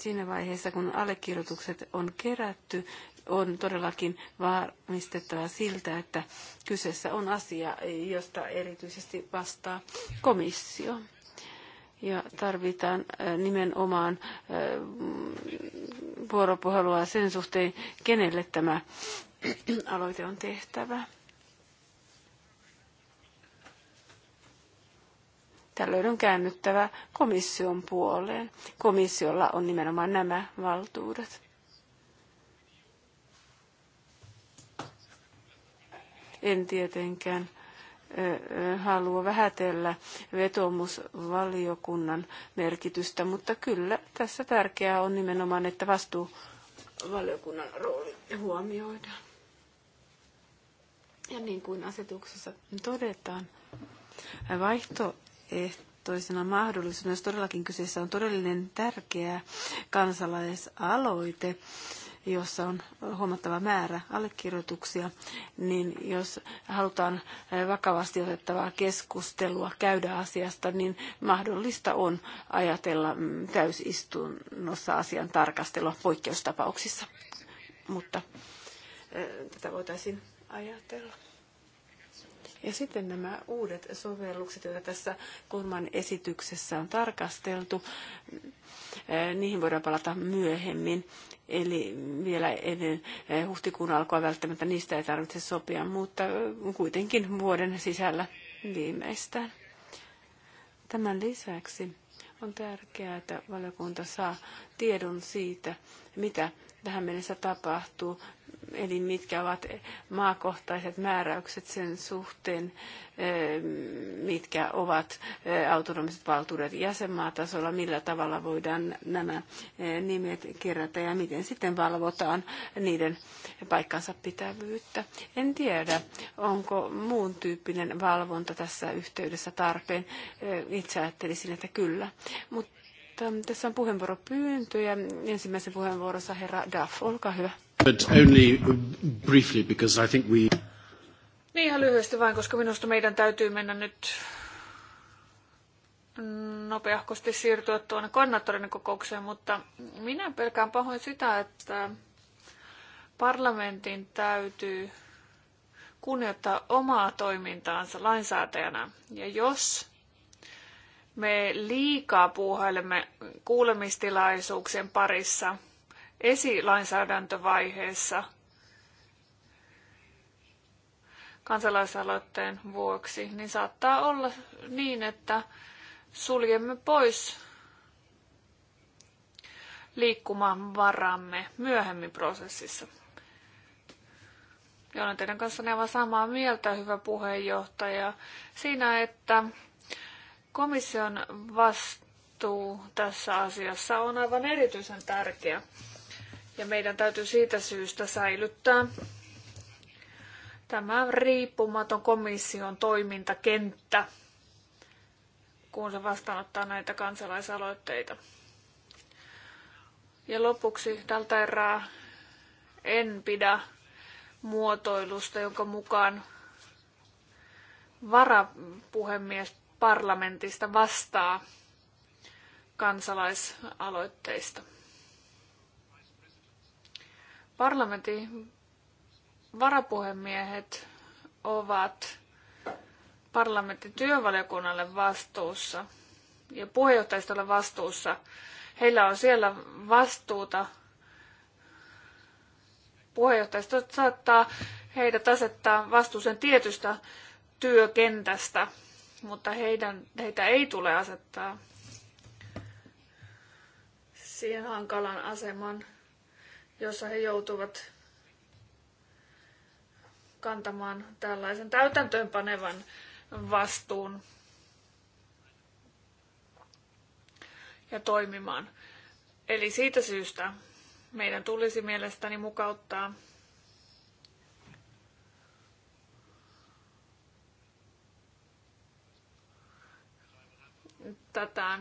siinä vaiheessa, kun allekirjoitukset on kerätty, on todellakin varmistettava siltä, että kyseessä on asia, josta erityisesti vastaa komissio. Ja tarvitaan äh, nimenomaan äh, vuoropuhelua sen suhteen, kenelle tämä *clears throat* aloite on tehtävä. Tällöin on käännyttävä komission puoleen. Komissiolla on nimenomaan nämä valtuudet. En tietenkään halua vähätellä vetomusvaliokunnan merkitystä, mutta kyllä tässä tärkeää on nimenomaan, että vastuuvaliokunnan rooli huomioidaan. Ja niin kuin asetuksessa todetaan, vaihtoehtoisena mahdollisuudessa todellakin kyseessä on todellinen tärkeä kansalaisaloite, jossa on huomattava määrä allekirjoituksia, niin jos halutaan eh, vakavasti otettavaa keskustelua käydä asiasta, niin mahdollista on ajatella mm, täysistunnossa asian tarkastelua poikkeustapauksissa. Mutta eh, tätä voitaisiin ajatella. Ja sitten nämä uudet sovellukset, joita tässä Kurman esityksessä on tarkasteltu, eh, niihin voidaan palata myöhemmin. Eli vielä ennen eh, huhtikuun alkoa välttämättä niistä ei tarvitse sopia, mutta eh, kuitenkin vuoden sisällä viimeistään. Tämän lisäksi on tärkeää, että valiokunta saa tiedon siitä, mitä tähän mennessä tapahtuu, eli mitkä ovat maakohtaiset määräykset sen suhteen, mitkä ovat autonomiset valtuudet jäsenmaatasolla, millä tavalla voidaan nämä nimet kerätä ja miten sitten valvotaan niiden paikkansa pitävyyttä. En tiedä, onko muun tyyppinen valvonta tässä yhteydessä tarpeen. Itse ajattelisin, että kyllä. Mutta tässä on puheenvuoropyyntöjä. Ensimmäisen puheenvuorossa herra Duff, olkaa hyvä. But only briefly, because I think we... Niin ihan lyhyesti vain, koska minusta meidän täytyy mennä nyt nopeahkosti siirtyä tuonne kannattorinen kokoukseen, mutta minä pelkään pahoin sitä, että parlamentin täytyy kunnioittaa omaa toimintaansa lainsäätäjänä. Ja jos me liikaa puuhailemme kuulemistilaisuuksien parissa esilainsäädäntövaiheessa kansalaisaloitteen vuoksi, niin saattaa olla niin, että suljemme pois liikkumaan varamme myöhemmin prosessissa. Ja olen teidän kanssanne aivan samaa mieltä, hyvä puheenjohtaja, siinä, että Komission vastuu tässä asiassa on aivan erityisen tärkeä. Ja meidän täytyy siitä syystä säilyttää tämä riippumaton komission toimintakenttä, kun se vastaanottaa näitä kansalaisaloitteita. Ja lopuksi tältä erää en pidä muotoilusta, jonka mukaan varapuhemies parlamentista vastaa kansalaisaloitteista. Parlamentin varapuhemiehet ovat parlamentin työvaliokunnalle vastuussa ja puheenjohtajistolle vastuussa. Heillä on siellä vastuuta. Puheenjohtajisto saattaa heidät asettaa vastuuseen tietystä työkentästä, mutta heidän, heitä ei tule asettaa siihen hankalan aseman, jossa he joutuvat kantamaan tällaisen täytäntöönpanevan vastuun ja toimimaan. Eli siitä syystä meidän tulisi mielestäni mukauttaa tätä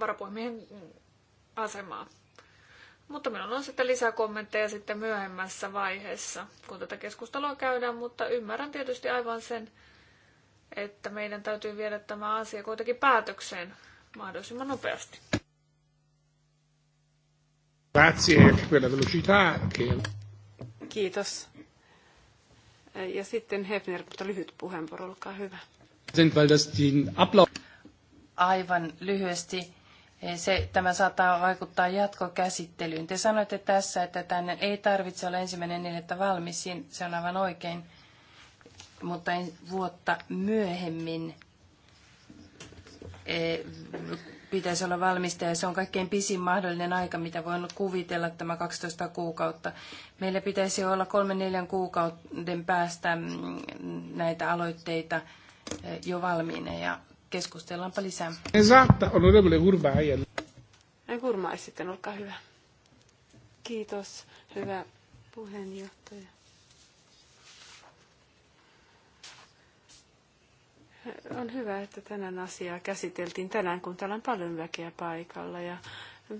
varapuhemiehen asemaa. Mutta minulla on sitten lisää kommentteja sitten myöhemmässä vaiheessa, kun tätä keskustelua käydään, mutta ymmärrän tietysti aivan sen, että meidän täytyy viedä tämä asia kuitenkin päätökseen mahdollisimman nopeasti. Kiitos. Ja sitten Hefner, mutta lyhyt puheenvuoro, olkaa hyvä aivan lyhyesti. Eh, se, tämä saattaa vaikuttaa jatkokäsittelyyn. Te sanoitte tässä, että tänne ei tarvitse olla ensimmäinen niin, että valmis. Se on aivan oikein. Mutta vuotta myöhemmin eh, pitäisi olla valmista ja se on kaikkein pisin mahdollinen aika, mitä voin kuvitella tämä 12 kuukautta. Meillä pitäisi olla kolmen neljän kuukauden päästä mm, näitä aloitteita eh, jo valmiina ja keskustellaanpa lisää. Esatta, onorevole Gurmai. Gurmai sitten, olkaa hyvä. Kiitos, hyvä puheenjohtaja. On hyvä, että tänään asiaa käsiteltiin tänään, kun täällä on paljon väkeä paikalla ja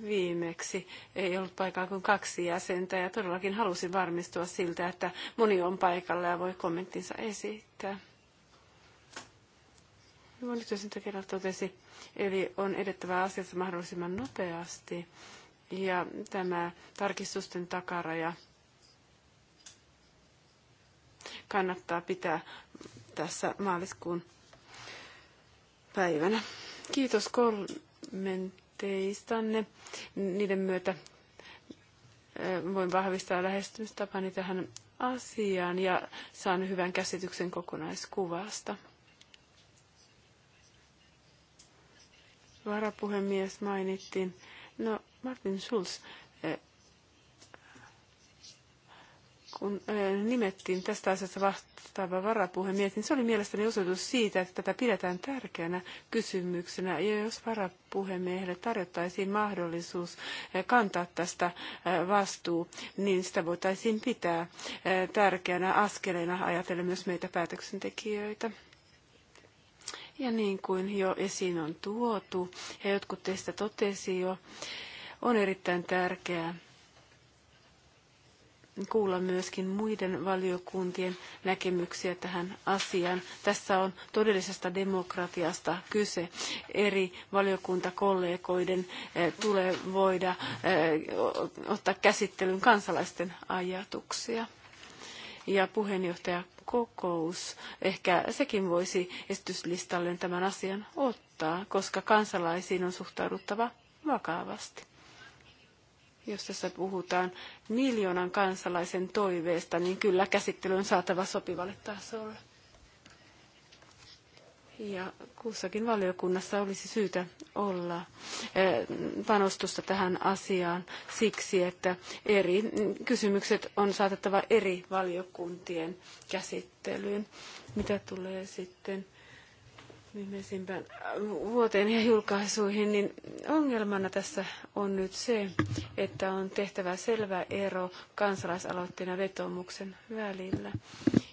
viimeksi ei ollut paikalla kuin kaksi jäsentä ja todellakin halusin varmistua siltä, että moni on paikalla ja voi kommenttinsa esittää kerran totesi, eli on edettävä asiassa mahdollisimman nopeasti. Ja tämä tarkistusten takaraja kannattaa pitää tässä maaliskuun päivänä. Kiitos kommenteistanne. Niiden myötä voin vahvistaa lähestymistapani tähän asiaan ja saan hyvän käsityksen kokonaiskuvasta. varapuhemies mainittiin. No, Martin Schulz, eh, kun eh, nimettiin tästä asiasta vastaava varapuhemies, niin se oli mielestäni osoitus siitä, että tätä pidetään tärkeänä kysymyksenä. Ja jos varapuhemiehelle tarjottaisiin mahdollisuus eh, kantaa tästä vastuu, niin sitä voitaisiin pitää tärkeänä askeleena ajatellen myös meitä päätöksentekijöitä. Ja niin kuin jo esiin on tuotu, ja jotkut teistä totesi jo, on erittäin tärkeää kuulla myöskin muiden valiokuntien näkemyksiä tähän asiaan. Tässä on todellisesta demokratiasta kyse. Eri valiokuntakollegoiden eh, tulee voida eh, ottaa käsittelyn kansalaisten ajatuksia. Ja puheenjohtaja kokous. Ehkä sekin voisi esityslistalleen tämän asian ottaa, koska kansalaisiin on suhtauduttava vakavasti. Jos tässä puhutaan miljoonan kansalaisen toiveesta, niin kyllä käsittely on saatava sopivalle tasolle. Ja kussakin valiokunnassa olisi syytä olla eh, panostusta tähän asiaan siksi, että eri kysymykset on saatettava eri valiokuntien käsittelyyn. Mitä tulee sitten viimeisimpään vuoteen ja julkaisuihin, niin ongelmana tässä on nyt se, että on tehtävä selvä ero kansalaisaloitteen ja vetomuksen välillä.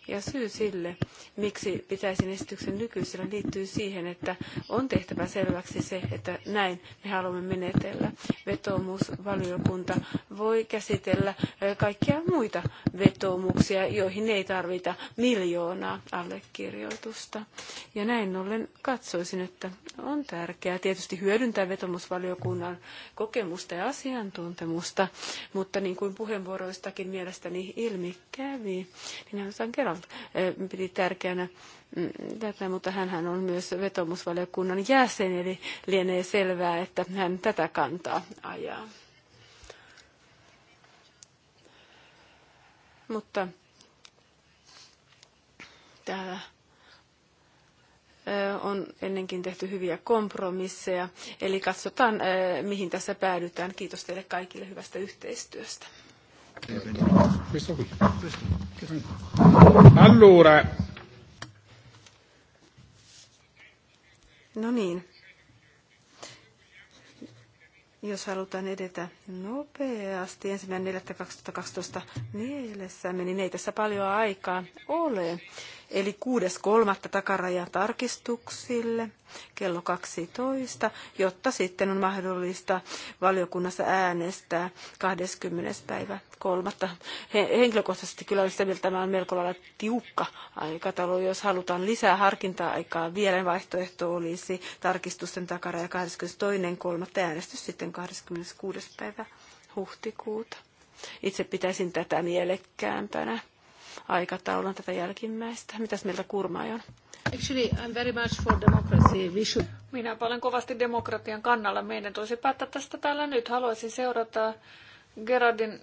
Ja syy sille, miksi pitäisin esityksen nykyisellä, liittyy siihen, että on tehtävä selväksi se, että näin me haluamme menetellä. Vetoomusvaliokunta voi käsitellä kaikkia muita vetoomuksia, joihin ei tarvita miljoonaa allekirjoitusta. Ja näin ollen katsoisin, että on tärkeää tietysti hyödyntää vetomusvaliokunnan kokemusta ja asiantuntemusta, mutta niin kuin puheenvuoroistakin mielestäni ilmi kävi, niin ainoastaan kerran Eh, piti tärkeänä mm, tätä, mutta hän on myös vetomusvaliokunnan jäsen, eli lienee selvää, että hän tätä kantaa ajaa. Mutta täällä eh, on ennenkin tehty hyviä kompromisseja, eli katsotaan, eh, mihin tässä päädytään. Kiitos teille kaikille hyvästä yhteistyöstä. Questo qui. Allora. nonin, niin. Jos halutaan edetä nopeasti ensimmäinen 4.2012 mielessä, niin ei tässä paljon aikaa ole. Eli 6.3. takaraja tarkistuksille kello 12, jotta sitten on mahdollista valiokunnassa äänestää 20. päivä 3. Henkilökohtaisesti kyllä olen sitä mieltä, tämä on melko lailla tiukka aikataulu. Jos halutaan lisää harkinta-aikaa, vielä vaihtoehto olisi tarkistusten takaraja 22.3. äänestys sitten 26. päivä huhtikuuta. Itse pitäisin tätä mielekkäämpänä aikataulun tätä jälkimmäistä. Mitäs mieltä Kurmai on? Actually, I'm very much for democracy. We should... Minä olen kovasti demokratian kannalla. Meidän tulisi päättää tästä täällä nyt. Haluaisin seurata Gerardin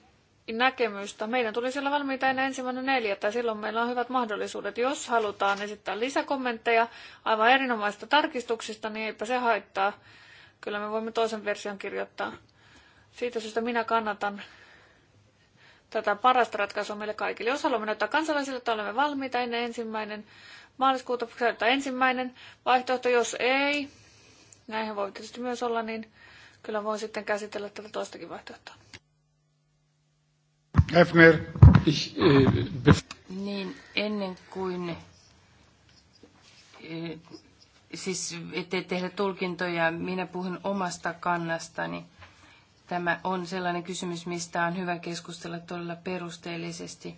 näkemystä. Meidän tulisi olla valmiita ennen ensimmäinen neljättä. Silloin meillä on hyvät mahdollisuudet. Jos halutaan esittää lisäkommentteja aivan erinomaista tarkistuksista, niin eipä se haittaa. Kyllä me voimme toisen version kirjoittaa. Siitä syystä minä kannatan tätä parasta ratkaisua meille kaikille. Jos haluamme näyttää kansalaisille, että olemme valmiita ennen ensimmäinen maaliskuuta, käyttää ensimmäinen vaihtoehto. Jos ei, näinhän voi tietysti myös olla, niin kyllä voin sitten käsitellä tätä toistakin vaihtoehtoa. Hefner, ich, äh, niin, ennen kuin äh, siis ettei tehdä tulkintoja, minä puhun omasta kannastani. Tämä on sellainen kysymys, mistä on hyvä keskustella todella perusteellisesti.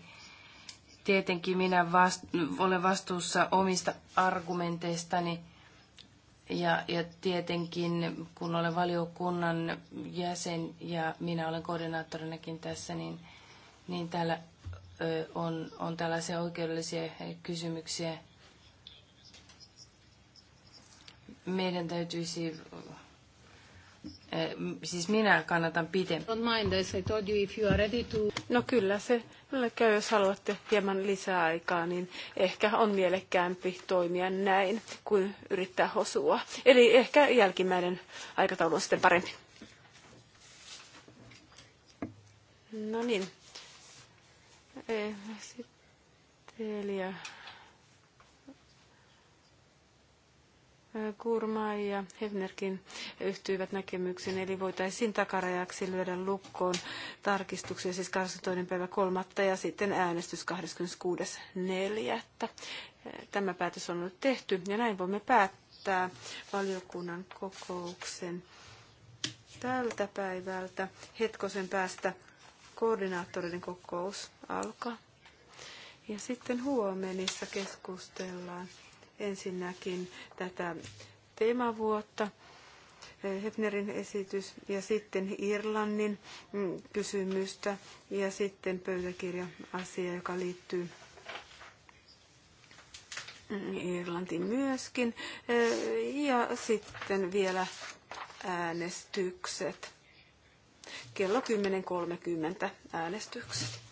Tietenkin minä vast, olen vastuussa omista argumenteistani ja, ja tietenkin kun olen valiokunnan jäsen ja minä olen koordinaattorinakin tässä, niin, niin täällä on, on tällaisia oikeudellisia kysymyksiä. Meidän täytyisi siis minä kannatan pidempään. No kyllä se käy, jos haluatte hieman lisää aikaa, niin ehkä on mielekkäämpi toimia näin kuin yrittää hosua. Eli ehkä jälkimmäinen aikataulu on sitten parempi. No niin. Esittelijä Kurma ja hevnerkin yhtyivät näkemyksiin, eli voitaisiin takarajaksi lyödä lukkoon tarkistuksia, siis 22. päivä kolmatta ja sitten äänestys 26.4. Tämä päätös on nyt tehty ja näin voimme päättää valiokunnan kokouksen tältä päivältä. Hetkosen päästä koordinaattoreiden kokous alkaa. Ja sitten huomenissa keskustellaan ensinnäkin tätä teemavuotta. Eh, Hefnerin esitys ja sitten Irlannin mm, kysymystä ja sitten pöytäkirja-asia, joka liittyy mm, Irlantiin myöskin. Eh, ja sitten vielä äänestykset. Kello 10.30 äänestykset.